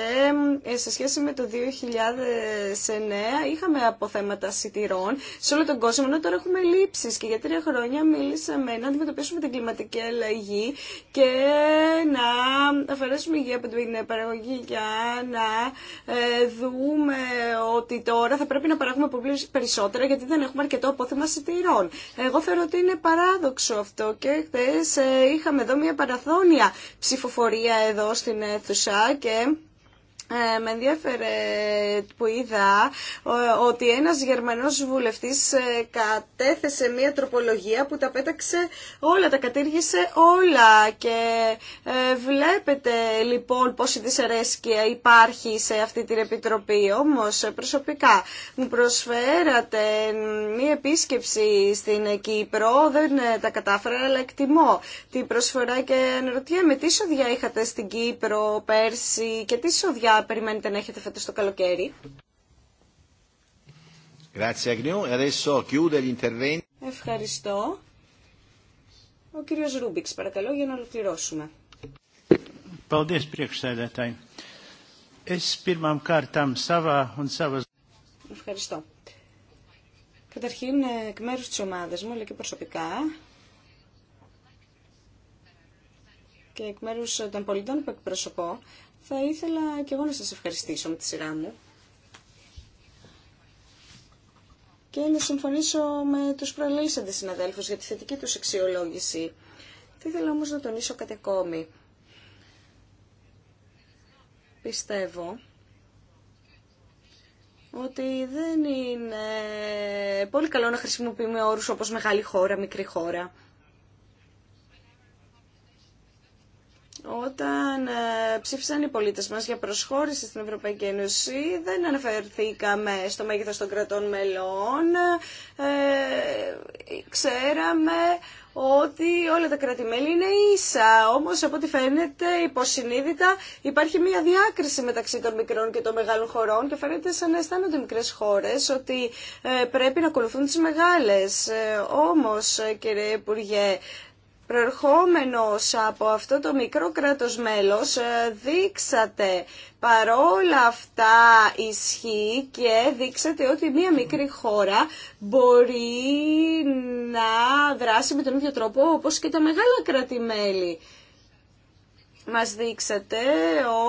ε, σε σχέση με το 2009 είχαμε αποθέματα σιτηρών σε όλο τον κόσμο, ενώ τώρα έχουμε λήψεις. Και για τρία χρόνια μίλησαμε να αντιμετωπίσουμε την κλιματική αλλαγή και να αφαιρέσουμε υγεία από την παραγωγή για να ε, δούμε ότι τώρα θα πρέπει να παράγουμε πολύ περισσότερα γιατί δεν έχουμε αρκετό απόθεμα σιτήρων. Εγώ θεωρώ ότι είναι παράδοξο αυτό και χθε ε, είχαμε εδώ μια παραθώνια ψηφοφορία εδώ στην αίθουσα και ε, με ενδιαφέρε που είδα ότι ένας Γερμανός βουλευτής ε, κατέθεσε μία τροπολογία που τα πέταξε όλα, τα κατήργησε όλα και ε, βλέπετε λοιπόν πόση δυσαρέσκεια υπάρχει σε αυτή την επιτροπή. Όμως προσωπικά μου προσφέρατε μία επίσκεψη στην Κύπρο, δεν ε, τα κατάφερα αλλά εκτιμώ την προσφορά και αναρωτιέμαι τι σοδιά είχατε στην Κύπρο πέρσι και τι σοδιά θα περιμένετε να έχετε φέτος το καλοκαίρι. Ευχαριστώ. Ο κύριος Ρούμπιξ, παρακαλώ, για να ολοκληρώσουμε. Ευχαριστώ. Καταρχήν, εκ μέρους της ομάδας μου, αλλά και προσωπικά, και εκ μέρους των πολιτών που εκπροσωπώ, θα ήθελα και εγώ να σας ευχαριστήσω με τη σειρά μου και να συμφωνήσω με τους προλύσαντες συναδέλφους για τη θετική τους αξιολόγηση. Θα ήθελα όμως να τονίσω κάτι ακόμη. Πιστεύω ότι δεν είναι πολύ καλό να χρησιμοποιούμε όρους όπως μεγάλη χώρα, μικρή χώρα. Όταν ε, ψήφισαν οι πολίτες μας για προσχώρηση στην Ευρωπαϊκή Ένωση, δεν αναφερθήκαμε στο μέγεθος των κρατών μελών. Ε, ξέραμε ότι όλα τα κράτη-μέλη είναι ίσα. Όμως, από ό,τι φαίνεται, υποσυνείδητα υπάρχει μια διάκριση μεταξύ των μικρών και των μεγάλων χωρών και φαίνεται σαν να αισθάνονται μικρές χώρες ότι ε, πρέπει να ακολουθούν τις μεγάλες. Ε, όμως, κύριε Υπουργέ, προερχόμενος από αυτό το μικρό κράτος μέλος ε, δείξατε παρόλα αυτά ισχύει και δείξατε ότι μια μικρή χώρα μπορεί να δράσει με τον ίδιο τρόπο όπως και τα μεγάλα κράτη-μέλη μας δείξατε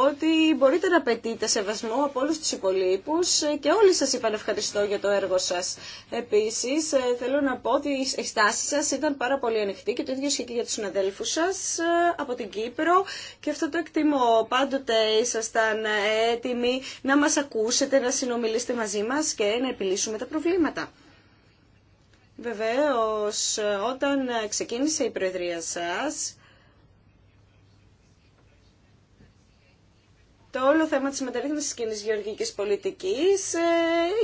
ότι μπορείτε να πετείτε σεβασμό από όλους τους υπολείπους και όλοι σας είπαν ευχαριστώ για το έργο σας. Επίσης, ε, θέλω να πω ότι η στάση σας ήταν πάρα πολύ ανοιχτή και το ίδιο ισχύει για τους συναδέλφους σας ε, από την Κύπρο και αυτό το εκτιμώ. Πάντοτε ήσασταν έτοιμοι να μας ακούσετε, να συνομιλήσετε μαζί μας και να επιλύσουμε τα προβλήματα. Βεβαίως, ε, όταν ξεκίνησε η Προεδρία σας, όλο θέμα της μεταρρύθμισης της κοινής γεωργικής πολιτικής ε,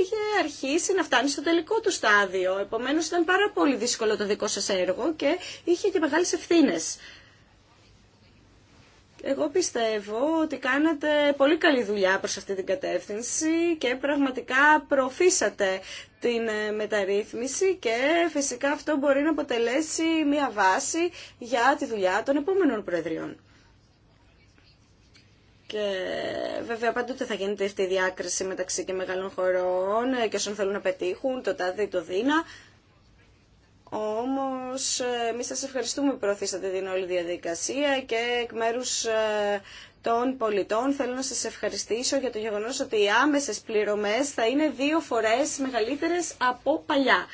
είχε αρχίσει να φτάνει στο τελικό του στάδιο. Επομένως ήταν πάρα πολύ δύσκολο το δικό σας έργο και είχε και μεγάλες ευθύνες. Εγώ πιστεύω ότι κάνατε πολύ καλή δουλειά προς αυτή την κατεύθυνση και πραγματικά προφήσατε την ε, μεταρρύθμιση και φυσικά αυτό μπορεί να αποτελέσει μια βάση για τη δουλειά των επόμενων Προεδριών. Και βέβαια πάντοτε θα γίνεται αυτή η διάκριση μεταξύ και μεγάλων χωρών ε, και όσων θέλουν να πετύχουν, το τάδε το δίνα. Όμως ε, εμείς σας ευχαριστούμε που προωθήσατε την όλη διαδικασία και εκ μέρους ε, των πολιτών θέλω να σας ευχαριστήσω για το γεγονός ότι οι άμεσες πληρωμές θα είναι δύο φορές μεγαλύτερες από παλιά.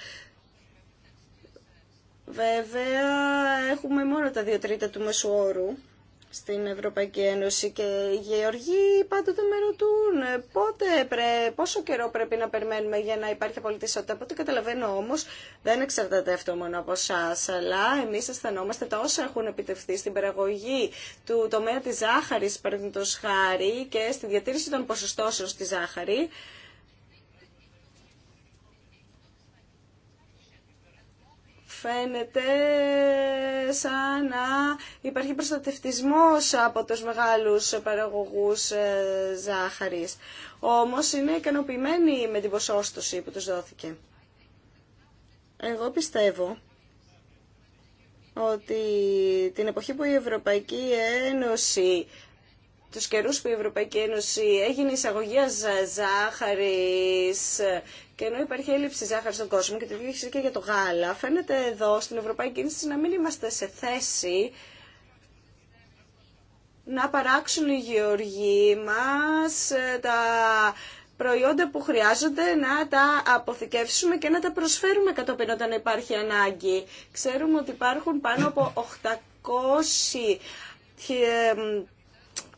Βέβαια έχουμε μόνο τα δύο τρίτα του μεσουόρου στην Ευρωπαϊκή Ένωση και οι γεωργοί πάντοτε με ρωτούν ε, πότε πρέ, πόσο καιρό πρέπει να περιμένουμε για να υπάρχει απολύτη Από ό,τι καταλαβαίνω όμως δεν εξαρτάται αυτό μόνο από εσά, αλλά εμείς αισθανόμαστε τα όσα έχουν επιτευχθεί στην παραγωγή του τομέα της ζάχαρης, παραδείγματος χάρη και στη διατήρηση των ποσοστώσεων στη ζάχαρη. φαίνεται σαν να υπάρχει προστατευτισμός από τους μεγάλους παραγωγούς ε, ζάχαρης. Όμως είναι ικανοποιημένοι με την ποσόστοση που τους δόθηκε. Εγώ πιστεύω ότι την εποχή που η Ευρωπαϊκή Ένωση τους καιρού που η Ευρωπαϊκή Ένωση έγινε εισαγωγή ζάχαρη και ενώ υπάρχει έλλειψη ζάχαρη στον κόσμο και το ίδιο και για το γάλα, φαίνεται εδώ στην Ευρωπαϊκή Ένωση να μην είμαστε σε θέση να παράξουν οι γεωργοί μας ε, τα προϊόντα που χρειάζονται να τα αποθηκεύσουμε και να τα προσφέρουμε κατόπιν όταν υπάρχει ανάγκη. Ξέρουμε ότι υπάρχουν πάνω από 800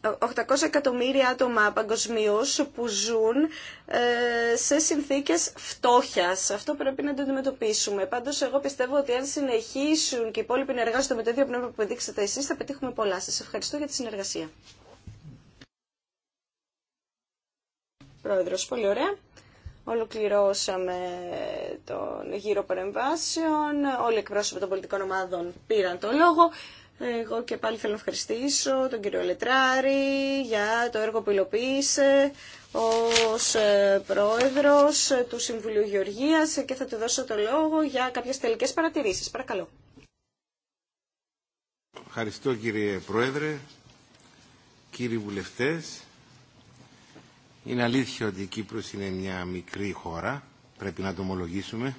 800 εκατομμύρια άτομα παγκοσμίω που ζουν ε, σε συνθήκε φτώχεια. Αυτό πρέπει να το αντιμετωπίσουμε. Πάντως εγώ πιστεύω ότι αν συνεχίσουν και οι υπόλοιποι να εργάζονται με το ίδιο πνεύμα που δείξατε εσεί. θα πετύχουμε πολλά. Σα. ευχαριστώ για τη συνεργασία. Πρόεδρος, πολύ ωραία. Ολοκληρώσαμε τον γύρο παρεμβάσεων. Όλοι οι εκπρόσωποι των πολιτικών ομάδων πήραν το λόγο. Εγώ και πάλι θέλω να ευχαριστήσω τον κύριο Λετράρη για το έργο που υλοποίησε ως ε, πρόεδρος του Συμβουλίου Γεωργίας και θα του δώσω το λόγο για κάποιες τελικές παρατηρήσεις. Παρακαλώ. Ευχαριστώ κύριε Πρόεδρε, κύριοι βουλευτές. Είναι αλήθεια ότι η Κύπρος είναι μια μικρή χώρα, πρέπει να το ομολογήσουμε,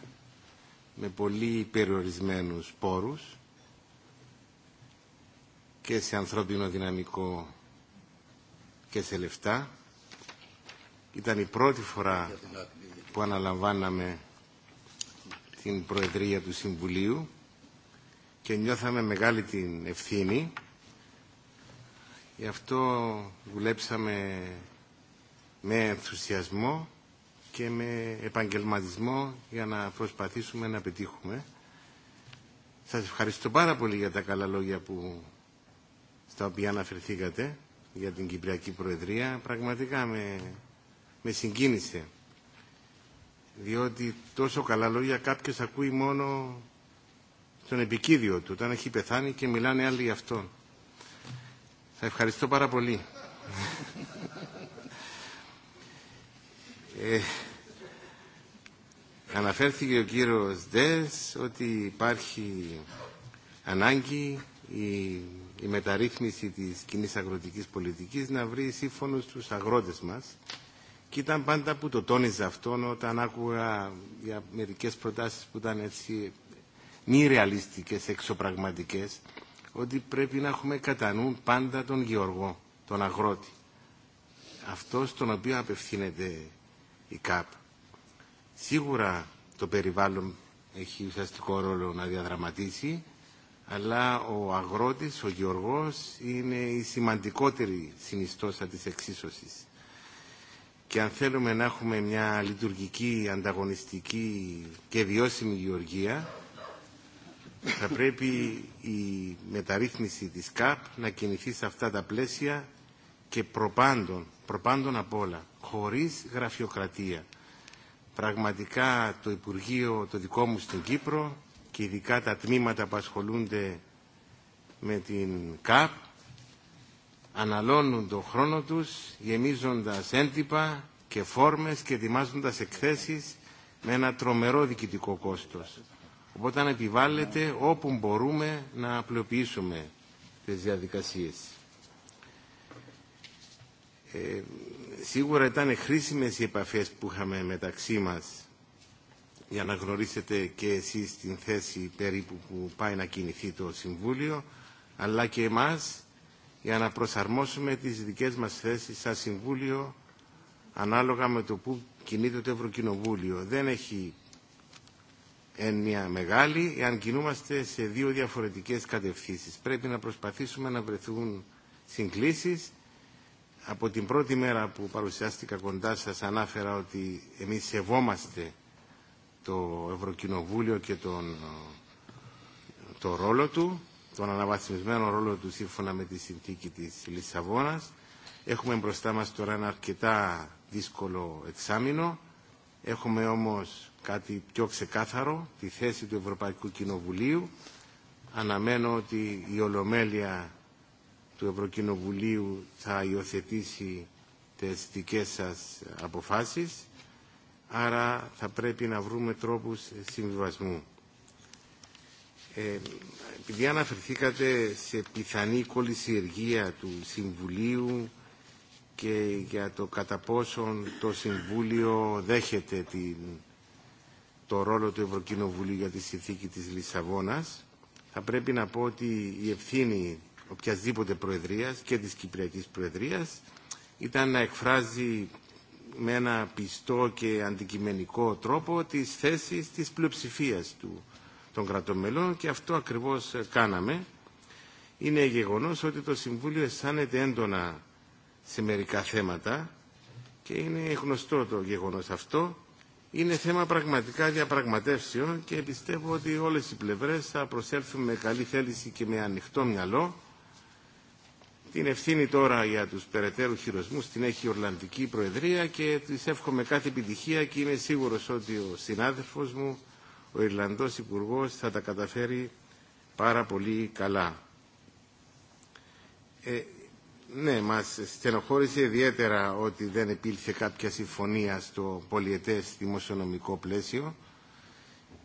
με πολύ περιορισμένους πόρους και σε ανθρώπινο δυναμικό και σε λεφτά. Ήταν η πρώτη φορά που αναλαμβάναμε την Προεδρία του Συμβουλίου και νιώθαμε μεγάλη την ευθύνη. Γι' αυτό δουλέψαμε με ενθουσιασμό και με επαγγελματισμό για να προσπαθήσουμε να πετύχουμε. Σας ευχαριστώ πάρα πολύ για τα καλά λόγια που τα οποία αναφερθήκατε για την Κυπριακή Προεδρία πραγματικά με, με συγκίνησε διότι τόσο καλά λόγια κάποιος ακούει μόνο στον επικίδιο του όταν έχει πεθάνει και μιλάνε άλλοι γι' αυτόν. Θα ευχαριστώ πάρα πολύ. Ε, αναφέρθηκε ο κύριος Δες ότι υπάρχει ανάγκη η η μεταρρύθμιση της κοινή αγροτικής πολιτικής να βρει σύμφωνο στους αγρότες μας και ήταν πάντα που το τόνιζα αυτό όταν άκουγα για μερικές προτάσεις που ήταν έτσι μη ρεαλιστικές, εξωπραγματικές ότι πρέπει να έχουμε κατά νου πάντα τον γεωργό, τον αγρότη αυτό τον οποίο απευθύνεται η ΚΑΠ. Σίγουρα το περιβάλλον έχει ουσιαστικό ρόλο να διαδραματίσει αλλά ο αγρότης, ο γεωργός, είναι η σημαντικότερη συνιστόσα της εξίσωσης. Και αν θέλουμε να έχουμε μια λειτουργική, ανταγωνιστική και βιώσιμη γεωργία, θα πρέπει η μεταρρύθμιση της ΚΑΠ να κινηθεί σε αυτά τα πλαίσια και προπάντων, προπάντων απ' όλα, χωρίς γραφειοκρατία. Πραγματικά το Υπουργείο, το δικό μου στην Κύπρο, και ειδικά τα τμήματα που ασχολούνται με την ΚΑΠ αναλώνουν τον χρόνο τους γεμίζοντας έντυπα και φόρμες και ετοιμάζοντας εκθέσεις με ένα τρομερό διοικητικό κόστος. Οπότε αν επιβάλλεται όπου μπορούμε να απλοποιήσουμε τις διαδικασίες. Ε, σίγουρα ήταν χρήσιμες οι επαφές που είχαμε μεταξύ μας για να γνωρίσετε και εσείς την θέση περίπου που πάει να κινηθεί το Συμβούλιο, αλλά και εμάς για να προσαρμόσουμε τις δικές μας θέσεις σαν Συμβούλιο ανάλογα με το που κινείται το Ευρωκοινοβούλιο. Δεν έχει έννοια μεγάλη εάν κινούμαστε σε δύο διαφορετικές κατευθύνσεις. Πρέπει να προσπαθήσουμε να βρεθούν συγκλήσεις. Από την πρώτη μέρα που παρουσιάστηκα κοντά σας ανάφερα ότι εμείς σεβόμαστε το Ευρωκοινοβούλιο και τον, ε, το ρόλο του, τον αναβαθμισμένο ρόλο του σύμφωνα με τη συνθήκη της Λισαβόνας. Έχουμε μπροστά μας τώρα ένα αρκετά δύσκολο εξάμεινο. Έχουμε όμως κάτι πιο ξεκάθαρο, τη θέση του Ευρωπαϊκού Κοινοβουλίου. Αναμένω ότι η Ολομέλεια του Ευρωκοινοβουλίου θα υιοθετήσει τις δικές σας αποφάσεις άρα θα πρέπει να βρούμε τρόπους συμβιβασμού. Ε, επειδή αναφερθήκατε σε πιθανή κόλληση εργία του Συμβουλίου και για το κατά πόσον το Συμβούλιο δέχεται την, το ρόλο του Ευρωκοινοβουλίου για τη συνθήκη της Λισαβόνας, θα πρέπει να πω ότι η ευθύνη οποιασδήποτε Προεδρίας και της Κυπριακής Προεδρίας ήταν να εκφράζει με ένα πιστό και αντικειμενικό τρόπο τις θέσεις της πλειοψηφίας του, των κρατομελών και αυτό ακριβώς ε, κάναμε. Είναι γεγονός ότι το Συμβούλιο αισθάνεται έντονα σε μερικά θέματα και είναι γνωστό το γεγονός αυτό. Είναι θέμα πραγματικά διαπραγματεύσεων και πιστεύω ότι όλες οι πλευρές θα προσέλθουν με καλή θέληση και με ανοιχτό μυαλό την ευθύνη τώρα για τους περαιτέρου χειροσμούς την έχει η Ορλανδική Προεδρία και της εύχομαι κάθε επιτυχία και είμαι σίγουρος ότι ο συνάδελφος μου, ο Ιρλανδός Υπουργό θα τα καταφέρει πάρα πολύ καλά. Ε, ναι, μας στενοχώρησε ιδιαίτερα ότι δεν επήλθε κάποια συμφωνία στο πολιετές δημοσιονομικό πλαίσιο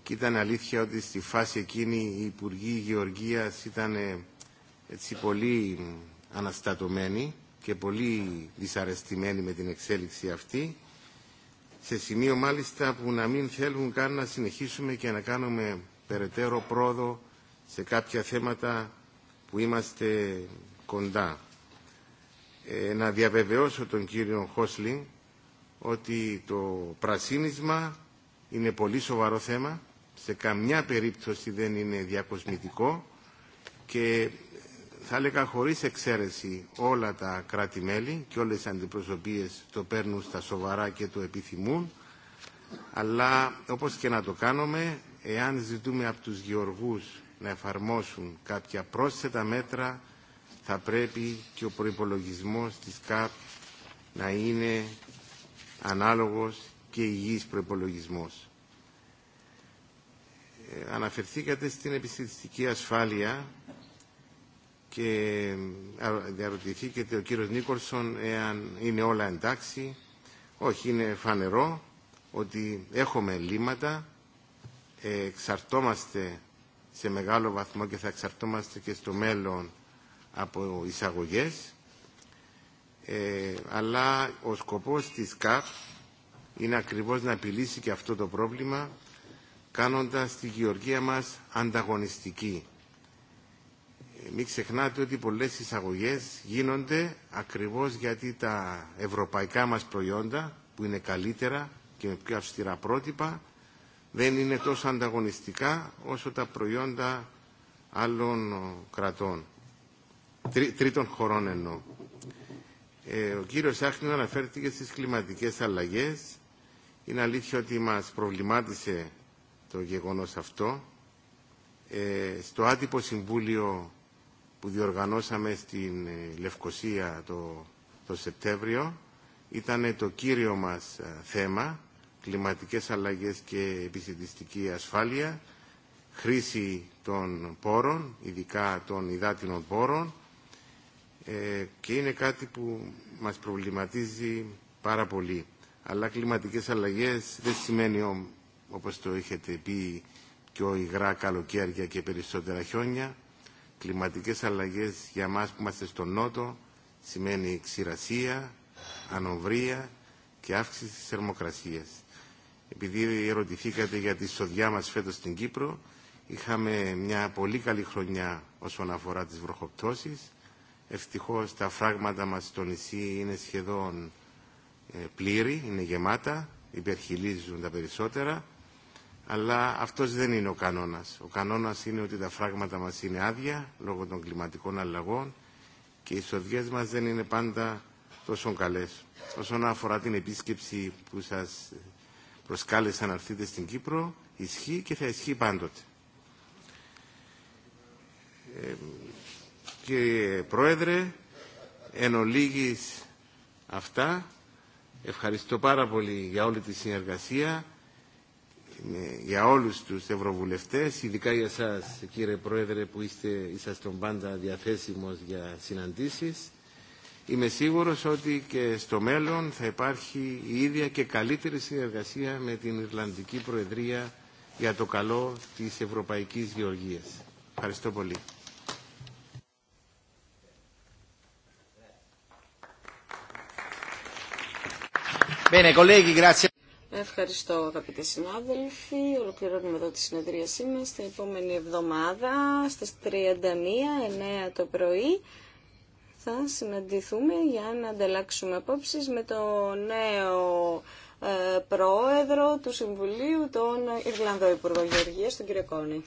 και ήταν αλήθεια ότι στη φάση εκείνη η Υπουργοί Γεωργίας ήταν ε, έτσι πολύ αναστατωμένη και πολύ δυσαρεστημένοι με την εξέλιξη αυτή σε σημείο μάλιστα που να μην θέλουν καν να συνεχίσουμε και να κάνουμε περαιτέρω πρόοδο σε κάποια θέματα που είμαστε κοντά. Ε, να διαβεβαιώσω τον κύριο Χόσλινγκ ότι το πρασίνισμα είναι πολύ σοβαρό θέμα, σε καμιά περίπτωση δεν είναι διακοσμητικό και θα έλεγα χωρίς εξαίρεση όλα τα κράτη-μέλη και όλες οι αντιπροσωπείες το παίρνουν στα σοβαρά και το επιθυμούν αλλά όπως και να το κάνουμε εάν ζητούμε από τους γεωργούς να εφαρμόσουν κάποια πρόσθετα μέτρα θα πρέπει και ο προϋπολογισμός της ΚΑΠ να είναι ανάλογος και υγιής προϋπολογισμός. Ε, αναφερθήκατε στην επιστημιστική ασφάλεια και διαρωτηθεί ε, και ο κύριος Νίκολσον εάν είναι όλα εντάξει. Όχι, είναι φανερό ότι έχουμε λύματα, ε, εξαρτόμαστε σε μεγάλο βαθμό και θα εξαρτόμαστε και στο μέλλον από εισαγωγές, ε, αλλά ο σκοπός της ΚΑΠ είναι ακριβώς να επιλύσει και αυτό το πρόβλημα, κάνοντας τη γεωργία μας ανταγωνιστική μην ξεχνάτε ότι πολλές εισαγωγές γίνονται ακριβώς γιατί τα ευρωπαϊκά μας προϊόντα που είναι καλύτερα και με πιο αυστηρά πρότυπα δεν είναι τόσο ανταγωνιστικά όσο τα προϊόντα άλλων κρατών, τρί, τρίτων χωρών εννοώ. Ε, ο κύριος Άχνιο αναφέρθηκε στις κλιματικές αλλαγές. Είναι αλήθεια ότι μας προβλημάτισε το γεγονός αυτό. Ε, στο άτυπο Συμβούλιο που διοργανώσαμε στην ε, Λευκοσία το, το Σεπτέμβριο ήταν το κύριο μας ε, θέμα κλιματικές αλλαγές και επιστημιστική ασφάλεια, χρήση των πόρων, ειδικά των υδάτινων πόρων ε, και είναι κάτι που μας προβληματίζει πάρα πολύ. Αλλά κλιματικές αλλαγές δεν σημαίνει όπως το έχετε πει πιο υγρά καλοκαίρια και περισσότερα χιόνια, κλιματικές αλλαγές για μας που είμαστε στον Νότο σημαίνει ξηρασία, ανοβρία και αύξηση της θερμοκρασίας. Επειδή ερωτηθήκατε για τη σοδιά μας φέτος στην Κύπρο, είχαμε μια πολύ καλή χρονιά όσον αφορά τις βροχοπτώσεις. Ευτυχώς τα φράγματα μας στο νησί είναι σχεδόν ε, πλήρη, είναι γεμάτα, υπερχιλίζουν τα περισσότερα αλλά αυτός δεν είναι ο κανόνας. Ο κανόνας είναι ότι τα φράγματα μας είναι άδεια λόγω των κλιματικών αλλαγών και οι σοδιές μας δεν είναι πάντα τόσο καλές. Όσον αφορά την επίσκεψη που σας προσκάλεσαν να έρθετε στην Κύπρο, ισχύει και θα ισχύει πάντοτε. Ε, κύριε Πρόεδρε, εν ολίγης αυτά, ευχαριστώ πάρα πολύ για όλη τη συνεργασία ναι, για όλους τους ευρωβουλευτές, ειδικά για σας κύριε Πρόεδρε που είστε, ήσασταν πάντα διαθέσιμος για συναντήσεις. Είμαι σίγουρος ότι και στο μέλλον θα υπάρχει η ίδια και καλύτερη συνεργασία με την Ιρλανδική Προεδρία για το καλό της Ευρωπαϊκής Γεωργίας. Ευχαριστώ πολύ. Bene, colleghi, Ευχαριστώ αγαπητοί συνάδελφοι. Ολοκληρώνουμε εδώ τη συνεδρίασή μας την επόμενη εβδομάδα στις 31, 9 το πρωί. Θα συναντηθούμε για να ανταλλάξουμε απόψεις με το νέο ε, πρόεδρο του Συμβουλίου, τον Ιρλανδό Υπουργό Γεωργίας, τον κύριο Κόνη.